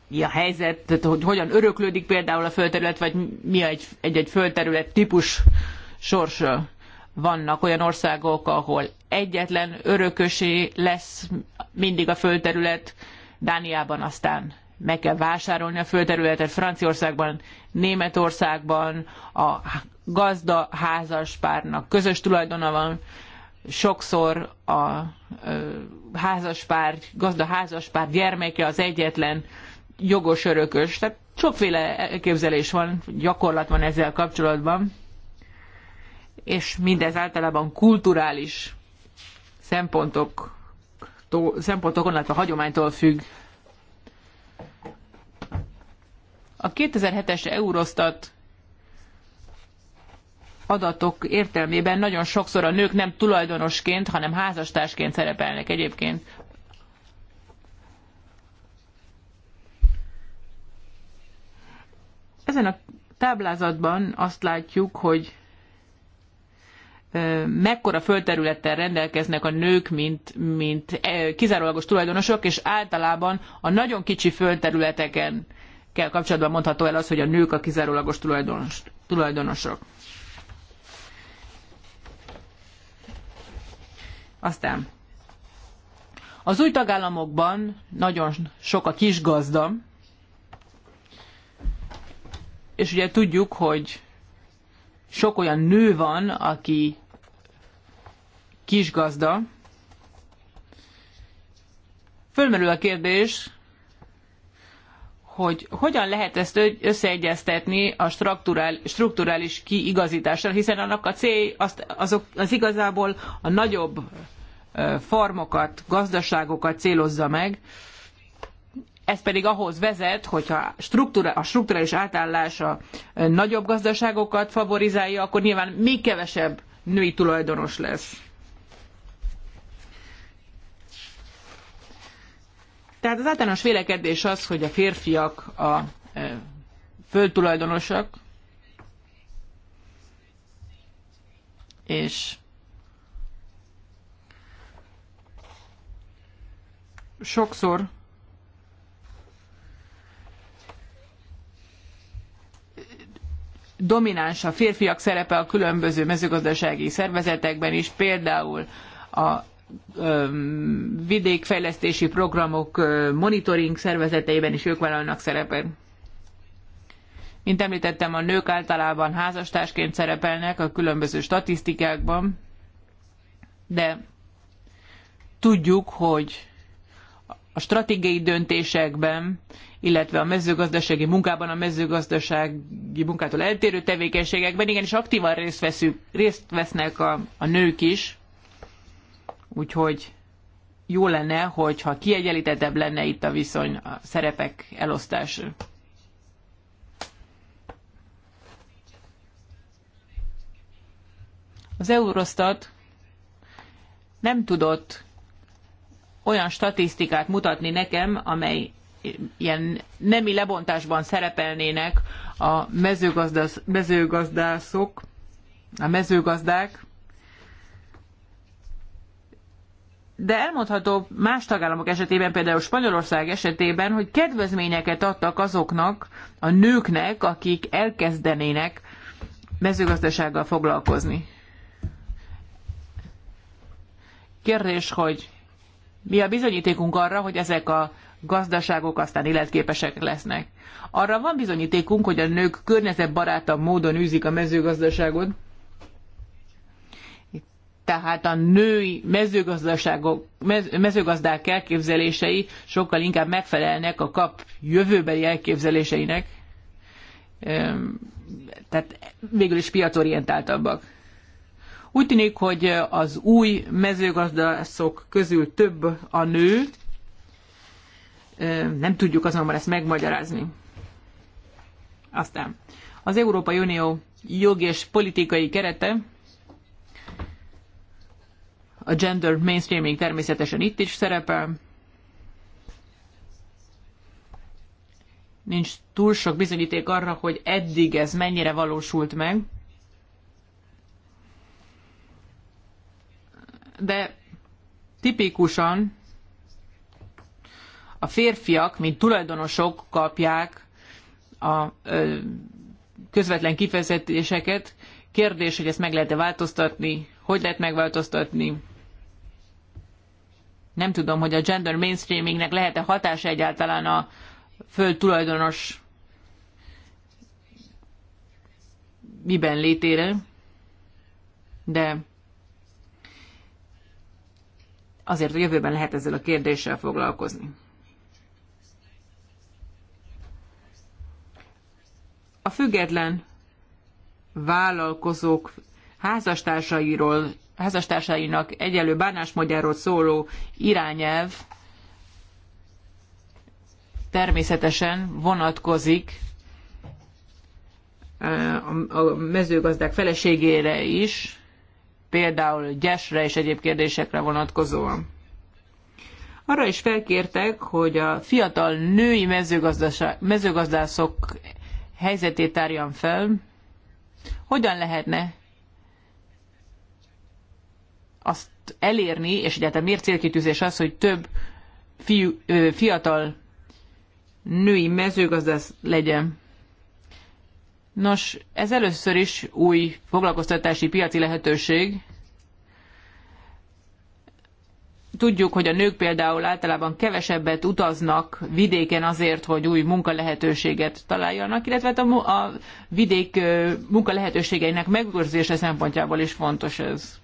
mi a helyzet, tehát hogy hogyan öröklődik például a földterület, vagy mi egy-egy földterület típus sorsa. Vannak olyan országok, ahol egyetlen örökösé lesz mindig a földterület, Dániában aztán meg kell vásárolni a földterületet, Franciaországban, Németországban a gazda házaspárnak közös tulajdona van, sokszor a házaspár, gazda házaspár gyermeke az egyetlen jogos örökös. Tehát sokféle elképzelés van, gyakorlat van ezzel kapcsolatban, és mindez általában kulturális szempontok, szempontokon, illetve hagyománytól függ. A 2007-es Eurostat adatok értelmében nagyon sokszor a nők nem tulajdonosként, hanem házastársként szerepelnek egyébként. Ezen a táblázatban azt látjuk, hogy mekkora földterülettel rendelkeznek a nők, mint, mint kizárólagos tulajdonosok, és általában a nagyon kicsi földterületeken kell kapcsolatban mondható el az, hogy a nők a kizárólagos tulajdonos, tulajdonosok. Aztán az új tagállamokban nagyon sok a kis gazda, és ugye tudjuk, hogy sok olyan nő van, aki kis gazda. Fölmerül a kérdés, hogy hogyan lehet ezt összeegyeztetni a strukturális kiigazítással, hiszen annak a cél az, azok, az igazából a nagyobb farmokat, gazdaságokat célozza meg, ez pedig ahhoz vezet, hogyha struktúra, a strukturális átállás a nagyobb gazdaságokat favorizálja, akkor nyilván még kevesebb női tulajdonos lesz. Tehát az általános vélekedés az, hogy a férfiak a földtulajdonosak, és sokszor domináns a férfiak szerepe a különböző mezőgazdasági szervezetekben is, például a vidékfejlesztési programok monitoring szervezeteiben is ők vállalnak szerepet. Mint említettem, a nők általában házastársként szerepelnek a különböző statisztikákban, de tudjuk, hogy a stratégiai döntésekben, illetve a mezőgazdasági munkában, a mezőgazdasági munkától eltérő tevékenységekben igenis aktívan részt, részt vesznek a, a nők is, úgyhogy jó lenne, hogyha kiegyenlítettebb lenne itt a viszony a szerepek elosztása. Az Eurostat nem tudott olyan statisztikát mutatni nekem, amely ilyen nemi lebontásban szerepelnének a mezőgazdasz mezőgazdászok, a mezőgazdák, de elmondható más tagállamok esetében, például Spanyolország esetében, hogy kedvezményeket adtak azoknak a nőknek, akik elkezdenének mezőgazdasággal foglalkozni. Kérdés, hogy mi a bizonyítékunk arra, hogy ezek a gazdaságok aztán életképesek lesznek. Arra van bizonyítékunk, hogy a nők környezetbarátabb módon űzik a mezőgazdaságot, tehát a női mezőgazdaságok, mez, mezőgazdák elképzelései sokkal inkább megfelelnek a kap jövőbeli elképzeléseinek, tehát végül is piacorientáltabbak. Úgy tűnik, hogy az új mezőgazdaszok közül több a nő, nem tudjuk azonban ezt megmagyarázni. Aztán az Európai Unió jogi és politikai kerete a gender mainstreaming természetesen itt is szerepel. Nincs túl sok bizonyíték arra, hogy eddig ez mennyire valósult meg. de tipikusan a férfiak, mint tulajdonosok kapják a ö, közvetlen kifejezéseket Kérdés, hogy ezt meg lehet-e változtatni, hogy lehet megváltoztatni. Nem tudom, hogy a gender mainstreamingnek lehet-e hatása egyáltalán a föld tulajdonos miben létére, de azért a jövőben lehet ezzel a kérdéssel foglalkozni. A független vállalkozók házastársairól, házastársainak egyelő bánásmódjáról szóló irányelv természetesen vonatkozik a mezőgazdák feleségére is, például gyesre és egyéb kérdésekre vonatkozóan. Arra is felkértek, hogy a fiatal női mezőgazdászok helyzetét tárjam fel, hogyan lehetne azt elérni, és egyáltalán miért célkitűzés az, hogy több fiú, fiatal női mezőgazdász legyen. Nos, ez először is új foglalkoztatási piaci lehetőség. Tudjuk, hogy a nők például általában kevesebbet utaznak vidéken azért, hogy új munkalehetőséget találjanak, illetve hát a, a vidék munkalehetőségeinek megőrzése szempontjából is fontos ez.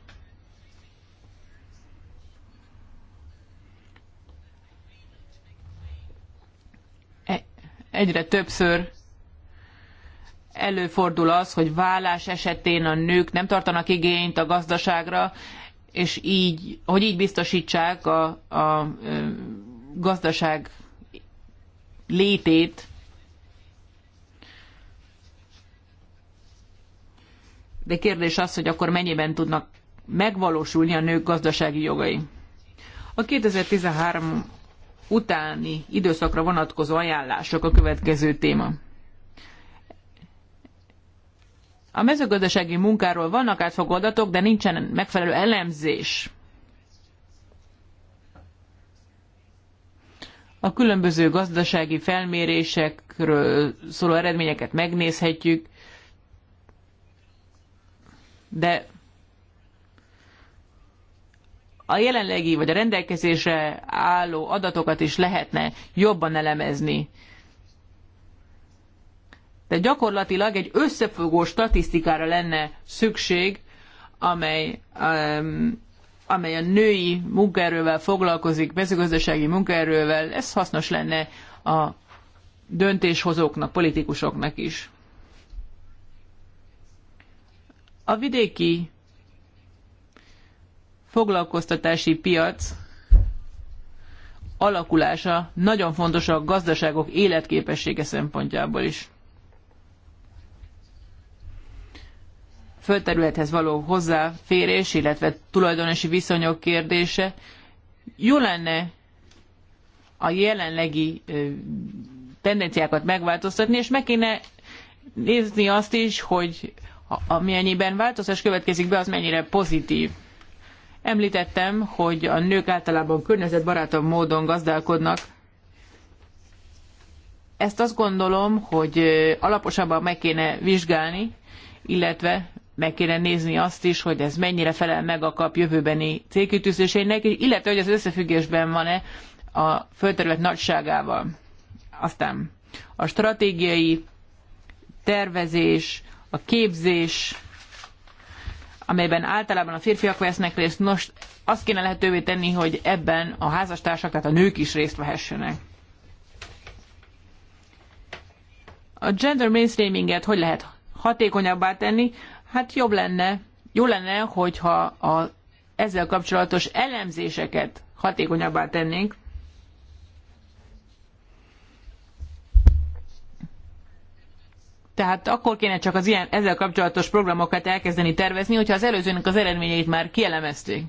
E- egyre többször előfordul az, hogy vállás esetén a nők nem tartanak igényt a gazdaságra, és így, hogy így biztosítsák a, a, gazdaság létét. De kérdés az, hogy akkor mennyiben tudnak megvalósulni a nők gazdasági jogai. A 2013 utáni időszakra vonatkozó ajánlások a következő téma. A mezőgazdasági munkáról vannak átfogó adatok, de nincsen megfelelő elemzés. A különböző gazdasági felmérésekről szóló eredményeket megnézhetjük, de a jelenlegi vagy a rendelkezésre álló adatokat is lehetne jobban elemezni. Tehát gyakorlatilag egy összefogó statisztikára lenne szükség, amely, um, amely a női munkaerővel foglalkozik, mezőgazdasági munkaerővel, ez hasznos lenne a döntéshozóknak, politikusoknak is. A vidéki foglalkoztatási piac alakulása nagyon fontos a gazdaságok életképessége szempontjából is. földterülethez való hozzáférés, illetve tulajdonosi viszonyok kérdése. Jó lenne a jelenlegi tendenciákat megváltoztatni, és meg kéne nézni azt is, hogy amennyiben változás következik be, az mennyire pozitív. Említettem, hogy a nők általában környezetbarátabb módon gazdálkodnak. Ezt azt gondolom, hogy alaposabban meg kéne vizsgálni, illetve meg kéne nézni azt is, hogy ez mennyire felel meg a kap jövőbeni célkitűzéseinek, illetve hogy az összefüggésben van-e a földterület nagyságával. Aztán a stratégiai tervezés, a képzés, amelyben általában a férfiak vesznek részt, most azt kéne lehetővé tenni, hogy ebben a házastársak, tehát a nők is részt vehessenek. A gender mainstreaminget hogy lehet hatékonyabbá tenni? hát jobb lenne, jó lenne, hogyha a ezzel kapcsolatos elemzéseket hatékonyabbá tennénk. Tehát akkor kéne csak az ilyen ezzel kapcsolatos programokat elkezdeni tervezni, hogyha az előzőnek az eredményeit már kielemezték.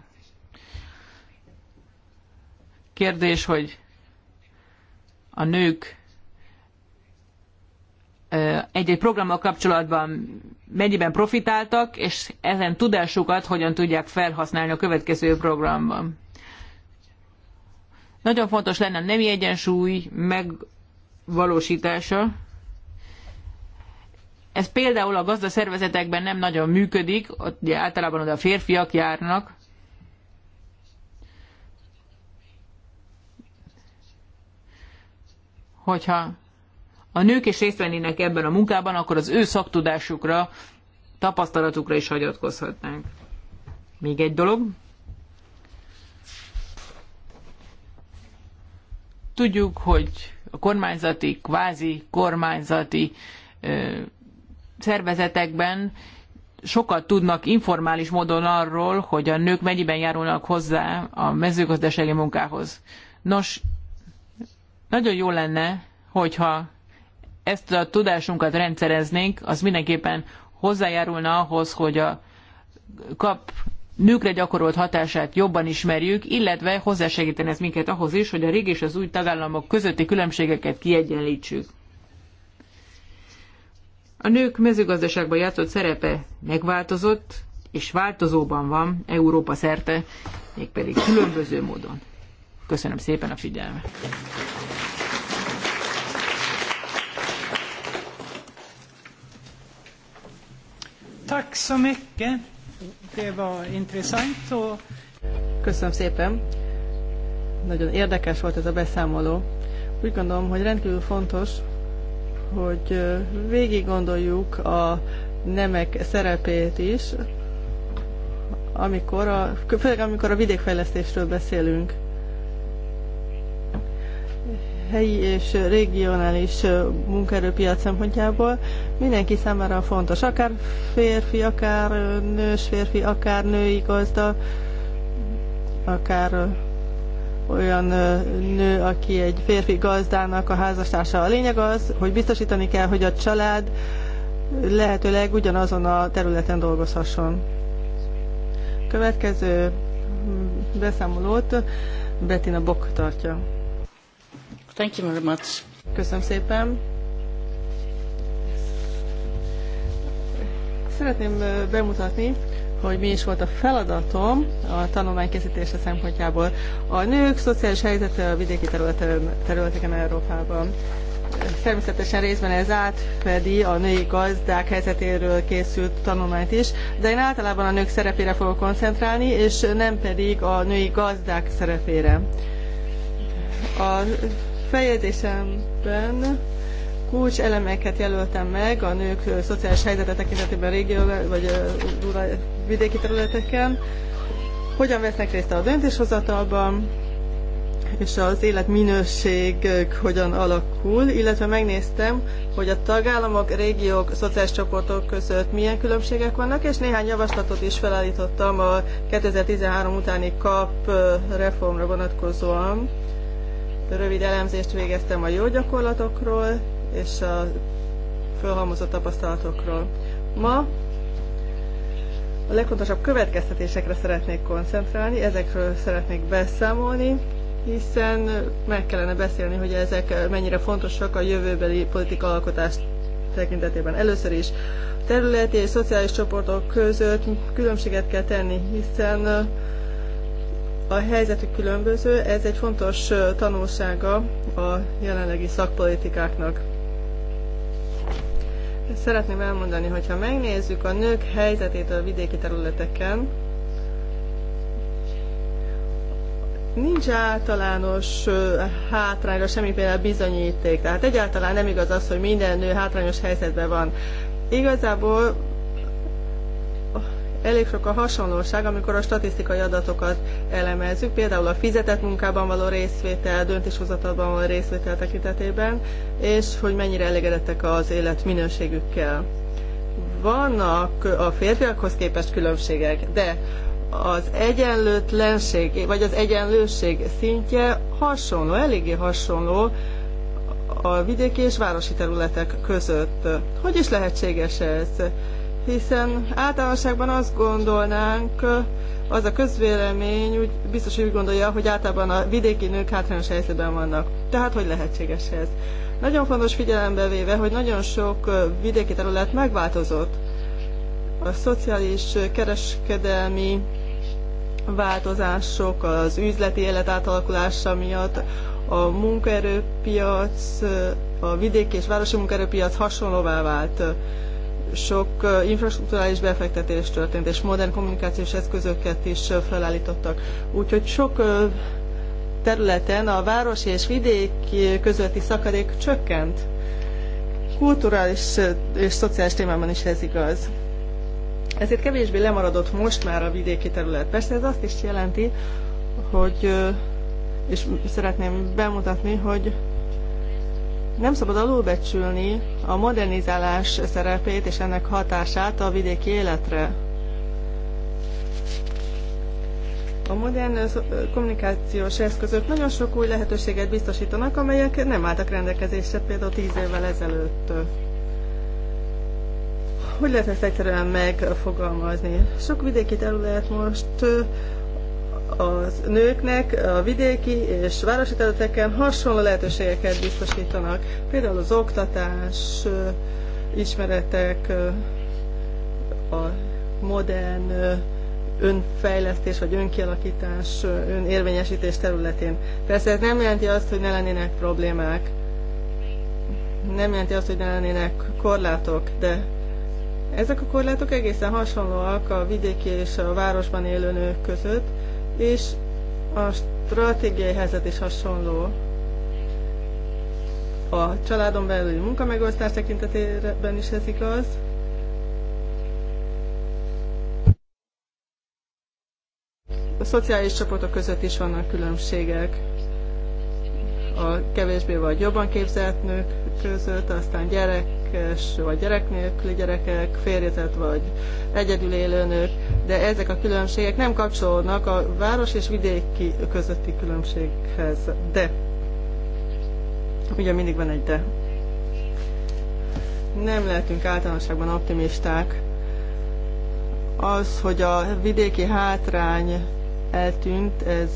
Kérdés, hogy a nők egy-egy programmal kapcsolatban mennyiben profitáltak, és ezen tudásukat hogyan tudják felhasználni a következő programban. Nagyon fontos lenne a nemi egyensúly megvalósítása. Ez például a gazdaszervezetekben nem nagyon működik, ott ugye általában oda a férfiak járnak, hogyha a nők is részt vennének ebben a munkában, akkor az ő szaktudásukra, tapasztalatukra is hagyatkozhatnánk. Még egy dolog. Tudjuk, hogy a kormányzati, kvázi kormányzati ö, szervezetekben sokat tudnak informális módon arról, hogy a nők mennyiben járulnak hozzá a mezőgazdasági munkához. Nos, nagyon jó lenne, hogyha ezt a tudásunkat rendszereznénk, az mindenképpen hozzájárulna ahhoz, hogy a kap nőkre gyakorolt hatását jobban ismerjük, illetve hozzásegítene ez minket ahhoz is, hogy a régi és az új tagállamok közötti különbségeket kiegyenlítsük. A nők mezőgazdaságban játszott szerepe megváltozott, és változóban van Európa szerte, mégpedig különböző módon. Köszönöm szépen a figyelmet! Tack så mycket. Det var intressant. Och... Köszönöm szépen. Nagyon érdekes volt ez a beszámoló. Úgy gondolom, hogy rendkívül fontos, hogy végig gondoljuk a nemek szerepét is, amikor a, főleg amikor a vidékfejlesztésről beszélünk helyi és regionális munkaerőpiac szempontjából mindenki számára fontos, akár férfi, akár nős férfi, akár női gazda, akár olyan nő, aki egy férfi gazdának a házastársa. A lényeg az, hogy biztosítani kell, hogy a család lehetőleg ugyanazon a területen dolgozhasson. Következő mm, beszámolót Bettina Bok tartja. Thank you very much. Köszönöm szépen. Szeretném bemutatni, hogy mi is volt a feladatom a tanulmánykészítése szempontjából. A nők szociális helyzete a vidéki területen, területeken Európában. Természetesen részben ez átfedi a női gazdák helyzetéről készült tanulmányt is, de én általában a nők szerepére fogok koncentrálni, és nem pedig a női gazdák szerepére. A feljegyzésemben kulcs elemeket jelöltem meg a nők szociális helyzete tekintetében régió vagy vidéki területeken, hogyan vesznek részt a döntéshozatalban, és az életminőség hogyan alakul, illetve megnéztem, hogy a tagállamok, régiók, szociális csoportok között milyen különbségek vannak, és néhány javaslatot is felállítottam a 2013 utáni kap reformra vonatkozóan Rövid elemzést végeztem a jó gyakorlatokról és a fölhalmozott tapasztalatokról. Ma a legfontosabb következtetésekre szeretnék koncentrálni, ezekről szeretnék beszámolni, hiszen meg kellene beszélni, hogy ezek mennyire fontosak a jövőbeli politika alkotás tekintetében. Először is területi és szociális csoportok között különbséget kell tenni, hiszen a helyzetük különböző, ez egy fontos tanulsága a jelenlegi szakpolitikáknak. Szeretném elmondani, hogy ha megnézzük a nők helyzetét a vidéki területeken, nincs általános hátrányra például bizonyíték. Tehát egyáltalán nem igaz az, hogy minden nő hátrányos helyzetben van. Igazából elég sok a hasonlóság, amikor a statisztikai adatokat elemezzük, például a fizetett munkában való részvétel, döntéshozatalban való részvétel tekintetében, és hogy mennyire elégedettek az élet minőségükkel. Vannak a férfiakhoz képest különbségek, de az egyenlőtlenség, vagy az egyenlőség szintje hasonló, eléggé hasonló a vidéki és városi területek között. Hogy is lehetséges ez? hiszen általánosságban azt gondolnánk, az a közvélemény úgy biztos, hogy úgy gondolja, hogy általában a vidéki nők hátrányos helyzetben vannak. Tehát hogy lehetséges ez? Nagyon fontos figyelembe véve, hogy nagyon sok vidéki terület megváltozott. A szociális, kereskedelmi változások, az üzleti élet átalakulása miatt, a munkaerőpiac, a vidéki és városi munkaerőpiac hasonlóvá vált sok infrastruktúrális befektetés történt, és modern kommunikációs eszközöket is felállítottak. Úgyhogy sok területen a városi és vidéki közötti szakadék csökkent. Kulturális és szociális témában is ez igaz. Ezért kevésbé lemaradott most már a vidéki terület. Persze ez azt is jelenti, hogy, és szeretném bemutatni, hogy nem szabad alulbecsülni a modernizálás szerepét és ennek hatását a vidéki életre. A modern kommunikációs eszközök nagyon sok új lehetőséget biztosítanak, amelyek nem álltak rendelkezésre például tíz évvel ezelőtt. Hogy lehet ezt egyszerűen megfogalmazni? Sok vidéki terület most a nőknek a vidéki és városi területeken hasonló lehetőségeket biztosítanak, például az oktatás, ismeretek, a modern önfejlesztés, vagy önkialakítás, önérvényesítés területén. Persze ez nem jelenti azt, hogy ne lennének problémák, nem jelenti azt, hogy ne lennének korlátok, de ezek a korlátok egészen hasonlóak a vidéki és a városban élő nők között, és a stratégiai helyzet is hasonló. A családon belüli munkamegosztás tekintetében is ez igaz. A szociális csoportok között is vannak különbségek a kevésbé vagy jobban képzett nők között, aztán gyerekes vagy gyerek nélküli gyerekek, férjetett vagy egyedül élő nők, de ezek a különbségek nem kapcsolódnak a város és vidéki közötti különbséghez. De, ugye mindig van egy de. Nem lehetünk általánosságban optimisták. Az, hogy a vidéki hátrány eltűnt, ez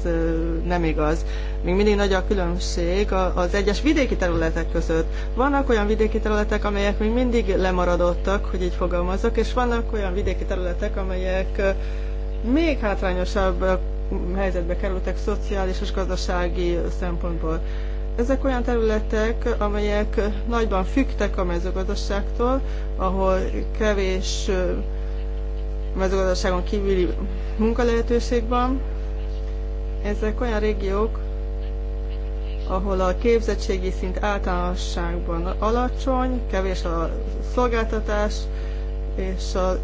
nem igaz. Még mindig nagy a különbség az egyes vidéki területek között. Vannak olyan vidéki területek, amelyek még mindig lemaradottak, hogy így fogalmazok, és vannak olyan vidéki területek, amelyek még hátrányosabb helyzetbe kerültek szociális és gazdasági szempontból. Ezek olyan területek, amelyek nagyban fügtek a mezőgazdaságtól, ahol kevés mezőgazdaságon kívüli van. Ezek olyan régiók, ahol a képzettségi szint általánosságban alacsony, kevés a szolgáltatás, és az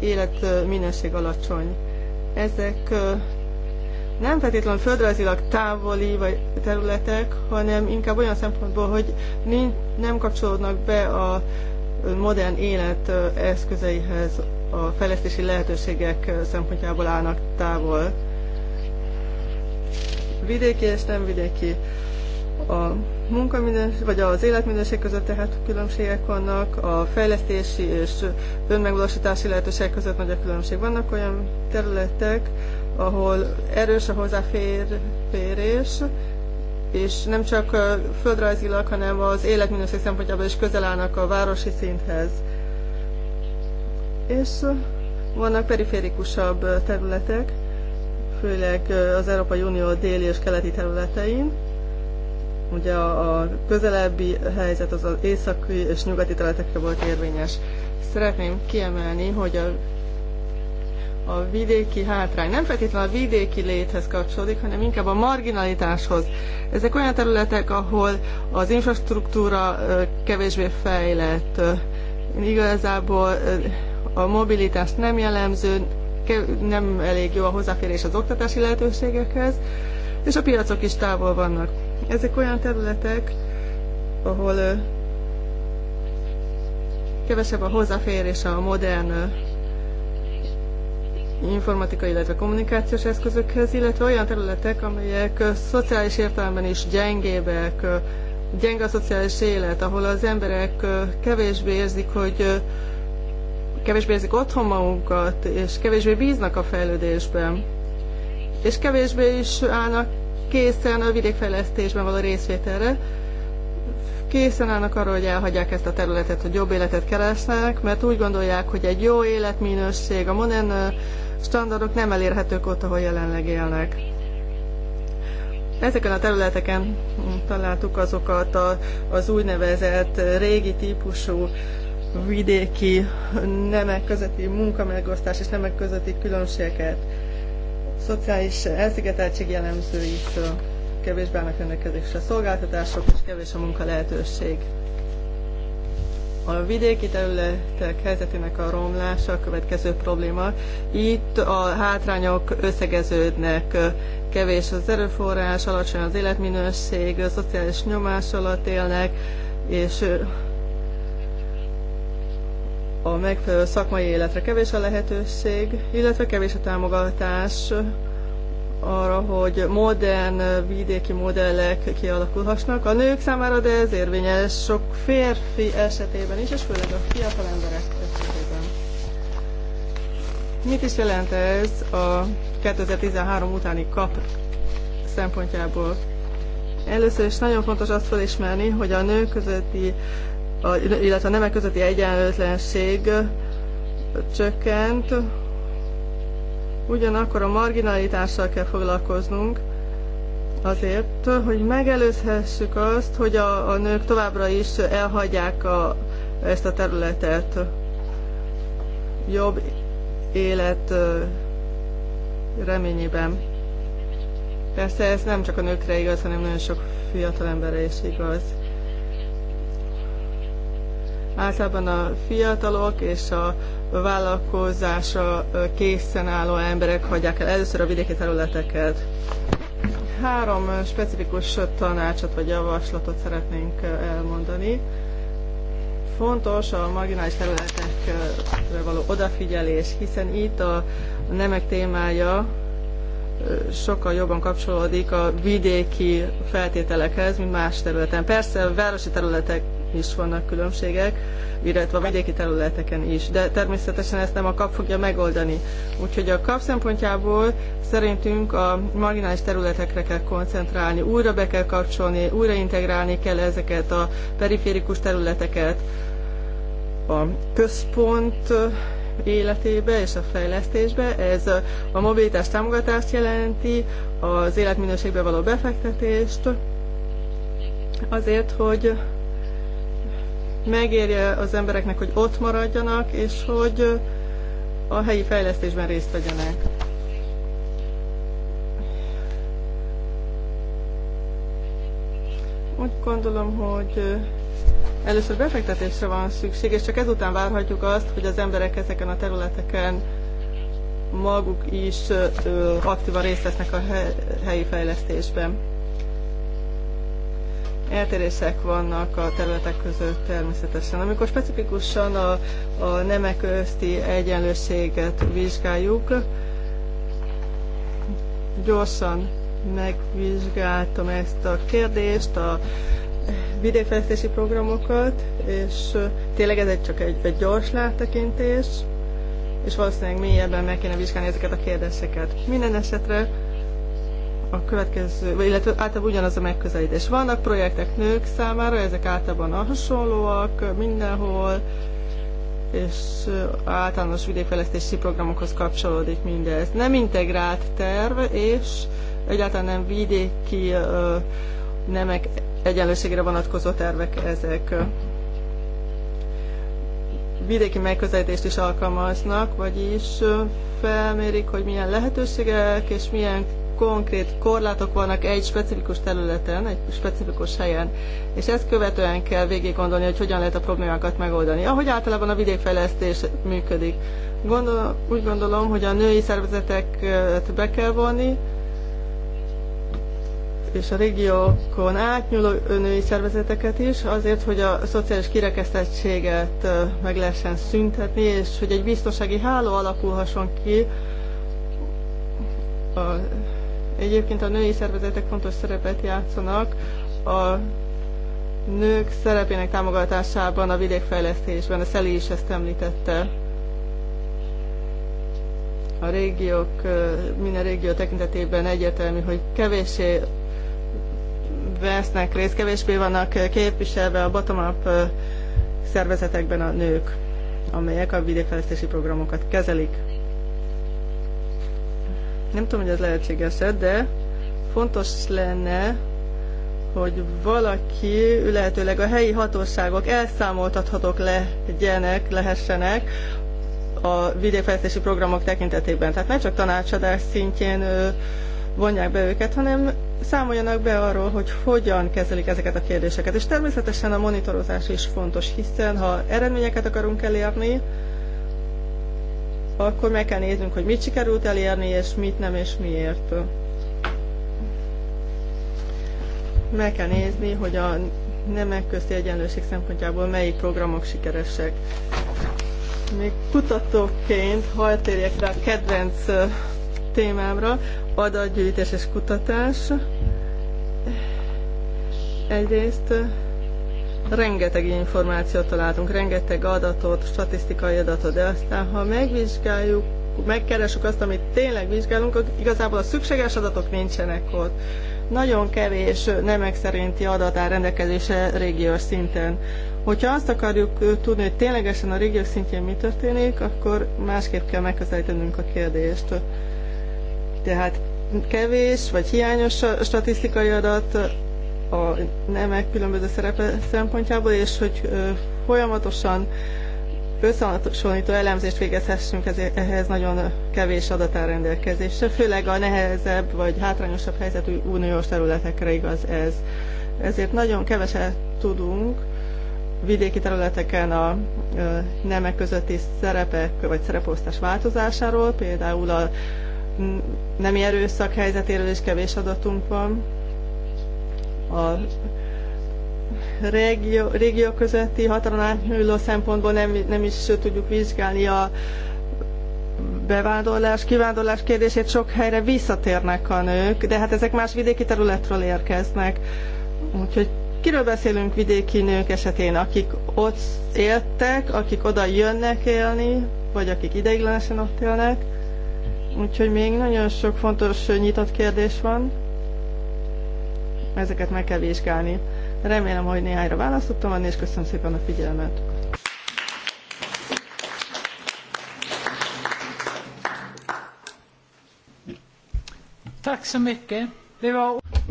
élet minőség alacsony. Ezek nem feltétlenül földrajzilag távoli vagy területek, hanem inkább olyan szempontból, hogy nem kapcsolódnak be a modern élet eszközeihez a fejlesztési lehetőségek szempontjából állnak távol. Vidéki és nem vidéki a munkaminőség, vagy az életminőség között tehát különbségek vannak, a fejlesztési és önmegvalósítási lehetőségek között nagy a különbség. Vannak olyan területek, ahol erős a hozzáférés, és nem csak földrajzilag, hanem az életminőség szempontjából is közel állnak a városi szinthez és vannak periférikusabb területek, főleg az Európai Unió déli és keleti területein. Ugye a közelebbi helyzet az az északi és nyugati területekre volt érvényes. Szeretném kiemelni, hogy a a vidéki hátrány. Nem feltétlenül a vidéki léthez kapcsolódik, hanem inkább a marginalitáshoz. Ezek olyan területek, ahol az infrastruktúra kevésbé fejlett. Igazából a mobilitás nem jellemző, nem elég jó a hozzáférés az oktatási lehetőségekhez, és a piacok is távol vannak. Ezek olyan területek, ahol kevesebb a hozzáférés a modern informatikai, illetve kommunikációs eszközökhez, illetve olyan területek, amelyek szociális értelemben is gyengébbek, gyenge a szociális élet, ahol az emberek kevésbé érzik, hogy kevésbé érzik otthon magukat, és kevésbé bíznak a fejlődésben, és kevésbé is állnak készen a vidékfejlesztésben való részvételre, készen állnak arra, hogy elhagyják ezt a területet, hogy jobb életet keresnek, mert úgy gondolják, hogy egy jó életminőség, a modern standardok nem elérhetők ott, ahol jelenleg élnek. Ezeken a területeken találtuk azokat a, az úgynevezett régi típusú vidéki nemek közötti munkamegosztás és nemek közötti különbségeket, szociális elszigeteltség jellemzőit, kevésbé állnak rendelkezésre szolgáltatások, és kevés a munka lehetőség. A vidéki területek helyzetének a romlása a következő probléma. Itt a hátrányok összegeződnek, kevés az erőforrás, alacsony az életminőség, a szociális nyomás alatt élnek, és a megfelelő szakmai életre kevés a lehetőség, illetve kevés a támogatás arra, hogy modern vidéki modellek kialakulhassnak. a nők számára, de ez érvényes sok férfi esetében is, és főleg a fiatal emberek esetében. Mit is jelent ez a 2013 utáni kap szempontjából? Először is nagyon fontos azt felismerni, hogy a nők közötti a, illetve a nemek közötti egyenlőtlenség csökkent, ugyanakkor a marginalitással kell foglalkoznunk, azért, hogy megelőzhessük azt, hogy a, a nők továbbra is elhagyják a, ezt a területet. Jobb élet reményében. Persze ez nem csak a nőkre igaz, hanem nagyon sok fiatal emberre is igaz. Általában a fiatalok és a vállalkozásra készen álló emberek hagyják el először a vidéki területeket. Három specifikus tanácsot vagy javaslatot szeretnénk elmondani. Fontos a marginális területekre való odafigyelés, hiszen itt a nemek témája sokkal jobban kapcsolódik a vidéki feltételekhez, mint más területen. Persze a városi területek is vannak különbségek, illetve a vidéki területeken is. De természetesen ezt nem a kap fogja megoldani. Úgyhogy a kap szempontjából szerintünk a marginális területekre kell koncentrálni, újra be kell kapcsolni, újra integrálni kell ezeket a periférikus területeket a központ életébe és a fejlesztésbe. Ez a mobilitás támogatást jelenti, az életminőségbe való befektetést, azért, hogy megérje az embereknek, hogy ott maradjanak, és hogy a helyi fejlesztésben részt vegyenek. Úgy gondolom, hogy először befektetésre van szükség, és csak ezután várhatjuk azt, hogy az emberek ezeken a területeken maguk is aktívan részt vesznek a helyi fejlesztésben. Eltérések vannak a területek között természetesen. Amikor specifikusan a, a nemek közti egyenlőséget vizsgáljuk, gyorsan megvizsgáltam ezt a kérdést, a vidékfejlesztési programokat, és tényleg ez egy csak egy, egy gyors láttekintés, és valószínűleg mélyebben meg kéne vizsgálni ezeket a kérdéseket. Minden esetre a következő, illetve általában ugyanaz a megközelítés. Vannak projektek nők számára, ezek általában hasonlóak mindenhol, és általános vidékfejlesztési programokhoz kapcsolódik mindez. Nem integrált terv, és egyáltalán nem vidéki nemek egyenlőségre vonatkozó tervek ezek. Vidéki megközelítést is alkalmaznak, vagyis felmérik, hogy milyen lehetőségek és milyen konkrét korlátok vannak egy specifikus területen, egy specifikus helyen, és ezt követően kell végig gondolni, hogy hogyan lehet a problémákat megoldani. Ahogy általában a vidékfejlesztés működik. Gondol, úgy gondolom, hogy a női szervezeteket be kell vonni, és a régiókon átnyúló női szervezeteket is, azért, hogy a szociális kirekesztettséget meg lehessen szüntetni, és hogy egy biztonsági háló alakulhasson ki a Egyébként a női szervezetek fontos szerepet játszanak a nők szerepének támogatásában, a vidékfejlesztésben, a Szeli is ezt említette. A régiók, minden régió tekintetében egyértelmű, hogy kevéssé vesznek részt, kevésbé vannak képviselve a bottom-up szervezetekben a nők, amelyek a vidékfejlesztési programokat kezelik. Nem tudom, hogy ez lehetséges-e, de fontos lenne, hogy valaki, lehetőleg a helyi hatóságok elszámoltathatók legyenek, lehessenek a vidékfejlesztési programok tekintetében. Tehát nem csak tanácsadás szintjén vonják be őket, hanem számoljanak be arról, hogy hogyan kezelik ezeket a kérdéseket. És természetesen a monitorozás is fontos, hiszen ha eredményeket akarunk elérni, akkor meg kell néznünk, hogy mit sikerült elérni, és mit nem, és miért. Meg kell nézni, hogy a nemek közti egyenlőség szempontjából melyik programok sikeresek. Még kutatóként, ha rá rá kedvenc témámra, adatgyűjtés és kutatás. Egyrészt rengeteg információt találtunk, rengeteg adatot, statisztikai adatot, de aztán ha megvizsgáljuk, megkeresünk azt, amit tényleg vizsgálunk, igazából a szükséges adatok nincsenek ott. Nagyon kevés nemek szerinti adat áll rendelkezésre régiós szinten. Hogyha azt akarjuk tudni, hogy ténylegesen a régiós szintjén mi történik, akkor másképp kell megközelítenünk a kérdést. Tehát kevés vagy hiányos statisztikai adat a nemek különböző szerepe szempontjából, és hogy folyamatosan összehasonlító elemzést végezhessünk, ezért ehhez nagyon kevés adat áll rendelkezésre, főleg a nehezebb vagy hátrányosabb helyzetű uniós területekre igaz ez. Ezért nagyon keveset tudunk vidéki területeken a nemek közötti szerepek vagy szereposztás változásáról, például a nemi erőszak helyzetéről is kevés adatunk van, a régió, régió közötti határon átnyúló szempontból nem, nem is tudjuk vizsgálni a bevándorlás, kivándorlás kérdését. Sok helyre visszatérnek a nők, de hát ezek más vidéki területről érkeznek. Úgyhogy kiről beszélünk vidéki nők esetén, akik ott éltek, akik oda jönnek élni, vagy akik ideiglenesen ott élnek. Úgyhogy még nagyon sok fontos nyitott kérdés van ezeket meg kell vizsgálni. Remélem, hogy néhányra választottam adni, és köszönöm szépen a figyelmet.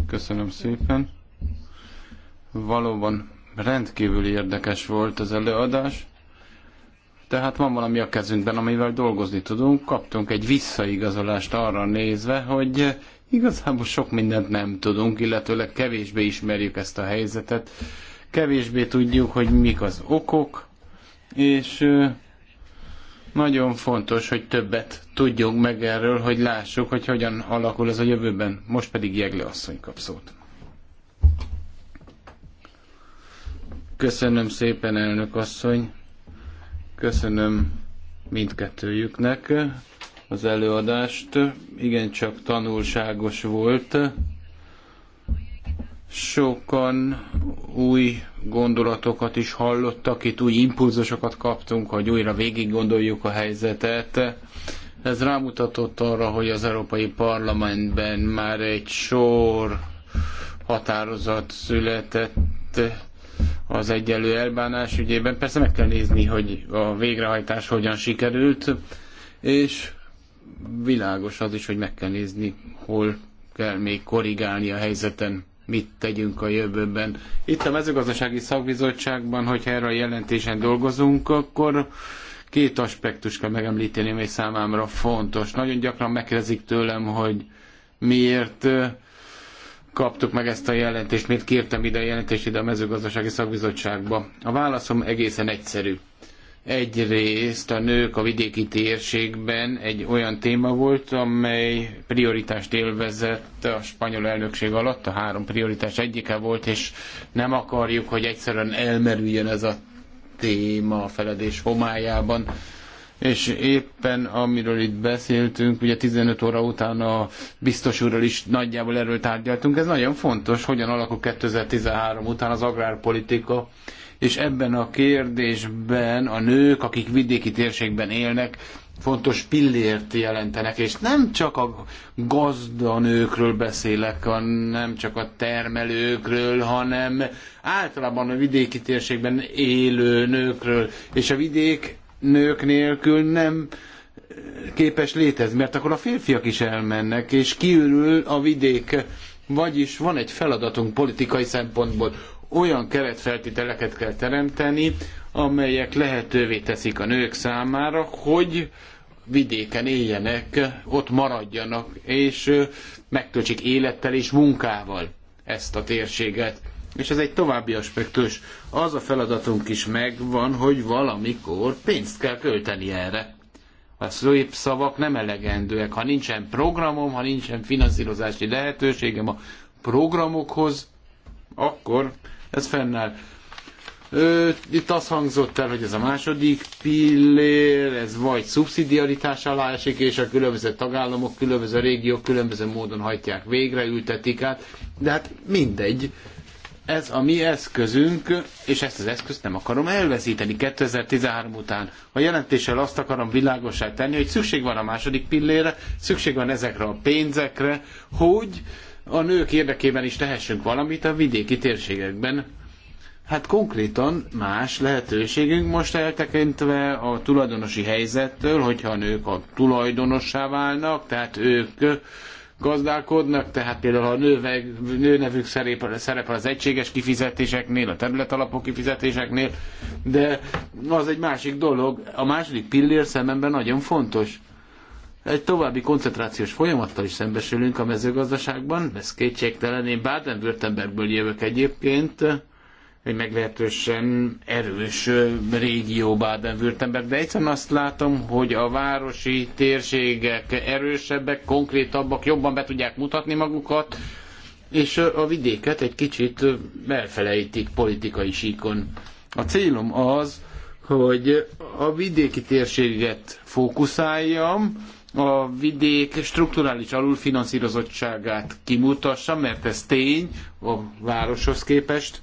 Köszönöm szépen. Valóban rendkívül érdekes volt az előadás. Tehát van valami a kezünkben, amivel dolgozni tudunk. Kaptunk egy visszaigazolást arra nézve, hogy Igazából sok mindent nem tudunk, illetőleg kevésbé ismerjük ezt a helyzetet, kevésbé tudjuk, hogy mik az okok, és nagyon fontos, hogy többet tudjunk meg erről, hogy lássuk, hogy hogyan alakul ez a jövőben. Most pedig Jegle asszony kap szót. Köszönöm szépen, elnök asszony. Köszönöm mindkettőjüknek az előadást. Igencsak tanulságos volt. Sokan új gondolatokat is hallottak, itt új impulzusokat kaptunk, hogy újra végig gondoljuk a helyzetet. Ez rámutatott arra, hogy az Európai Parlamentben már egy sor határozat született az egyenlő elbánás ügyében. Persze meg kell nézni, hogy a végrehajtás hogyan sikerült, és világos az is, hogy meg kell nézni, hol kell még korrigálni a helyzeten, mit tegyünk a jövőben. Itt a mezőgazdasági szakbizottságban, hogyha erre a jelentésen dolgozunk, akkor két aspektus kell megemlíteni, ami számámra fontos. Nagyon gyakran megkérdezik tőlem, hogy miért kaptuk meg ezt a jelentést, miért kértem ide a jelentést ide a mezőgazdasági szakbizottságba. A válaszom egészen egyszerű. Egyrészt a nők a vidéki térségben egy olyan téma volt, amely prioritást élvezett a spanyol elnökség alatt, a három prioritás egyike volt, és nem akarjuk, hogy egyszerűen elmerüljön ez a téma a feledés homályában. És éppen amiről itt beszéltünk, ugye 15 óra után a biztos úrral is nagyjából erről tárgyaltunk, ez nagyon fontos, hogyan alakul 2013 után az agrárpolitika, és ebben a kérdésben a nők, akik vidéki térségben élnek, fontos pillért jelentenek, és nem csak a gazda nőkről beszélek, nem csak a termelőkről, hanem általában a vidéki térségben élő nőkről, és a vidék nők nélkül nem képes létezni, mert akkor a férfiak is elmennek, és kiürül a vidék. Vagyis van egy feladatunk politikai szempontból, olyan keretfeltételeket kell teremteni, amelyek lehetővé teszik a nők számára, hogy vidéken éljenek, ott maradjanak, és megtöltsék élettel és munkával ezt a térséget. És ez egy további aspektus. Az a feladatunk is megvan, hogy valamikor pénzt kell költeni erre. A szép szavak nem elegendőek. Ha nincsen programom, ha nincsen finanszírozási lehetőségem a programokhoz, akkor ez fennáll. Ö, itt az hangzott el, hogy ez a második pillér, ez vagy szubszidiaritás alá esik, és a különböző tagállamok, különböző régiók különböző módon hajtják végre, ültetik át, de hát mindegy. Ez a mi eszközünk, és ezt az eszközt nem akarom elveszíteni 2013 után. A jelentéssel azt akarom világosá tenni, hogy szükség van a második pillére, szükség van ezekre a pénzekre, hogy a nők érdekében is tehessünk valamit a vidéki térségekben. Hát konkrétan más lehetőségünk most eltekintve a tulajdonosi helyzettől, hogyha a nők a tulajdonossá válnak, tehát ők gazdálkodnak, tehát például ha a nőveg, nőnevük szerepel, szerepel az egységes kifizetéseknél, a területalapú kifizetéseknél, de az egy másik dolog. A második pillér szememben nagyon fontos egy további koncentrációs folyamattal is szembesülünk a mezőgazdaságban, ez kétségtelen. Én Baden-Württembergből jövök egyébként, egy meglehetősen erős régió Baden-Württemberg, de egyszerűen azt látom, hogy a városi térségek erősebbek, konkrétabbak, jobban be tudják mutatni magukat, és a vidéket egy kicsit elfelejtik politikai síkon. A célom az, hogy a vidéki térséget fókuszáljam, a vidék strukturális alulfinanszírozottságát kimutassa, mert ez tény a városhoz képest,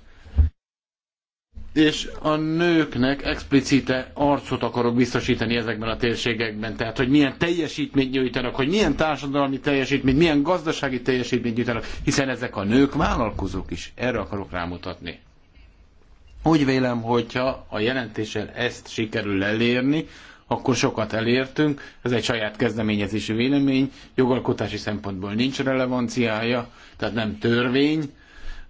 és a nőknek explicite arcot akarok biztosítani ezekben a térségekben. Tehát, hogy milyen teljesítményt nyújtanak, hogy milyen társadalmi teljesítményt, milyen gazdasági teljesítményt nyújtanak, hiszen ezek a nők vállalkozók is. Erre akarok rámutatni. Úgy vélem, hogyha a jelentéssel ezt sikerül elérni, akkor sokat elértünk. Ez egy saját kezdeményezésű vélemény, jogalkotási szempontból nincs relevanciája, tehát nem törvény,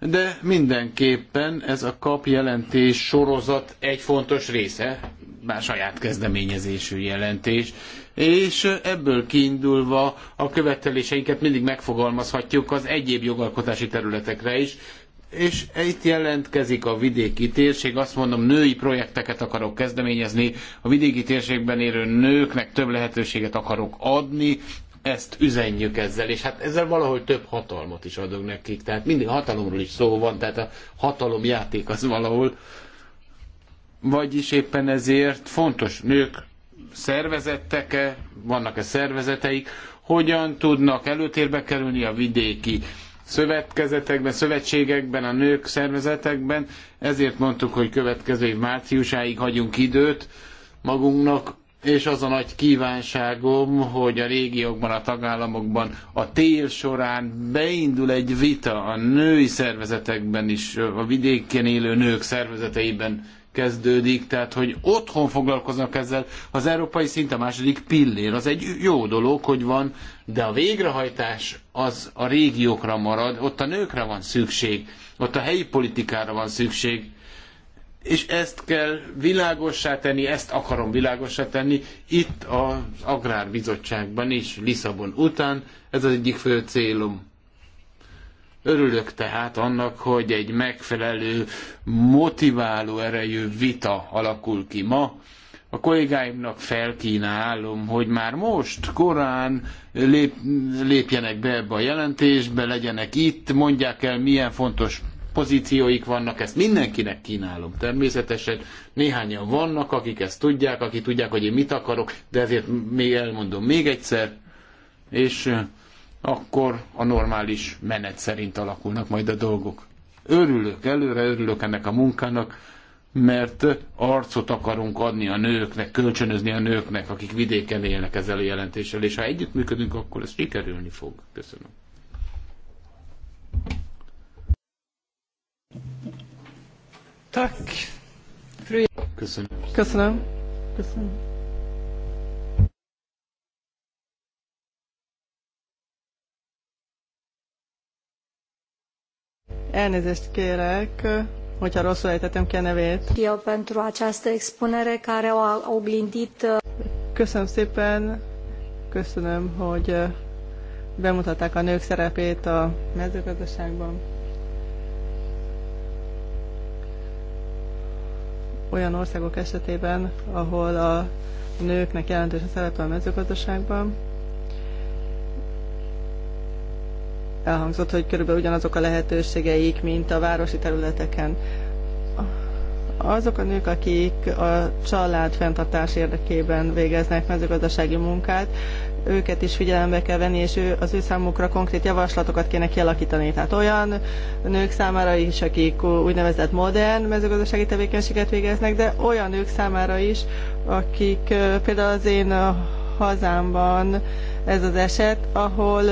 de mindenképpen ez a kap jelentés sorozat egy fontos része, már saját kezdeményezésű jelentés, és ebből kiindulva a követeléseinket mindig megfogalmazhatjuk az egyéb jogalkotási területekre is, és itt jelentkezik a vidéki térség, azt mondom, női projekteket akarok kezdeményezni, a vidéki térségben érő nőknek több lehetőséget akarok adni, ezt üzenjük ezzel, és hát ezzel valahol több hatalmat is adok nekik, tehát mindig hatalomról is szó van, tehát a hatalomjáték az valahol, vagyis éppen ezért fontos nők szervezetteke vannak-e szervezeteik, hogyan tudnak előtérbe kerülni a vidéki szövetkezetekben, szövetségekben, a nők szervezetekben. Ezért mondtuk, hogy következő év márciusáig hagyunk időt magunknak, és az a nagy kívánságom, hogy a régiókban, a tagállamokban a tél során beindul egy vita a női szervezetekben is, a vidéken élő nők szervezeteiben kezdődik, tehát hogy otthon foglalkoznak ezzel. Az európai szint a második pillér, az egy jó dolog, hogy van, de a végrehajtás az a régiókra marad, ott a nőkre van szükség, ott a helyi politikára van szükség, és ezt kell világossá tenni, ezt akarom világossá tenni, itt az Agrárbizottságban is, Lisszabon után, ez az egyik fő célom. Örülök tehát annak, hogy egy megfelelő, motiváló erejű vita alakul ki ma. A kollégáimnak felkínálom, hogy már most, korán lép, lépjenek be ebbe a jelentésbe, legyenek itt, mondják el, milyen fontos pozícióik vannak, ezt mindenkinek kínálom. Természetesen néhányan vannak, akik ezt tudják, akik tudják, hogy én mit akarok, de ezért még elmondom még egyszer, és akkor a normális menet szerint alakulnak majd a dolgok. Örülök előre, örülök ennek a munkának, mert arcot akarunk adni a nőknek, kölcsönözni a nőknek, akik vidéken élnek ezzel a jelentéssel, és ha együttműködünk, akkor ez sikerülni fog. Köszönöm. Tak. Köszönöm. Köszönöm. Köszönöm. Elnézést kérek, hogyha rosszul ejtettem ki a nevét. Eu pentru această expunere care a oglindit... Uh, köszönöm szépen, köszönöm, hogy uh, bemutatták a nők szerepét a mezőgazdaságban. Olyan országok esetében, ahol a nőknek jelentős a szerepe a mezőgazdaságban, elhangzott, hogy körülbelül ugyanazok a lehetőségeik, mint a városi területeken. Azok a nők, akik a család fenntartás érdekében végeznek mezőgazdasági munkát, őket is figyelembe kell venni, és ő, az ő számukra konkrét javaslatokat kéne kialakítani. Tehát olyan nők számára is, akik úgynevezett modern mezőgazdasági tevékenységet végeznek, de olyan nők számára is, akik például az én hazámban ez az eset, ahol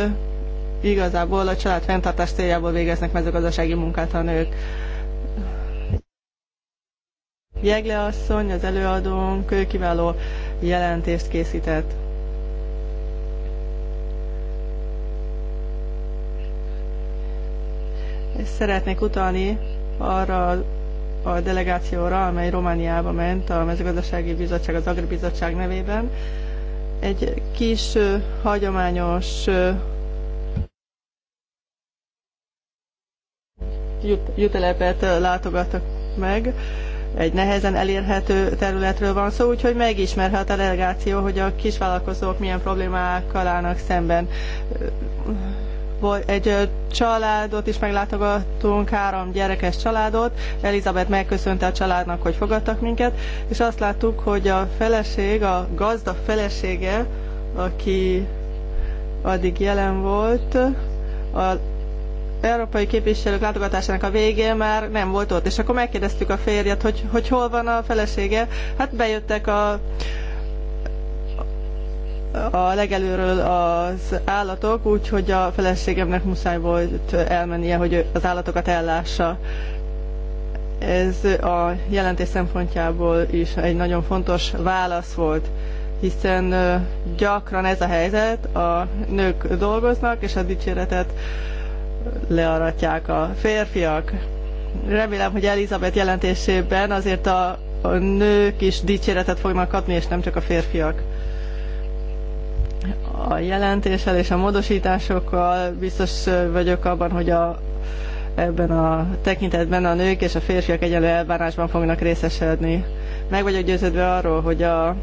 igazából a család fenntartás céljából végeznek mezőgazdasági munkát a nők. Jegle asszony, az előadónk kiváló jelentést készített. És szeretnék utalni arra a delegációra, amely Romániába ment a mezőgazdasági bizottság, az Agribizottság nevében. Egy kis hagyományos jutelepet látogatok meg. Egy nehezen elérhető területről van szó, úgyhogy megismerhet a delegáció, hogy a kisvállalkozók milyen problémákkal állnak szemben. Egy családot is meglátogattunk, három gyerekes családot. Elizabeth megköszönte a családnak, hogy fogadtak minket, és azt láttuk, hogy a feleség, a gazda felesége, aki addig jelen volt, a európai képviselők látogatásának a végén már nem volt ott. És akkor megkérdeztük a férjet, hogy, hogy hol van a felesége. Hát bejöttek a a legelőről az állatok, úgyhogy a feleségemnek muszáj volt elmennie, hogy az állatokat ellássa. Ez a jelentés szempontjából is egy nagyon fontos válasz volt, hiszen gyakran ez a helyzet, a nők dolgoznak, és a dicséretet learatják a férfiak. Remélem, hogy Elizabeth jelentésében azért a, a nők is dicséretet fognak kapni, és nem csak a férfiak. A jelentéssel és a módosításokkal biztos vagyok abban, hogy a, ebben a tekintetben a nők és a férfiak egyenlő elvárásban fognak részesedni. Meg vagyok győződve arról, hogy a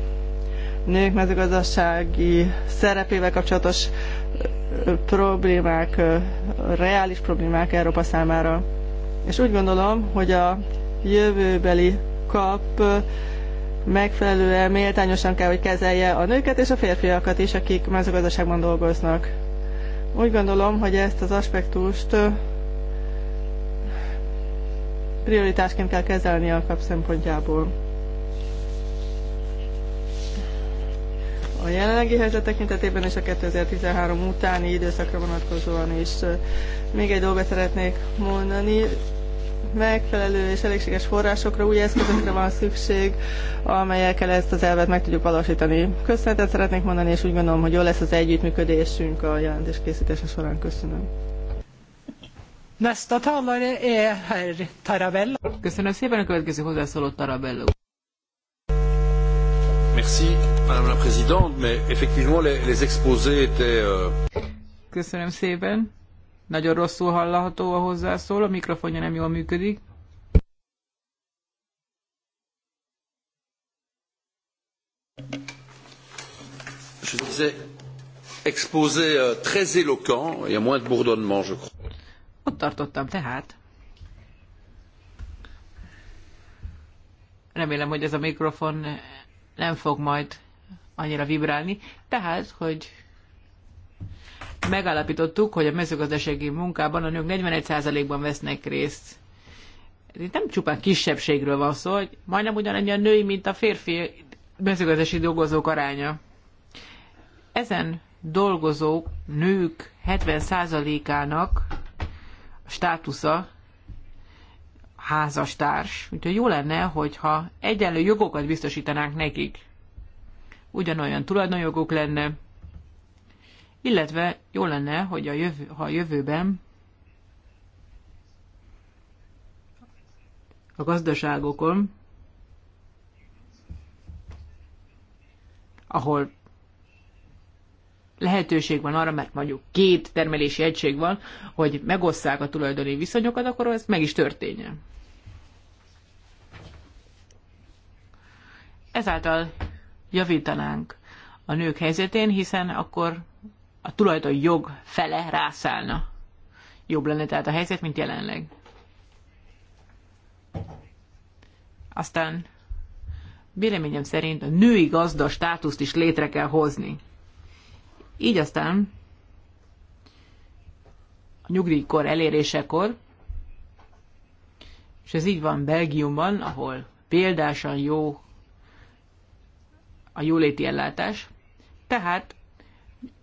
nők mezőgazdasági szerepével kapcsolatos problémák, reális problémák Európa számára. És úgy gondolom, hogy a jövőbeli kap megfelelően méltányosan kell, hogy kezelje a nőket és a férfiakat is, akik mezőgazdaságban dolgoznak. Úgy gondolom, hogy ezt az aspektust prioritásként kell kezelni a kap szempontjából. a jelenlegi helyzet tekintetében és a 2013 utáni időszakra vonatkozóan is. Még egy dolgot szeretnék mondani, megfelelő és elégséges forrásokra, új eszközökre van szükség, amelyekkel ezt az elvet meg tudjuk valósítani. Köszönetet szeretnék mondani, és úgy gondolom, hogy jó lesz az együttműködésünk a jelentés készítése során. Köszönöm. herr Tarabella. Köszönöm szépen, a következő hozzászóló Tarabella. Merci, Madame la Présidente, mais effectivement les, les exposés étaient... Euh, Köszönöm szépen. Nagyon rosszul hallható a hozzászól, a mikrofonja nem jól működik. Je disais exposé euh, très éloquent, il y a moins de bourdonnement, je crois. Ott tartottam tehát. Remélem, hogy ez a mikrofon nem fog majd annyira vibrálni. Tehát, hogy megállapítottuk, hogy a mezőgazdasági munkában a nők 41%-ban vesznek részt. Itt nem csupán kisebbségről van szó, hogy majdnem ugyanannyi a női, mint a férfi mezőgazdasági dolgozók aránya. Ezen dolgozók, nők 70%-ának a státusza házastárs. Úgyhogy jó lenne, hogyha egyenlő jogokat biztosítanánk nekik. Ugyanolyan tulajdonjogok lenne, illetve jó lenne, hogy a jövő, ha a jövőben a gazdaságokon, ahol lehetőség van arra, mert mondjuk két termelési egység van, hogy megosszák a tulajdoni viszonyokat, akkor ez meg is történjen. Ezáltal javítanánk a nők helyzetén, hiszen akkor a tulajdon jog fele rászállna. Jobb lenne tehát a helyzet, mint jelenleg. Aztán véleményem szerint a női gazda státuszt is létre kell hozni. Így aztán a nyugdíjkor elérésekor, és ez így van Belgiumban, ahol példásan jó a jóléti ellátás, tehát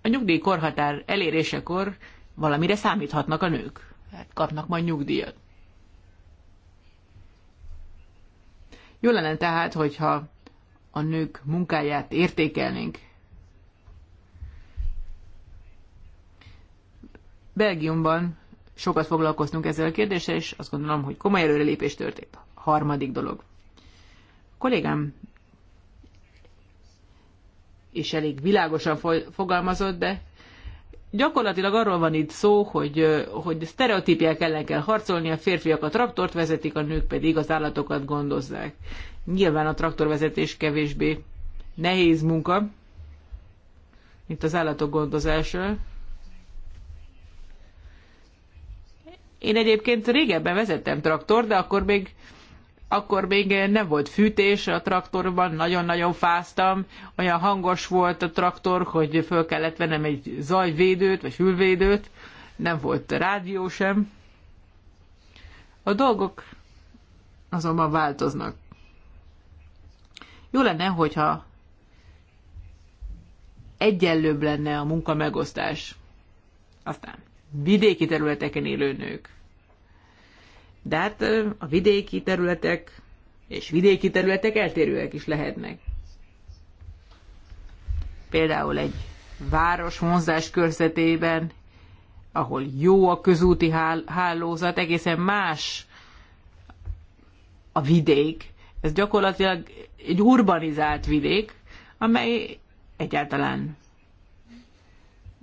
a nyugdíjkorhatár elérésekor valamire számíthatnak a nők. Hát kapnak majd nyugdíjat. Jó lenne tehát, hogyha a nők munkáját értékelnénk, Belgiumban sokat foglalkoztunk ezzel a kérdéssel, és azt gondolom, hogy komoly előrelépés történt. Harmadik dolog. A kollégám és elég világosan fogalmazott, de gyakorlatilag arról van itt szó, hogy, hogy sztereotípiák ellen kell harcolni, a férfiak a traktort vezetik, a nők pedig az állatokat gondozzák. Nyilván a traktorvezetés kevésbé nehéz munka, mint az állatok gondozása. Én egyébként régebben vezettem traktor, de akkor még, akkor még nem volt fűtés a traktorban, nagyon-nagyon fáztam, olyan hangos volt a traktor, hogy föl kellett vennem egy zajvédőt, vagy hülvédőt, nem volt rádió sem. A dolgok azonban változnak. Jó lenne, hogyha egyenlőbb lenne a munka megosztás. Aztán vidéki területeken élő nők. De hát a vidéki területek és vidéki területek eltérőek is lehetnek. Például egy város vonzás körzetében, ahol jó a közúti hálózat, egészen más a vidék. Ez gyakorlatilag egy urbanizált vidék, amely egyáltalán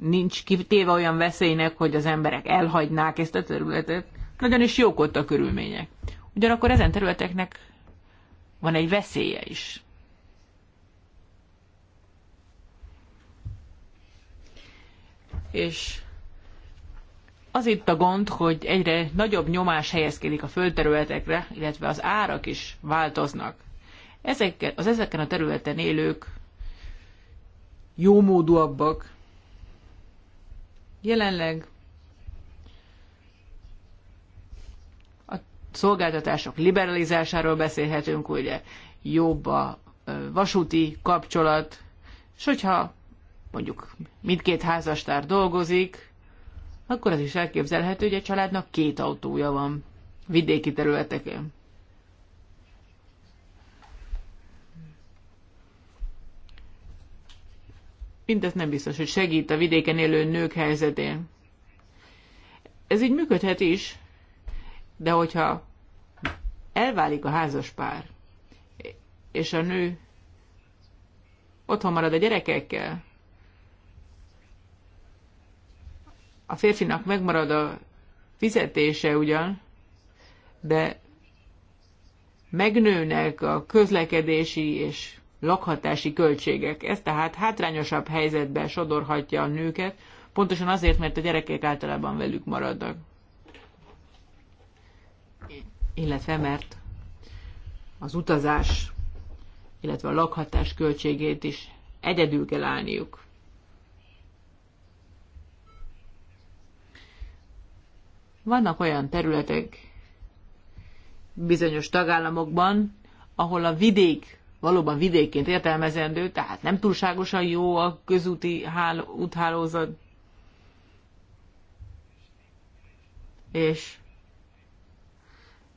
nincs kitéve olyan veszélynek, hogy az emberek elhagynák ezt a területet. Nagyon is jók ott a körülmények. Ugyanakkor ezen területeknek van egy veszélye is. És az itt a gond, hogy egyre nagyobb nyomás helyezkedik a földterületekre, illetve az árak is változnak. Ezekkel, az ezeken a területen élők jómódúabbak, Jelenleg a szolgáltatások liberalizásáról beszélhetünk, ugye jobb a vasúti kapcsolat, és hogyha mondjuk mindkét házastár dolgozik, akkor az is elképzelhető, hogy egy családnak két autója van vidéki területeken. mindez nem biztos, hogy segít a vidéken élő nők helyzetén. Ez így működhet is, de hogyha elválik a házas pár, és a nő otthon marad a gyerekekkel, a férfinak megmarad a fizetése ugyan, de megnőnek a közlekedési és lakhatási költségek. Ez tehát hátrányosabb helyzetbe sodorhatja a nőket, pontosan azért, mert a gyerekek általában velük maradnak. Illetve mert az utazás, illetve a lakhatás költségét is egyedül kell állniuk. Vannak olyan területek bizonyos tagállamokban, ahol a vidék valóban vidékként értelmezendő, tehát nem túlságosan jó a közúti háló, úthálózat, és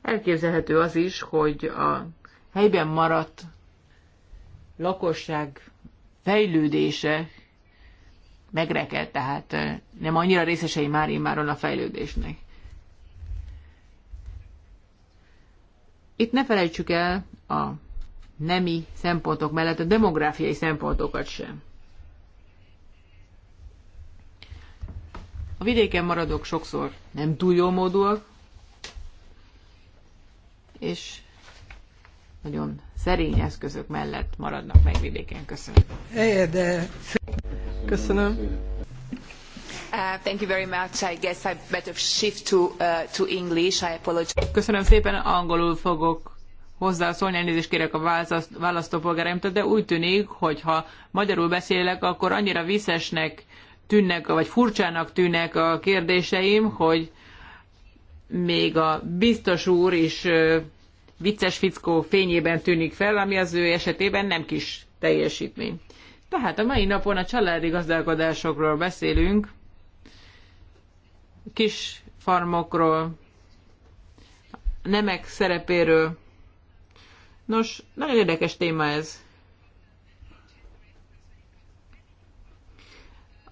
elképzelhető az is, hogy a helyben maradt lakosság fejlődése megreked, tehát eh, nem annyira részesei már immáron a fejlődésnek. Itt ne felejtsük el a nemi szempontok mellett a demográfiai szempontokat sem. A vidéken maradók sokszor nem túl jó módúak, és nagyon szerény eszközök mellett maradnak meg vidéken. Köszönöm. de... Köszönöm. Uh, thank you very much. I guess I better shift to, uh, to English. I apologize. Köszönöm szépen, angolul fogok hozzászólni, elnézést kérek a választópolgáraimtól, de úgy tűnik, hogy ha magyarul beszélek, akkor annyira viszesnek tűnnek, vagy furcsának tűnnek a kérdéseim, hogy még a biztos úr is vicces fickó fényében tűnik fel, ami az ő esetében nem kis teljesítmény. Tehát a mai napon a családi gazdálkodásokról beszélünk, kis farmokról, nemek szerepéről, Nos, nagyon érdekes téma ez.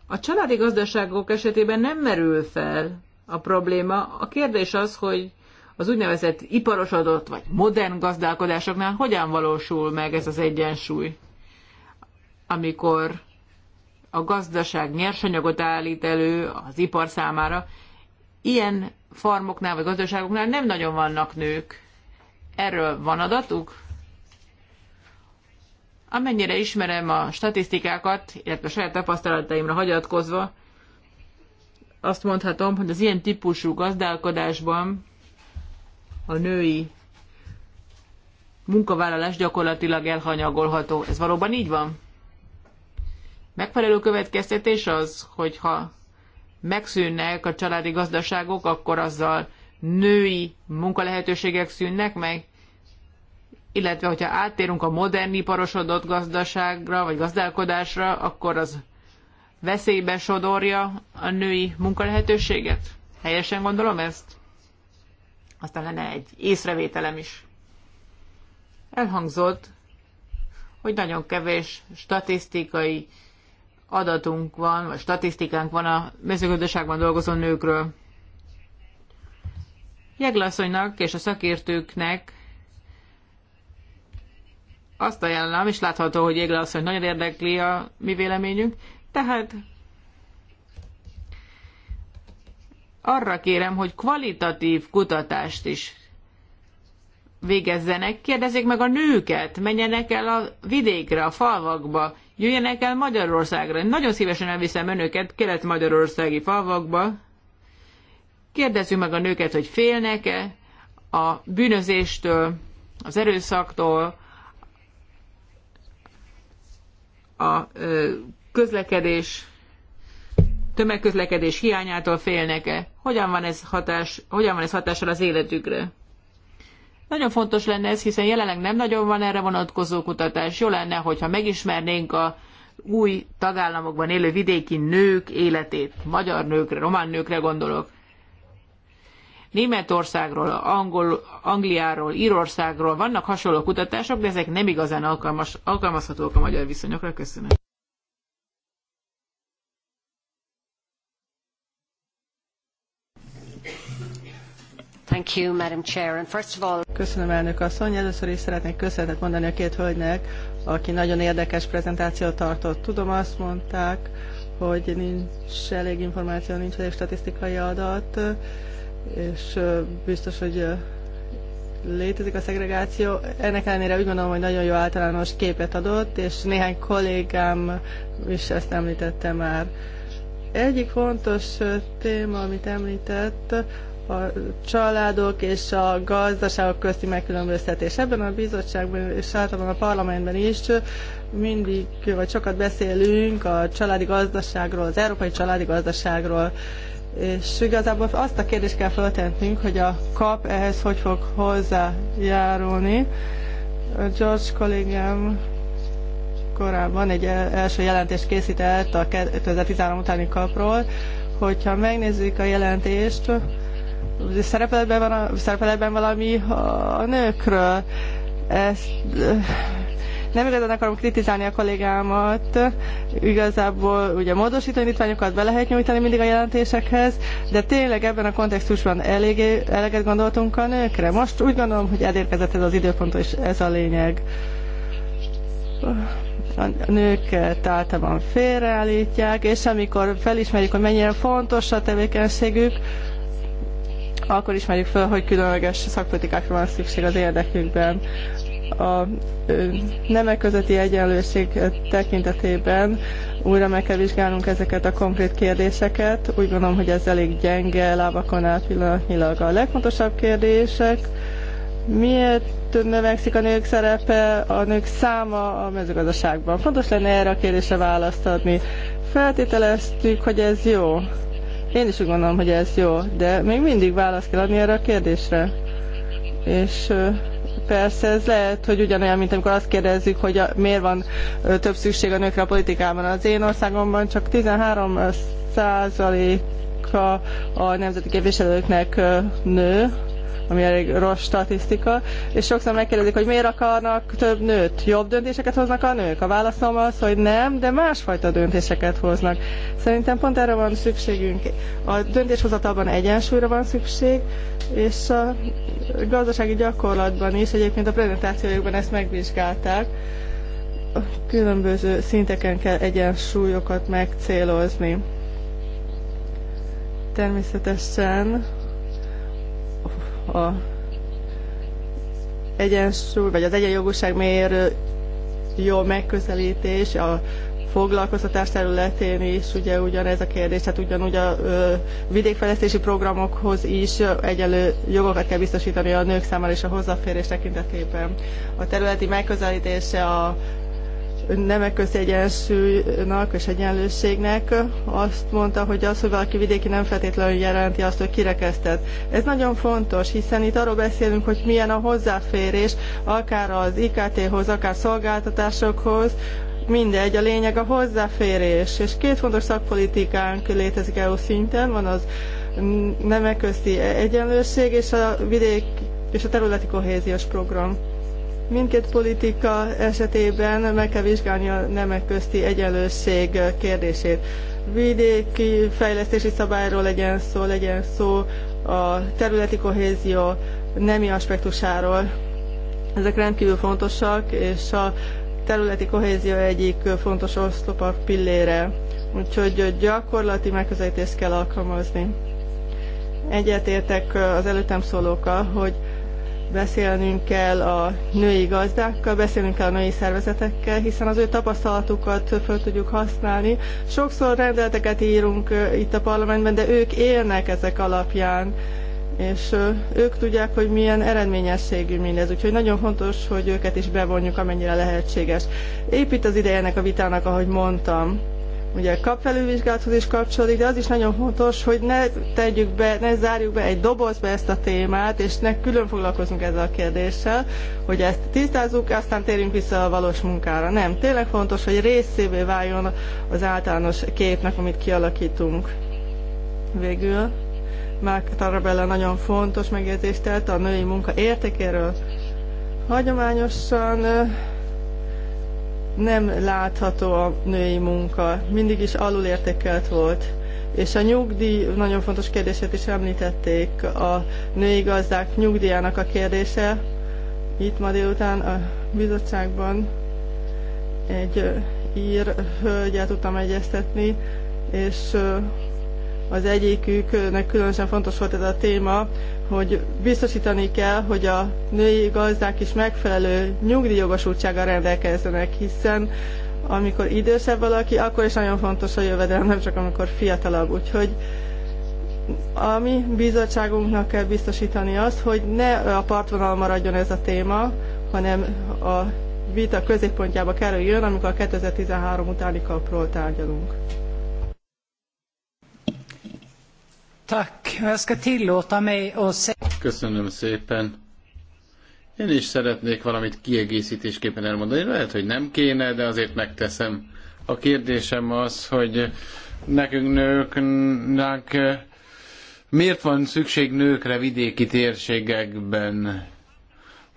A családi gazdaságok esetében nem merül fel a probléma. A kérdés az, hogy az úgynevezett iparosodott vagy modern gazdálkodásoknál hogyan valósul meg ez az egyensúly, amikor a gazdaság nyersanyagot állít elő az ipar számára. Ilyen farmoknál vagy gazdaságoknál nem nagyon vannak nők. Erről van adatuk? Amennyire ismerem a statisztikákat, illetve a saját tapasztalataimra hagyatkozva, azt mondhatom, hogy az ilyen típusú gazdálkodásban a női munkavállalás gyakorlatilag elhanyagolható. Ez valóban így van? Megfelelő következtetés az, hogyha megszűnnek a családi gazdaságok, akkor azzal női munkalehetőségek szűnnek meg? illetve hogyha áttérünk a modern iparosodott gazdaságra vagy gazdálkodásra, akkor az veszélybe sodorja a női munkalehetőséget? Helyesen gondolom ezt? Aztán lenne egy észrevételem is. Elhangzott, hogy nagyon kevés statisztikai adatunk van, vagy statisztikánk van a mezőgazdaságban dolgozó nőkről. Jeglasszonynak és a szakértőknek azt ajánlom, és látható, hogy Égle azt, hogy nagyon érdekli a mi véleményünk, tehát arra kérem, hogy kvalitatív kutatást is végezzenek, kérdezzék meg a nőket, menjenek el a vidékre, a falvakba, jöjjenek el Magyarországra. Nagyon szívesen elviszem önöket kelet-magyarországi falvakba. Kérdezzük meg a nőket, hogy félnek-e a bűnözéstől, az erőszaktól, a közlekedés, tömegközlekedés hiányától félnek-e? Hogyan van ez, hatás, hogyan van ez hatással az életükre? Nagyon fontos lenne ez, hiszen jelenleg nem nagyon van erre vonatkozó kutatás. Jó lenne, hogyha megismernénk a új tagállamokban élő vidéki nők életét, magyar nőkre, román nőkre gondolok. Németországról, Angol, Angliáról, Írországról vannak hasonló kutatások, de ezek nem igazán alkalmas, alkalmazhatók a magyar viszonyokra. Köszönöm. Köszönöm, elnök asszony. Először is szeretnék köszönetet mondani a két hölgynek, aki nagyon érdekes prezentációt tartott. Tudom, azt mondták, hogy nincs elég információ, nincs elég statisztikai adat és biztos, hogy létezik a szegregáció. Ennek ellenére úgy gondolom, hogy nagyon jó általános képet adott, és néhány kollégám is ezt említette már. Egyik fontos téma, amit említett, a családok és a gazdaságok közti megkülönböztetés. Ebben a bizottságban és általában a parlamentben is mindig, vagy sokat beszélünk a családi gazdaságról, az európai családi gazdaságról, és igazából azt a kérdést kell feltennünk, hogy a kap ehhez hogy fog hozzájárulni. A George kollégám korábban egy első jelentést készített a 2013 utáni kapról, hogyha megnézzük a jelentést, szerepeletben van, a, szerepeletben valami a nőkről. Ezt nem igazán akarom kritizálni a kollégámat, igazából ugye módosító indítványokat be lehet nyújtani mindig a jelentésekhez, de tényleg ebben a kontextusban elég eleget gondoltunk a nőkre. Most úgy gondolom, hogy elérkezett ez az időpont, és ez a lényeg a nőket általában félreállítják, és amikor felismerjük, hogy mennyire fontos a tevékenységük, akkor ismerjük fel, hogy különleges szakpolitikákra van szükség az érdekükben a nemek közötti egyenlőség tekintetében újra meg kell vizsgálnunk ezeket a konkrét kérdéseket. Úgy gondolom, hogy ez elég gyenge lábakon áll pillanatnyilag a legfontosabb kérdések. Miért növekszik a nők szerepe, a nők száma a mezőgazdaságban? Fontos lenne erre a kérdésre választ adni. Feltételeztük, hogy ez jó. Én is úgy gondolom, hogy ez jó, de még mindig választ kell adni erre a kérdésre. És persze ez lehet, hogy ugyanolyan, mint amikor azt kérdezzük, hogy a, miért van több szükség a nőkre a politikában. Az én országomban csak 13 százaléka a nemzeti képviselőknek nő, ami elég rossz statisztika, és sokszor megkérdezik, hogy miért akarnak több nőt. Jobb döntéseket hoznak a nők? A válaszom az, hogy nem, de másfajta döntéseket hoznak. Szerintem pont erre van szükségünk. A döntéshozatalban egyensúlyra van szükség, és a gazdasági gyakorlatban is, egyébként a prezentációjukban ezt megvizsgálták, különböző szinteken kell egyensúlyokat megcélozni. Természetesen a egyensúly, vagy az egyenjogúság miért jó megközelítés, a foglalkoztatás területén is ugye ugyanez a kérdés, tehát ugyanúgy a ö, vidékfejlesztési programokhoz is egyenlő jogokat kell biztosítani a nők számára és a hozzáférés tekintetében. A területi megközelítése a nemek közt egyensúlynak és egyenlőségnek azt mondta, hogy az, hogy valaki vidéki nem feltétlenül jelenti azt, hogy kirekesztett. Ez nagyon fontos, hiszen itt arról beszélünk, hogy milyen a hozzáférés, akár az IKT-hoz, akár szolgáltatásokhoz, mindegy, a lényeg a hozzáférés. És két fontos szakpolitikánk létezik EU szinten, van az nemek közti egyenlőség és a vidék és a területi kohéziós program. Mindkét politika esetében meg kell vizsgálni a nemek közti egyenlőség kérdését. Vidéki fejlesztési szabályról legyen szó, legyen szó a területi kohézió nemi aspektusáról. Ezek rendkívül fontosak, és a területi kohézió egyik fontos oszlopa pillére. Úgyhogy gyakorlati megközelítést kell alkalmazni. Egyetértek az előttem szólókkal, hogy beszélnünk kell a női gazdákkal, beszélnünk kell a női szervezetekkel, hiszen az ő tapasztalatukat föl tudjuk használni. Sokszor rendeleteket írunk itt a parlamentben, de ők élnek ezek alapján, és ők tudják, hogy milyen eredményességű mindez, úgyhogy nagyon fontos, hogy őket is bevonjuk, amennyire lehetséges. Épít az ideje ennek a vitának, ahogy mondtam ugye kapfelülvizsgálathoz is kapcsolódik, de az is nagyon fontos, hogy ne tegyük be, ne zárjuk be egy dobozba ezt a témát, és ne külön foglalkozunk ezzel a kérdéssel, hogy ezt tisztázzuk, aztán térjünk vissza a valós munkára. Nem, tényleg fontos, hogy részévé váljon az általános képnek, amit kialakítunk. Végül Már Tarabella nagyon fontos megjegyzést tett a női munka értékéről. Hagyományosan nem látható a női munka, mindig is alulértékelt volt. És a nyugdíj nagyon fontos kérdését is említették, a női gazdák nyugdíjának a kérdése. Itt ma délután a bizottságban egy ír hölgyet tudtam egyeztetni, és az egyiküknek különösen fontos volt ez a téma, hogy biztosítani kell, hogy a női gazdák is megfelelő nyugdíjjogosultsággal rendelkezzenek, hiszen amikor idősebb valaki, akkor is nagyon fontos a jövedelem, nem csak amikor fiatalabb. Úgyhogy a mi bizottságunknak kell biztosítani azt, hogy ne a partvonal maradjon ez a téma, hanem a vita középpontjába kerüljön, amikor a 2013 utáni kapról tárgyalunk. Köszönöm szépen. Én is szeretnék valamit kiegészítésképpen elmondani. Lehet, hogy nem kéne, de azért megteszem. A kérdésem az, hogy nekünk nőknek miért van szükség nőkre vidéki térségekben?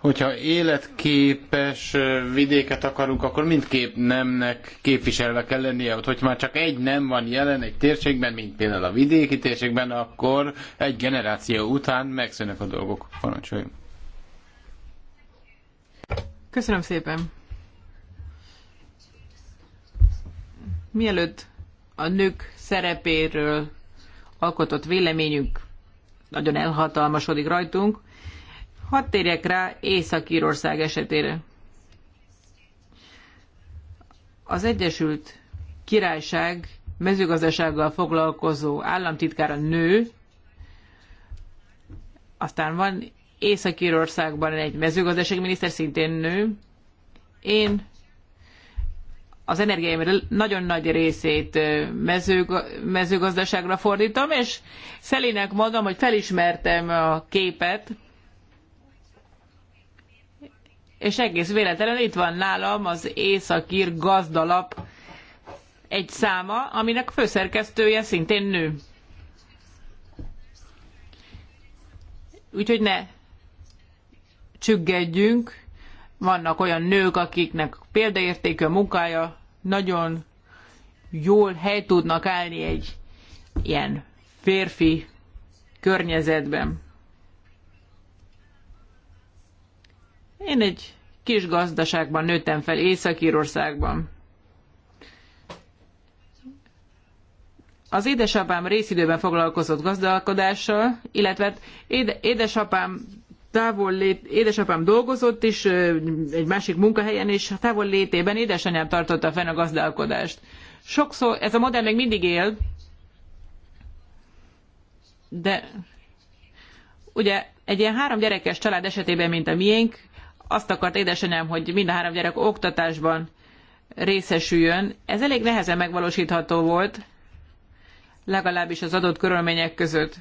hogyha életképes vidéket akarunk, akkor mindkép nemnek képviselve kell lennie ott. Hogyha már csak egy nem van jelen egy térségben, mint például a vidéki térségben, akkor egy generáció után megszűnnek a dolgok. Parancsoljunk. Köszönöm szépen. Mielőtt a nők szerepéről alkotott véleményünk nagyon elhatalmasodik rajtunk, Hadd térjek rá Észak-Írország esetére. Az Egyesült Királyság mezőgazdasággal foglalkozó államtitkára nő, aztán van Észak-Írországban egy miniszter, szintén nő. Én az energiáim nagyon nagy részét mezőg- mezőgazdaságra fordítom, és Szelinek mondom, hogy felismertem a képet, és egész véletlenül itt van nálam az Északír gazdalap egy száma, aminek főszerkesztője szintén nő. Úgyhogy ne csüggedjünk. Vannak olyan nők, akiknek példaértékű a munkája, nagyon jól hely tudnak állni egy ilyen férfi környezetben. Én egy kis gazdaságban nőttem fel Észak-Írországban. Az édesapám részidőben foglalkozott gazdálkodással, illetve hát édesapám távol lét, édesapám dolgozott is egy másik munkahelyen, és távol létében édesanyám tartotta fenn a gazdálkodást. Sokszor, ez a modell még mindig él, de ugye egy ilyen három gyerekes család esetében, mint a miénk, azt akart édesanyám, hogy mind a három gyerek oktatásban részesüljön. Ez elég nehezen megvalósítható volt, legalábbis az adott körülmények között.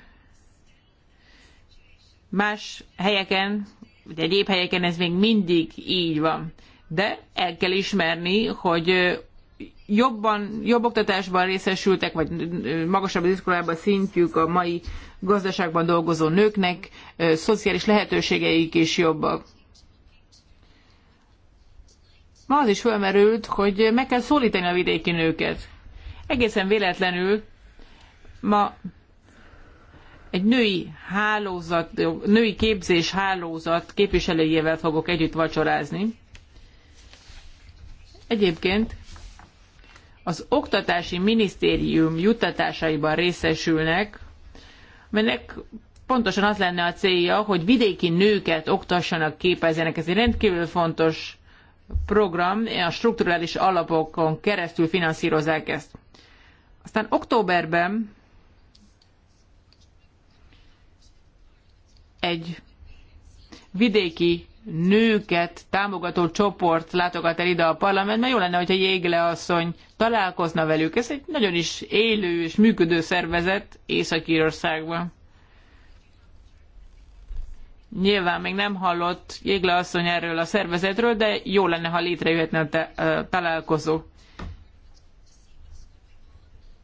Más helyeken, vagy egyéb helyeken ez még mindig így van. De el kell ismerni, hogy jobban, jobb oktatásban részesültek, vagy magasabb az iskolában szintjük a mai gazdaságban dolgozó nőknek, szociális lehetőségeik is jobbak. Ma az is fölmerült, hogy meg kell szólítani a vidéki nőket. Egészen véletlenül ma egy női hálózat, női képzés hálózat képviselőjével fogok együtt vacsorázni. Egyébként az oktatási minisztérium juttatásaiban részesülnek, melynek pontosan az lenne a célja, hogy vidéki nőket oktassanak, képezzenek. Ez egy rendkívül fontos program, a strukturális alapokon keresztül finanszírozzák ezt. Aztán októberben egy vidéki nőket támogató csoport látogat el ide a parlamentbe, jó lenne, hogyha Jégle asszony találkozna velük. Ez egy nagyon is élő és működő szervezet Észak-Írországban. Nyilván még nem hallott Jégle asszony erről a szervezetről, de jó lenne, ha létrejöhetne a, találkozó.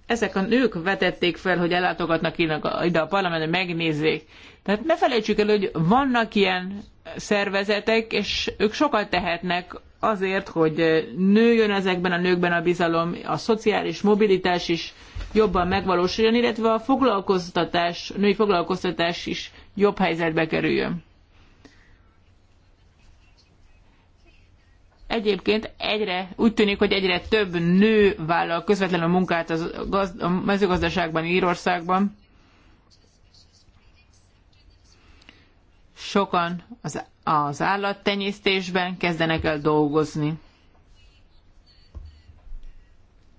Ezek a nők vetették fel, hogy ellátogatnak ide a hogy megnézzék. Tehát ne felejtsük el, hogy vannak ilyen szervezetek, és ők sokat tehetnek azért, hogy nőjön ezekben a nőkben a bizalom, a szociális mobilitás is jobban megvalósuljon, illetve a foglalkoztatás, női foglalkoztatás is jobb helyzetbe kerüljön. Egyébként egyre, úgy tűnik, hogy egyre több nő vállal közvetlenül munkát az gazd- a mezőgazdaságban, Írországban. Sokan az, az állattenyésztésben kezdenek el dolgozni.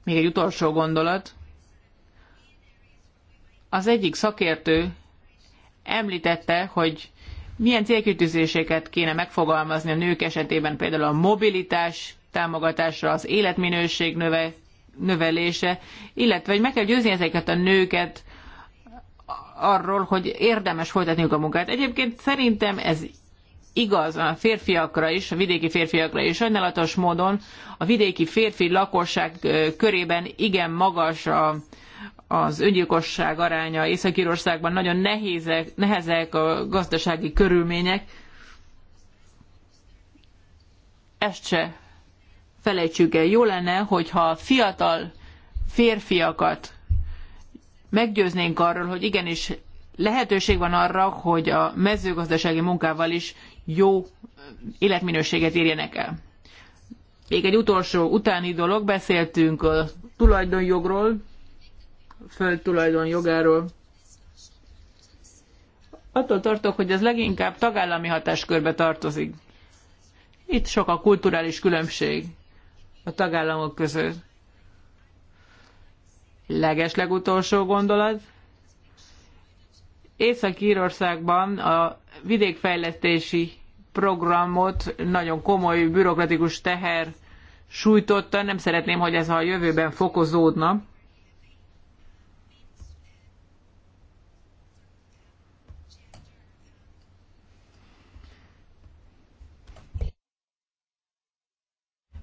Még egy utolsó gondolat. Az egyik szakértő említette, hogy milyen célkitűzéseket kéne megfogalmazni a nők esetében, például a mobilitás támogatásra, az életminőség növe, növelése, illetve hogy meg kell győzni ezeket a nőket arról, hogy érdemes folytatniuk a munkát. Egyébként szerintem ez igaz a férfiakra is, a vidéki férfiakra is. Sajnálatos módon a vidéki férfi lakosság körében igen magas a az öngyilkosság aránya Észak-Írországban, nagyon nehézek, nehezek a gazdasági körülmények. Ezt se felejtsük el. Jó lenne, hogyha fiatal férfiakat meggyőznénk arról, hogy igenis lehetőség van arra, hogy a mezőgazdasági munkával is jó életminőséget érjenek el. Még egy utolsó utáni dolog, beszéltünk a tulajdonjogról, földtulajdon jogáról. Attól tartok, hogy ez leginkább tagállami hatáskörbe tartozik. Itt sok a kulturális különbség a tagállamok között. Legeslegutolsó gondolat. Észak-Írországban a vidékfejlesztési programot nagyon komoly bürokratikus teher sújtotta. Nem szeretném, hogy ez a jövőben fokozódna.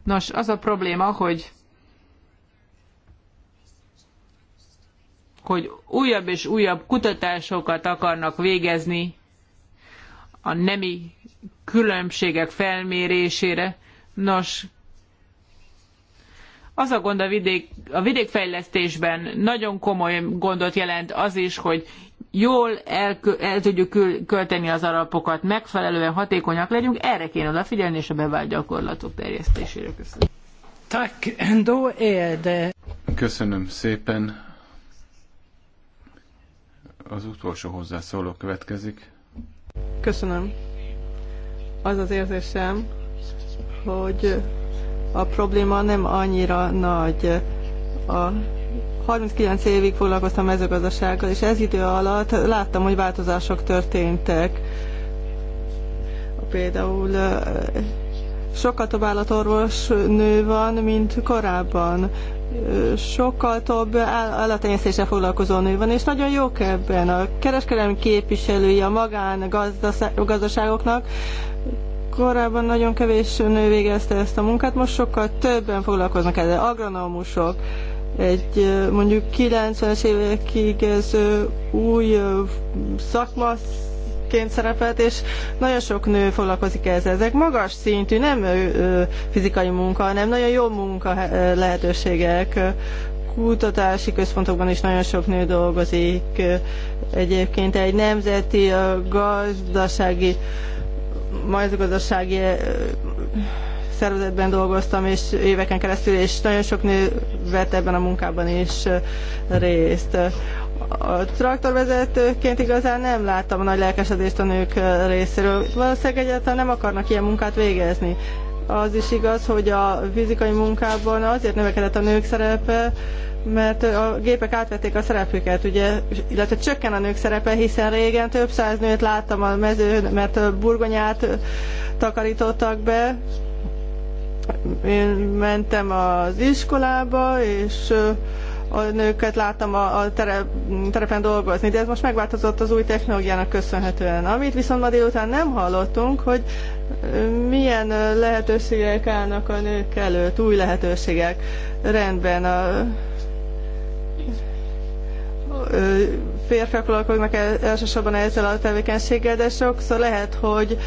Nos, az a probléma, hogy hogy újabb és újabb kutatásokat akarnak végezni a nemi különbségek felmérésére. Nos, az a gond a, vidék, a vidékfejlesztésben nagyon komoly gondot jelent az is, hogy jól el, el tudjuk költeni az alapokat, megfelelően hatékonyak legyünk, erre kéne odafigyelni, és a bevált gyakorlatok terjesztésére. Köszönöm. Köszönöm szépen. Az utolsó hozzászóló következik. Köszönöm. Az az érzésem, hogy a probléma nem annyira nagy. A 39 évig foglalkoztam mezőgazdasággal, és ez idő alatt láttam, hogy változások történtek. Például sokkal több állatorvos nő van, mint korábban. Sokkal több állatenyésztéssel foglalkozó nő van, és nagyon jó ebben. A kereskedelmi képviselői a magán gazdaságoknak korábban nagyon kevés nő végezte ezt a munkát, most sokkal többen foglalkoznak ezzel, agronómusok, egy mondjuk 90-es évekig ez új szakmaként szerepelt, és nagyon sok nő foglalkozik ezzel. Ezek magas szintű, nem fizikai munka, hanem nagyon jó munka lehetőségek. Kutatási központokban is nagyon sok nő dolgozik. Egyébként egy nemzeti gazdasági, majd gazdasági szervezetben dolgoztam, és éveken keresztül, és nagyon sok nő vett ebben a munkában is részt. A traktorvezetőként igazán nem láttam a nagy lelkesedést a nők részéről. Valószínűleg egyáltalán nem akarnak ilyen munkát végezni. Az is igaz, hogy a fizikai munkában azért növekedett a nők szerepe, mert a gépek átvették a szerepüket, ugye, illetve csökken a nők szerepe, hiszen régen több száz nőt láttam a mezőn, mert burgonyát takarítottak be, én mentem az iskolába, és a nőket láttam a, a terep, terepen dolgozni, de ez most megváltozott az új technológiának köszönhetően. Amit viszont ma délután nem hallottunk, hogy milyen lehetőségek állnak a nők előtt, új lehetőségek. Rendben, a férfiak foglalkoznak e-, elsősorban ezzel a tevékenységgel, de sokszor lehet, hogy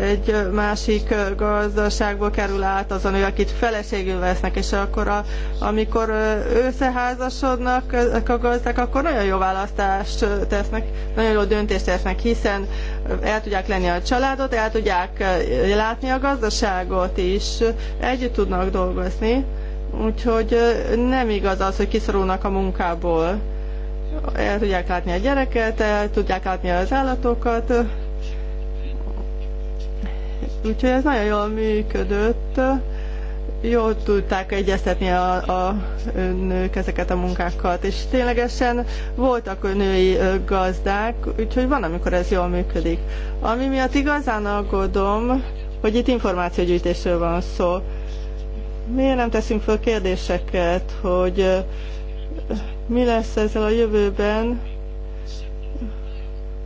egy másik gazdaságból kerül át az a nő, akit feleségül vesznek, és akkor a, amikor összeházasodnak ezek a gazdák, akkor nagyon jó választást tesznek, nagyon jó döntést tesznek, hiszen el tudják lenni a családot, el tudják látni a gazdaságot is, együtt tudnak dolgozni, úgyhogy nem igaz az, hogy kiszorulnak a munkából. El tudják látni a gyereket, el tudják látni az állatokat, Úgyhogy ez nagyon jól működött. Jól tudták egyeztetni a, a nők ezeket a munkákat, és ténylegesen voltak női gazdák, úgyhogy van, amikor ez jól működik. Ami miatt igazán aggódom, hogy itt információgyűjtésről van szó. Miért nem teszünk föl kérdéseket, hogy mi lesz ezzel a jövőben,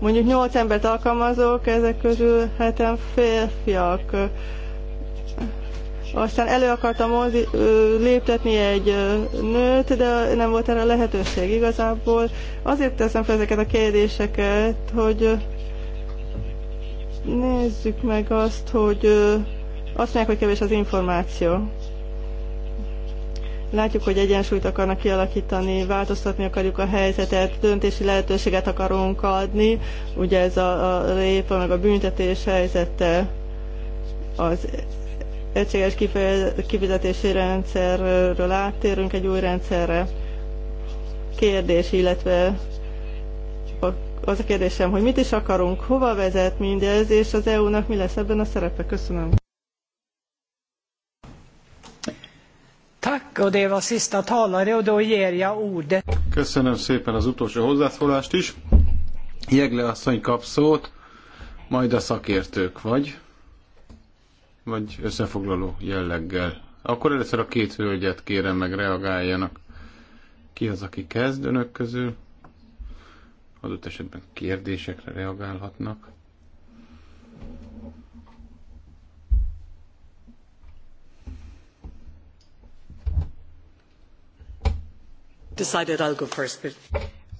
Mondjuk 8 embert alkalmazok, ezek közül heten férfiak. Aztán elő akartam mozi, léptetni egy nőt, de nem volt erre lehetőség igazából. Azért teszem fel ezeket a kérdéseket, hogy nézzük meg azt, hogy azt mondják, hogy kevés az információ. Látjuk, hogy egyensúlyt akarnak kialakítani, változtatni akarjuk a helyzetet, döntési lehetőséget akarunk adni, ugye ez a, a répa, meg a büntetés helyzete, az egységes kifizetési rendszerről áttérünk egy új rendszerre. Kérdés, illetve az a kérdésem, hogy mit is akarunk, hova vezet mindez, és az EU-nak mi lesz ebben a szerepe? Köszönöm. Tack, och det var sista talare och då ger jag ordet. Köszönöm szépen az utolsó hozzászólást is. Jegle asszony kap szót, majd a szakértők vagy, vagy összefoglaló jelleggel. Akkor először a két hölgyet kérem meg reagáljanak. Ki az, aki kezd önök közül? Adott esetben kérdésekre reagálhatnak.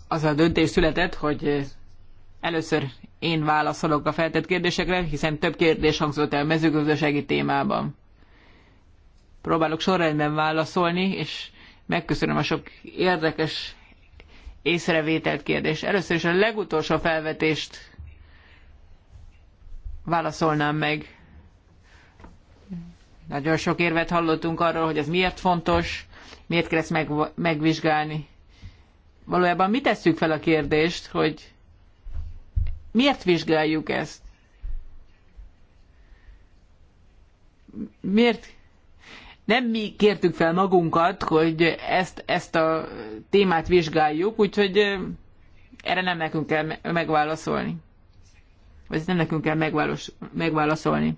Az a döntés született, hogy eh, először én válaszolok a feltett kérdésekre, hiszen több kérdés hangzott el mezőgazdasági témában. Próbálok sorrendben válaszolni, és megköszönöm a sok érdekes észrevételt kérdést. Először is a legutolsó felvetést válaszolnám meg. Nagyon sok érvet hallottunk arról, hogy ez miért fontos, miért kell ezt meg, megvizsgálni? Valójában mi tesszük fel a kérdést, hogy miért vizsgáljuk ezt? Miért? Nem mi kértük fel magunkat, hogy ezt, ezt a témát vizsgáljuk, úgyhogy erre nem nekünk kell megválaszolni. Vagy nem nekünk kell megválasz, megválaszolni.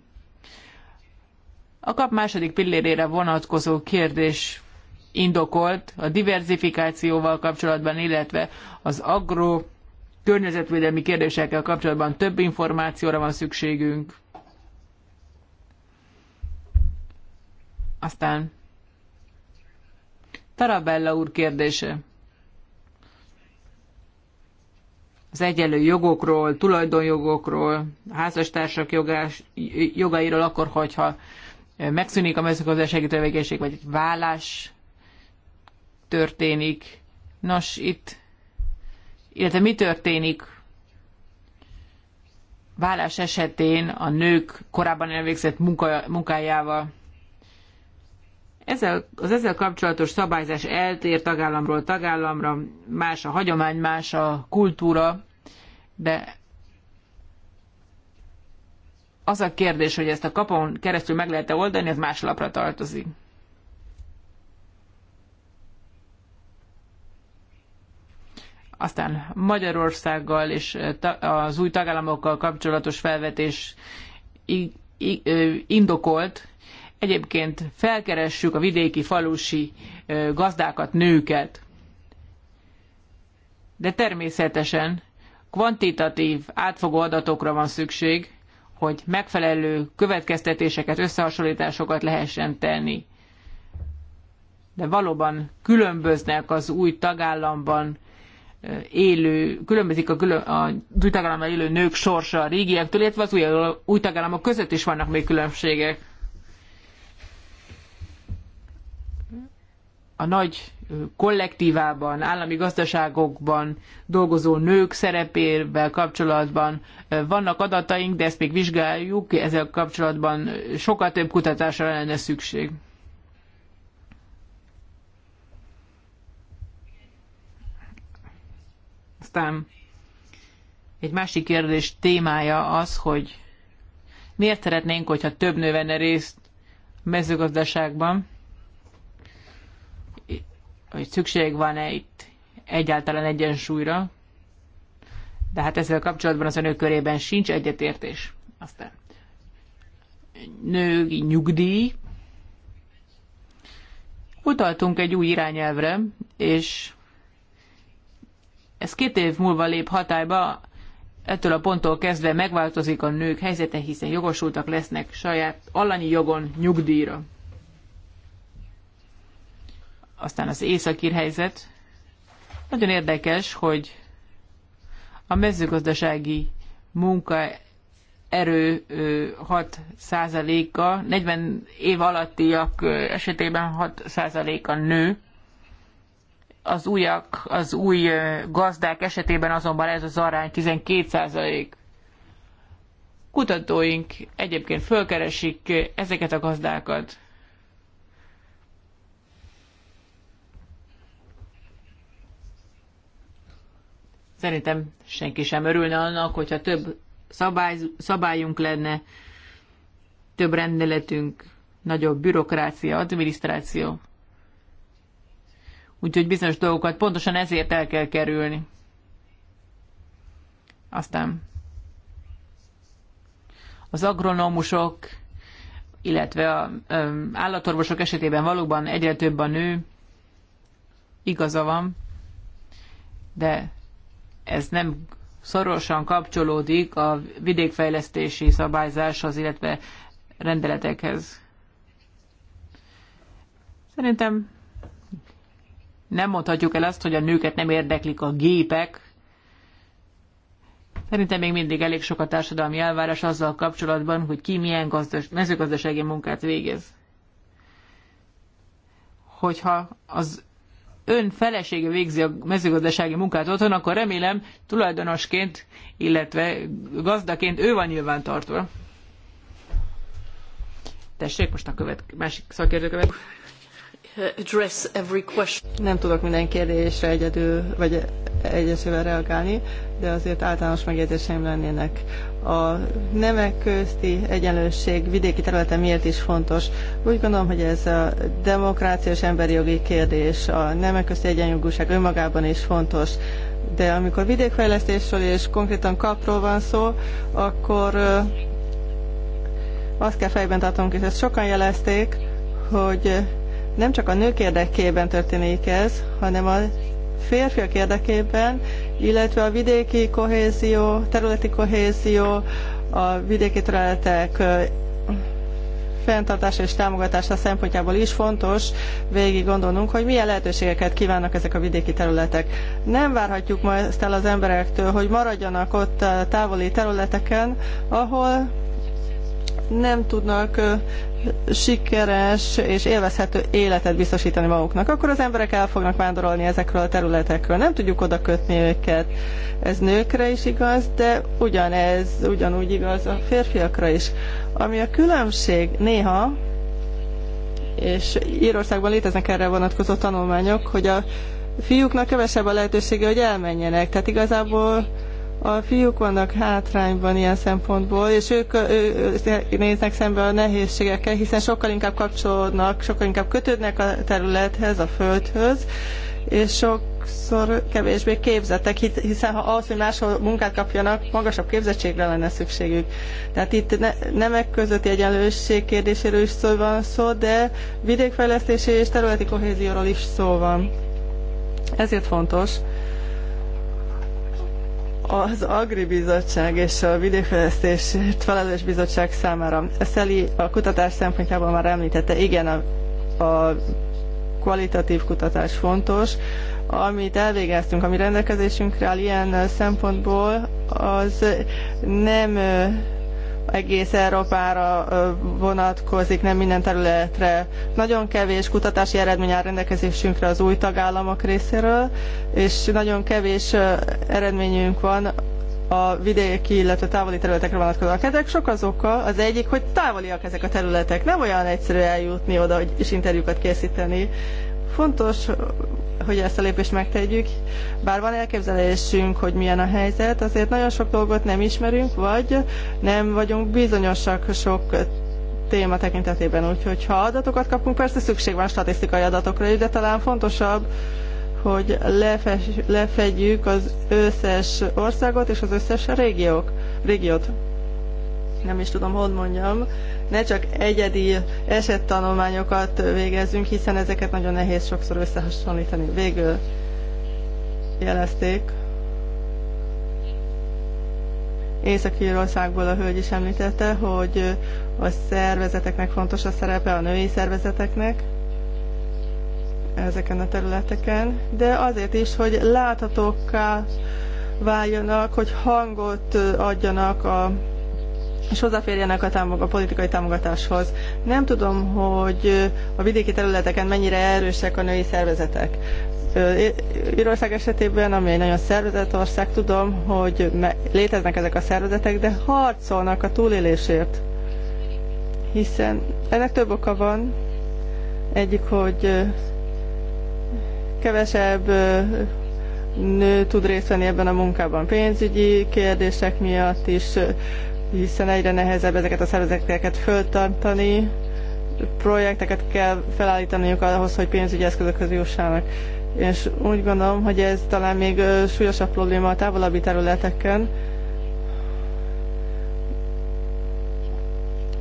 A kap második pillérére vonatkozó kérdés indokolt a diversifikációval kapcsolatban, illetve az agro környezetvédelmi kérdésekkel kapcsolatban több információra van szükségünk. Aztán Tarabella úr kérdése. Az egyenlő jogokról, tulajdonjogokról, házastársak jogás, jogairól akkor, hogyha megszűnik a mezőgazdasági tevékenység, vagy egy vállás történik? Nos, itt, illetve mi történik vállás esetén a nők korábban elvégzett munka, munkájával? Ezzel, az ezzel kapcsolatos szabályzás eltér tagállamról tagállamra, más a hagyomány, más a kultúra, de az a kérdés, hogy ezt a kapon keresztül meg lehet-e oldani, ez más lapra tartozik. Aztán Magyarországgal és eh, az új tagállamokkal kapcsolatos felvetés indokolt. Egyébként felkeressük a vidéki falusi gazdákat, nőket. De természetesen kvantitatív, átfogó adatokra van szükség, hogy megfelelő következtetéseket, összehasonlításokat lehessen tenni. De valóban különböznek az új tagállamban élő, különbözik a, külön, a új tagállamban élő nők sorsa a régiektől, illetve az új, új tagállamok között is vannak még különbségek. A nagy kollektívában, állami gazdaságokban dolgozó nők szerepével kapcsolatban vannak adataink, de ezt még vizsgáljuk, ezzel kapcsolatban sokkal több kutatásra lenne szükség. Aztán egy másik kérdés témája az, hogy miért szeretnénk, hogyha több nő venne részt a mezőgazdaságban, hogy szükség van-e itt egyáltalán egyensúlyra, de hát ezzel kapcsolatban az önök körében sincs egyetértés. Aztán női nyugdíj. Utaltunk egy új irányelvre, és ez két év múlva lép hatályba, ettől a ponttól kezdve megváltozik a nők helyzete, hiszen jogosultak lesznek saját alanyi jogon nyugdíjra. Aztán az északír helyzet. Nagyon érdekes, hogy a mezőgazdasági munka erő 6 százaléka, 40 év alattiak esetében 6 százaléka nő, az újak, az új gazdák esetében azonban ez az arány 12%. Kutatóink egyébként fölkeresik ezeket a gazdákat. Szerintem senki sem örülne annak, hogyha több szabály, szabályunk lenne, több rendeletünk, nagyobb bürokrácia, adminisztráció. Úgyhogy bizonyos dolgokat pontosan ezért el kell kerülni. Aztán az agronómusok, illetve az állatorvosok esetében valóban egyre több a nő, igaza van, de ez nem szorosan kapcsolódik a vidékfejlesztési szabályzáshoz, illetve rendeletekhez. Szerintem nem mondhatjuk el azt, hogy a nőket nem érdeklik a gépek. Szerintem még mindig elég sok a társadalmi elvárás azzal kapcsolatban, hogy ki milyen gazdas, mezőgazdasági munkát végez. Hogyha az ön felesége végzi a mezőgazdasági munkát otthon, akkor remélem tulajdonosként, illetve gazdaként ő van nyilvántartva. Tessék, most a követ, másik szakértő követ. Nem tudok minden kérdésre egyedül, vagy egyesével reagálni, de azért általános megjegyzéseim lennének. A nemek közti egyenlőség vidéki területen miért is fontos? Úgy gondolom, hogy ez a demokrácia és emberi jogi kérdés, a nemek közti egyenjogúság önmagában is fontos, de amikor vidékfejlesztésről és konkrétan kapról van szó, akkor azt kell fejben tartanunk, és ezt sokan jelezték, hogy nem csak a nők érdekében történik ez, hanem a férfiak érdekében, illetve a vidéki kohézió, területi kohézió, a vidéki területek fenntartása és támogatása szempontjából is fontos végig gondolnunk, hogy milyen lehetőségeket kívánnak ezek a vidéki területek. Nem várhatjuk ma ezt el az emberektől, hogy maradjanak ott távoli területeken, ahol nem tudnak sikeres és élvezhető életet biztosítani maguknak, akkor az emberek el fognak vándorolni ezekről a területekről. Nem tudjuk oda kötni őket. Ez nőkre is igaz, de ugyanez ugyanúgy igaz a férfiakra is. Ami a különbség néha, és Írországban léteznek erre vonatkozó tanulmányok, hogy a fiúknak kevesebb a lehetősége, hogy elmenjenek. Tehát igazából a fiúk vannak hátrányban ilyen szempontból, és ők néznek szembe a nehézségekkel, hiszen sokkal inkább kapcsolódnak, sokkal inkább kötődnek a területhez, a földhöz, és sokszor kevésbé képzettek, hiszen ha ahhoz, hogy máshol munkát kapjanak, magasabb képzettségre lenne szükségük. Tehát itt ne, nemek közötti egyenlőség kérdéséről is szó van szó, de vidékfejlesztési és területi kohézióról is szó van. Ezért fontos, az Agri Bizottság és a Vidékfejlesztésért Felelős Bizottság számára. Szeli a kutatás szempontjából már említette, igen, a, a kvalitatív kutatás fontos. Amit elvégeztünk, ami rendelkezésünkre áll ilyen szempontból, az nem egész Európára vonatkozik, nem minden területre. Nagyon kevés kutatási eredmény áll rendelkezésünkre az új tagállamok részéről, és nagyon kevés eredményünk van a vidéki, illetve távoli területekre vonatkozóak. Ezek sok az oka. Az egyik, hogy távoliak ezek a területek. Nem olyan egyszerű eljutni oda és interjúkat készíteni. Fontos, hogy ezt a lépést megtegyük, bár van elképzelésünk, hogy milyen a helyzet, azért nagyon sok dolgot nem ismerünk, vagy nem vagyunk bizonyosak sok téma tekintetében. Úgyhogy ha adatokat kapunk, persze szükség van statisztikai adatokra is, de talán fontosabb, hogy lefes, lefedjük az összes országot és az összes régiók, régiót nem is tudom, hogy mondjam, ne csak egyedi esettanulmányokat végezzünk, hiszen ezeket nagyon nehéz sokszor összehasonlítani. Végül jelezték. Észak-Írországból a hölgy is említette, hogy a szervezeteknek fontos a szerepe, a női szervezeteknek ezeken a területeken, de azért is, hogy láthatókká váljanak, hogy hangot adjanak a és hozzáférjenek a, támog- a politikai támogatáshoz. Nem tudom, hogy a vidéki területeken mennyire erősek a női szervezetek. Írország esetében, ami egy nagyon szervezett ország, tudom, hogy léteznek ezek a szervezetek, de harcolnak a túlélésért. Hiszen ennek több oka van. Egyik, hogy kevesebb nő tud részt venni ebben a munkában pénzügyi kérdések miatt is, hiszen egyre nehezebb ezeket a szervezeteket föltartani, projekteket kell felállítaniuk ahhoz, hogy pénzügyi eszközökhöz jussanak. És úgy gondolom, hogy ez talán még súlyosabb probléma a távolabbi területeken.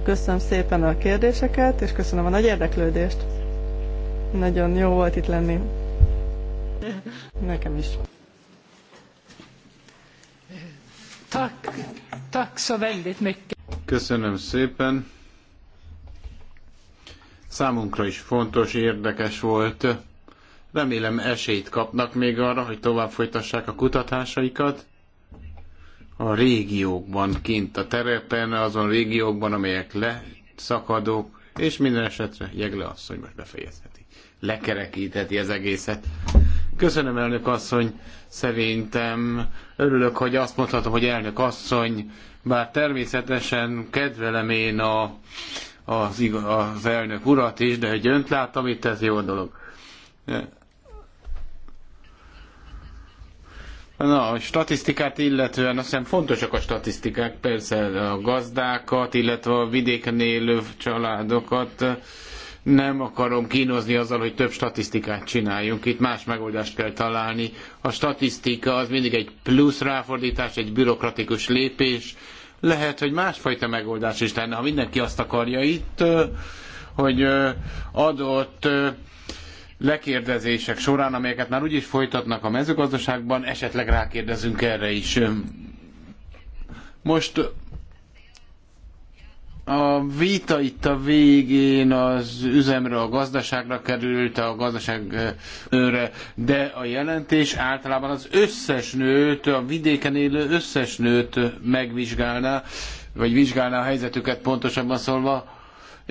Köszönöm szépen a kérdéseket, és köszönöm a nagy érdeklődést. Nagyon jó volt itt lenni. Nekem is. Tak. Tack så väldigt mycket. Köszönöm szépen. Számunkra is fontos, érdekes volt. Remélem esélyt kapnak még arra, hogy tovább folytassák a kutatásaikat a régiókban, kint a terepen, azon régiókban, amelyek leszakadók, és minden esetre Jegle asszony most befejezheti. Lekerekítheti az egészet. Köszönöm, elnök asszony. Szerintem örülök, hogy azt mondhatom, hogy elnök asszony, bár természetesen kedvelem én a, az, az elnök urat is, de hogy önt láttam itt, ez jó dolog. Na, a statisztikát illetően azt hiszem fontosak a statisztikák, persze a gazdákat, illetve a vidéken élő családokat nem akarom kínozni azzal, hogy több statisztikát csináljunk. Itt más megoldást kell találni. A statisztika az mindig egy plusz ráfordítás, egy bürokratikus lépés. Lehet, hogy másfajta megoldás is lenne, ha mindenki azt akarja itt, hogy adott lekérdezések során, amelyeket már úgyis folytatnak a mezőgazdaságban, esetleg rákérdezünk erre is. Most a vita itt a végén az üzemre, a gazdaságra került, a gazdaság nőre, de a jelentés általában az összes nőt, a vidéken élő összes nőt megvizsgálná, vagy vizsgálná a helyzetüket pontosabban szólva,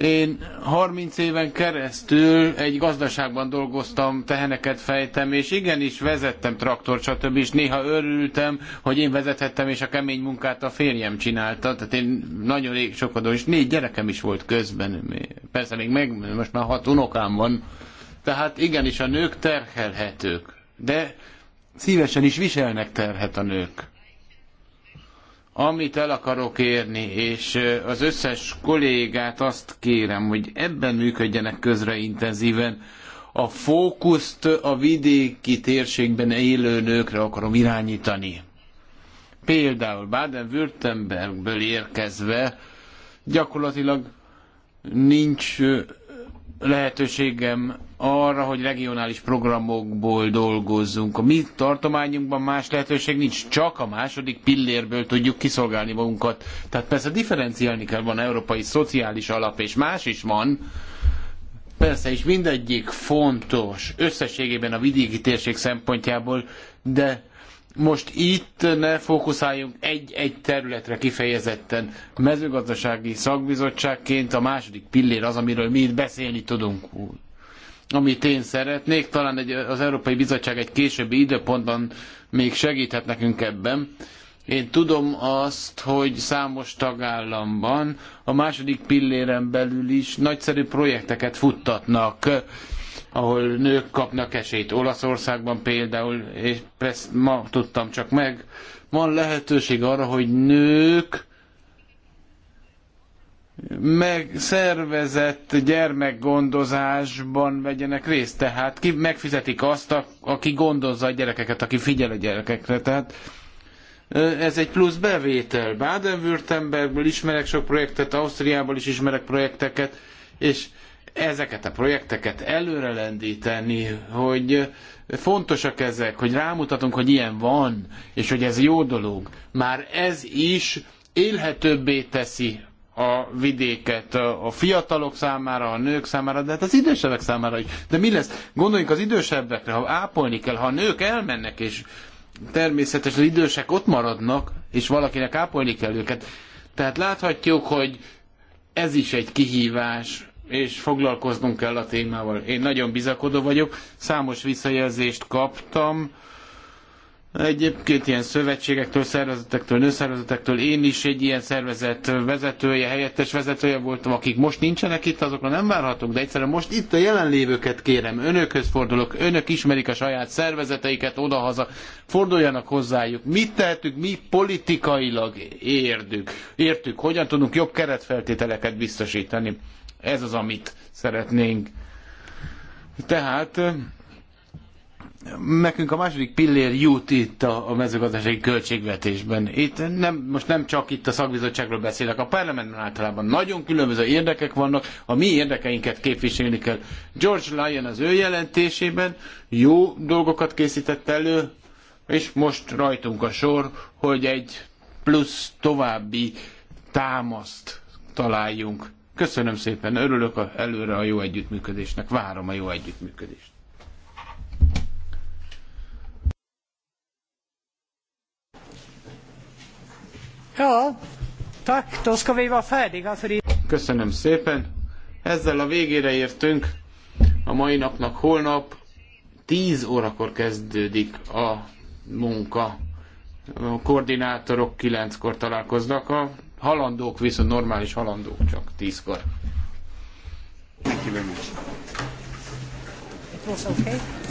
én 30 éven keresztül egy gazdaságban dolgoztam, teheneket fejtem, és igenis vezettem traktor, stb. És néha örültem, hogy én vezethettem, és a kemény munkát a férjem csinálta. Tehát én nagyon rég sokat és négy gyerekem is volt közben. Persze még meg, most már hat unokám van. Tehát igenis a nők terhelhetők. De szívesen is viselnek terhet a nők. Amit el akarok érni, és az összes kollégát azt kérem, hogy ebben működjenek közre intenzíven, a fókuszt a vidéki térségben élő nőkre akarom irányítani. Például Baden-Württembergből érkezve gyakorlatilag nincs lehetőségem arra, hogy regionális programokból dolgozzunk. A mi tartományunkban más lehetőség nincs, csak a második pillérből tudjuk kiszolgálni magunkat. Tehát persze differenciálni kell, van európai szociális alap, és más is van, Persze, és mindegyik fontos összességében a vidéki térség szempontjából, de most itt ne fókuszáljunk egy-egy területre kifejezetten. Mezőgazdasági szakbizottságként a második pillér az, amiről mi itt beszélni tudunk amit én szeretnék. Talán egy, az Európai Bizottság egy későbbi időpontban még segíthet nekünk ebben. Én tudom azt, hogy számos tagállamban a második pilléren belül is nagyszerű projekteket futtatnak, ahol nők kapnak esélyt. Olaszországban például, és ezt ma tudtam csak meg, van lehetőség arra, hogy nők megszervezett szervezett gyermekgondozásban vegyenek részt. Tehát ki megfizetik azt, a, aki gondozza a gyerekeket, aki figyel a gyerekekre. Tehát ez egy plusz bevétel. Baden-Württembergből ismerek sok projektet, Ausztriából is ismerek projekteket, és ezeket a projekteket előrelendíteni, hogy fontosak ezek, hogy rámutatunk, hogy ilyen van, és hogy ez jó dolog. Már ez is élhetőbbé teszi a vidéket a fiatalok számára, a nők számára, de hát az idősebbek számára is. De mi lesz? Gondoljunk az idősebbekre, ha ápolni kell, ha a nők elmennek, és természetesen az idősek ott maradnak, és valakinek ápolni kell őket. Tehát láthatjuk, hogy ez is egy kihívás, és foglalkoznunk kell a témával. Én nagyon bizakodó vagyok, számos visszajelzést kaptam, Egyébként ilyen szövetségektől, szervezetektől, nőszervezetektől én is egy ilyen szervezet vezetője, helyettes vezetője voltam, akik most nincsenek itt, azokra nem várhatunk, de egyszerűen most itt a jelenlévőket kérem, önökhöz fordulok, önök ismerik a saját szervezeteiket odahaza, forduljanak hozzájuk. Mit tehetünk mi politikailag érdük? Értük, hogyan tudunk jobb keretfeltételeket biztosítani? Ez az, amit szeretnénk. Tehát nekünk a második pillér jut itt a, a mezőgazdasági költségvetésben. Itt nem, most nem csak itt a szakbizottságról beszélek, a parlamentben általában nagyon különböző érdekek vannak, a mi érdekeinket képviselni kell. George Lyon az ő jelentésében jó dolgokat készített elő, és most rajtunk a sor, hogy egy plusz további támaszt találjunk. Köszönöm szépen, örülök a, előre a jó együttműködésnek, várom a jó együttműködést. Köszönöm szépen. Ezzel a végére értünk a mai napnak holnap. 10 órakor kezdődik a munka. A koordinátorok 9-kor találkoznak, a halandók viszont normális halandók csak 10-kor. Thank you very much. It was okay.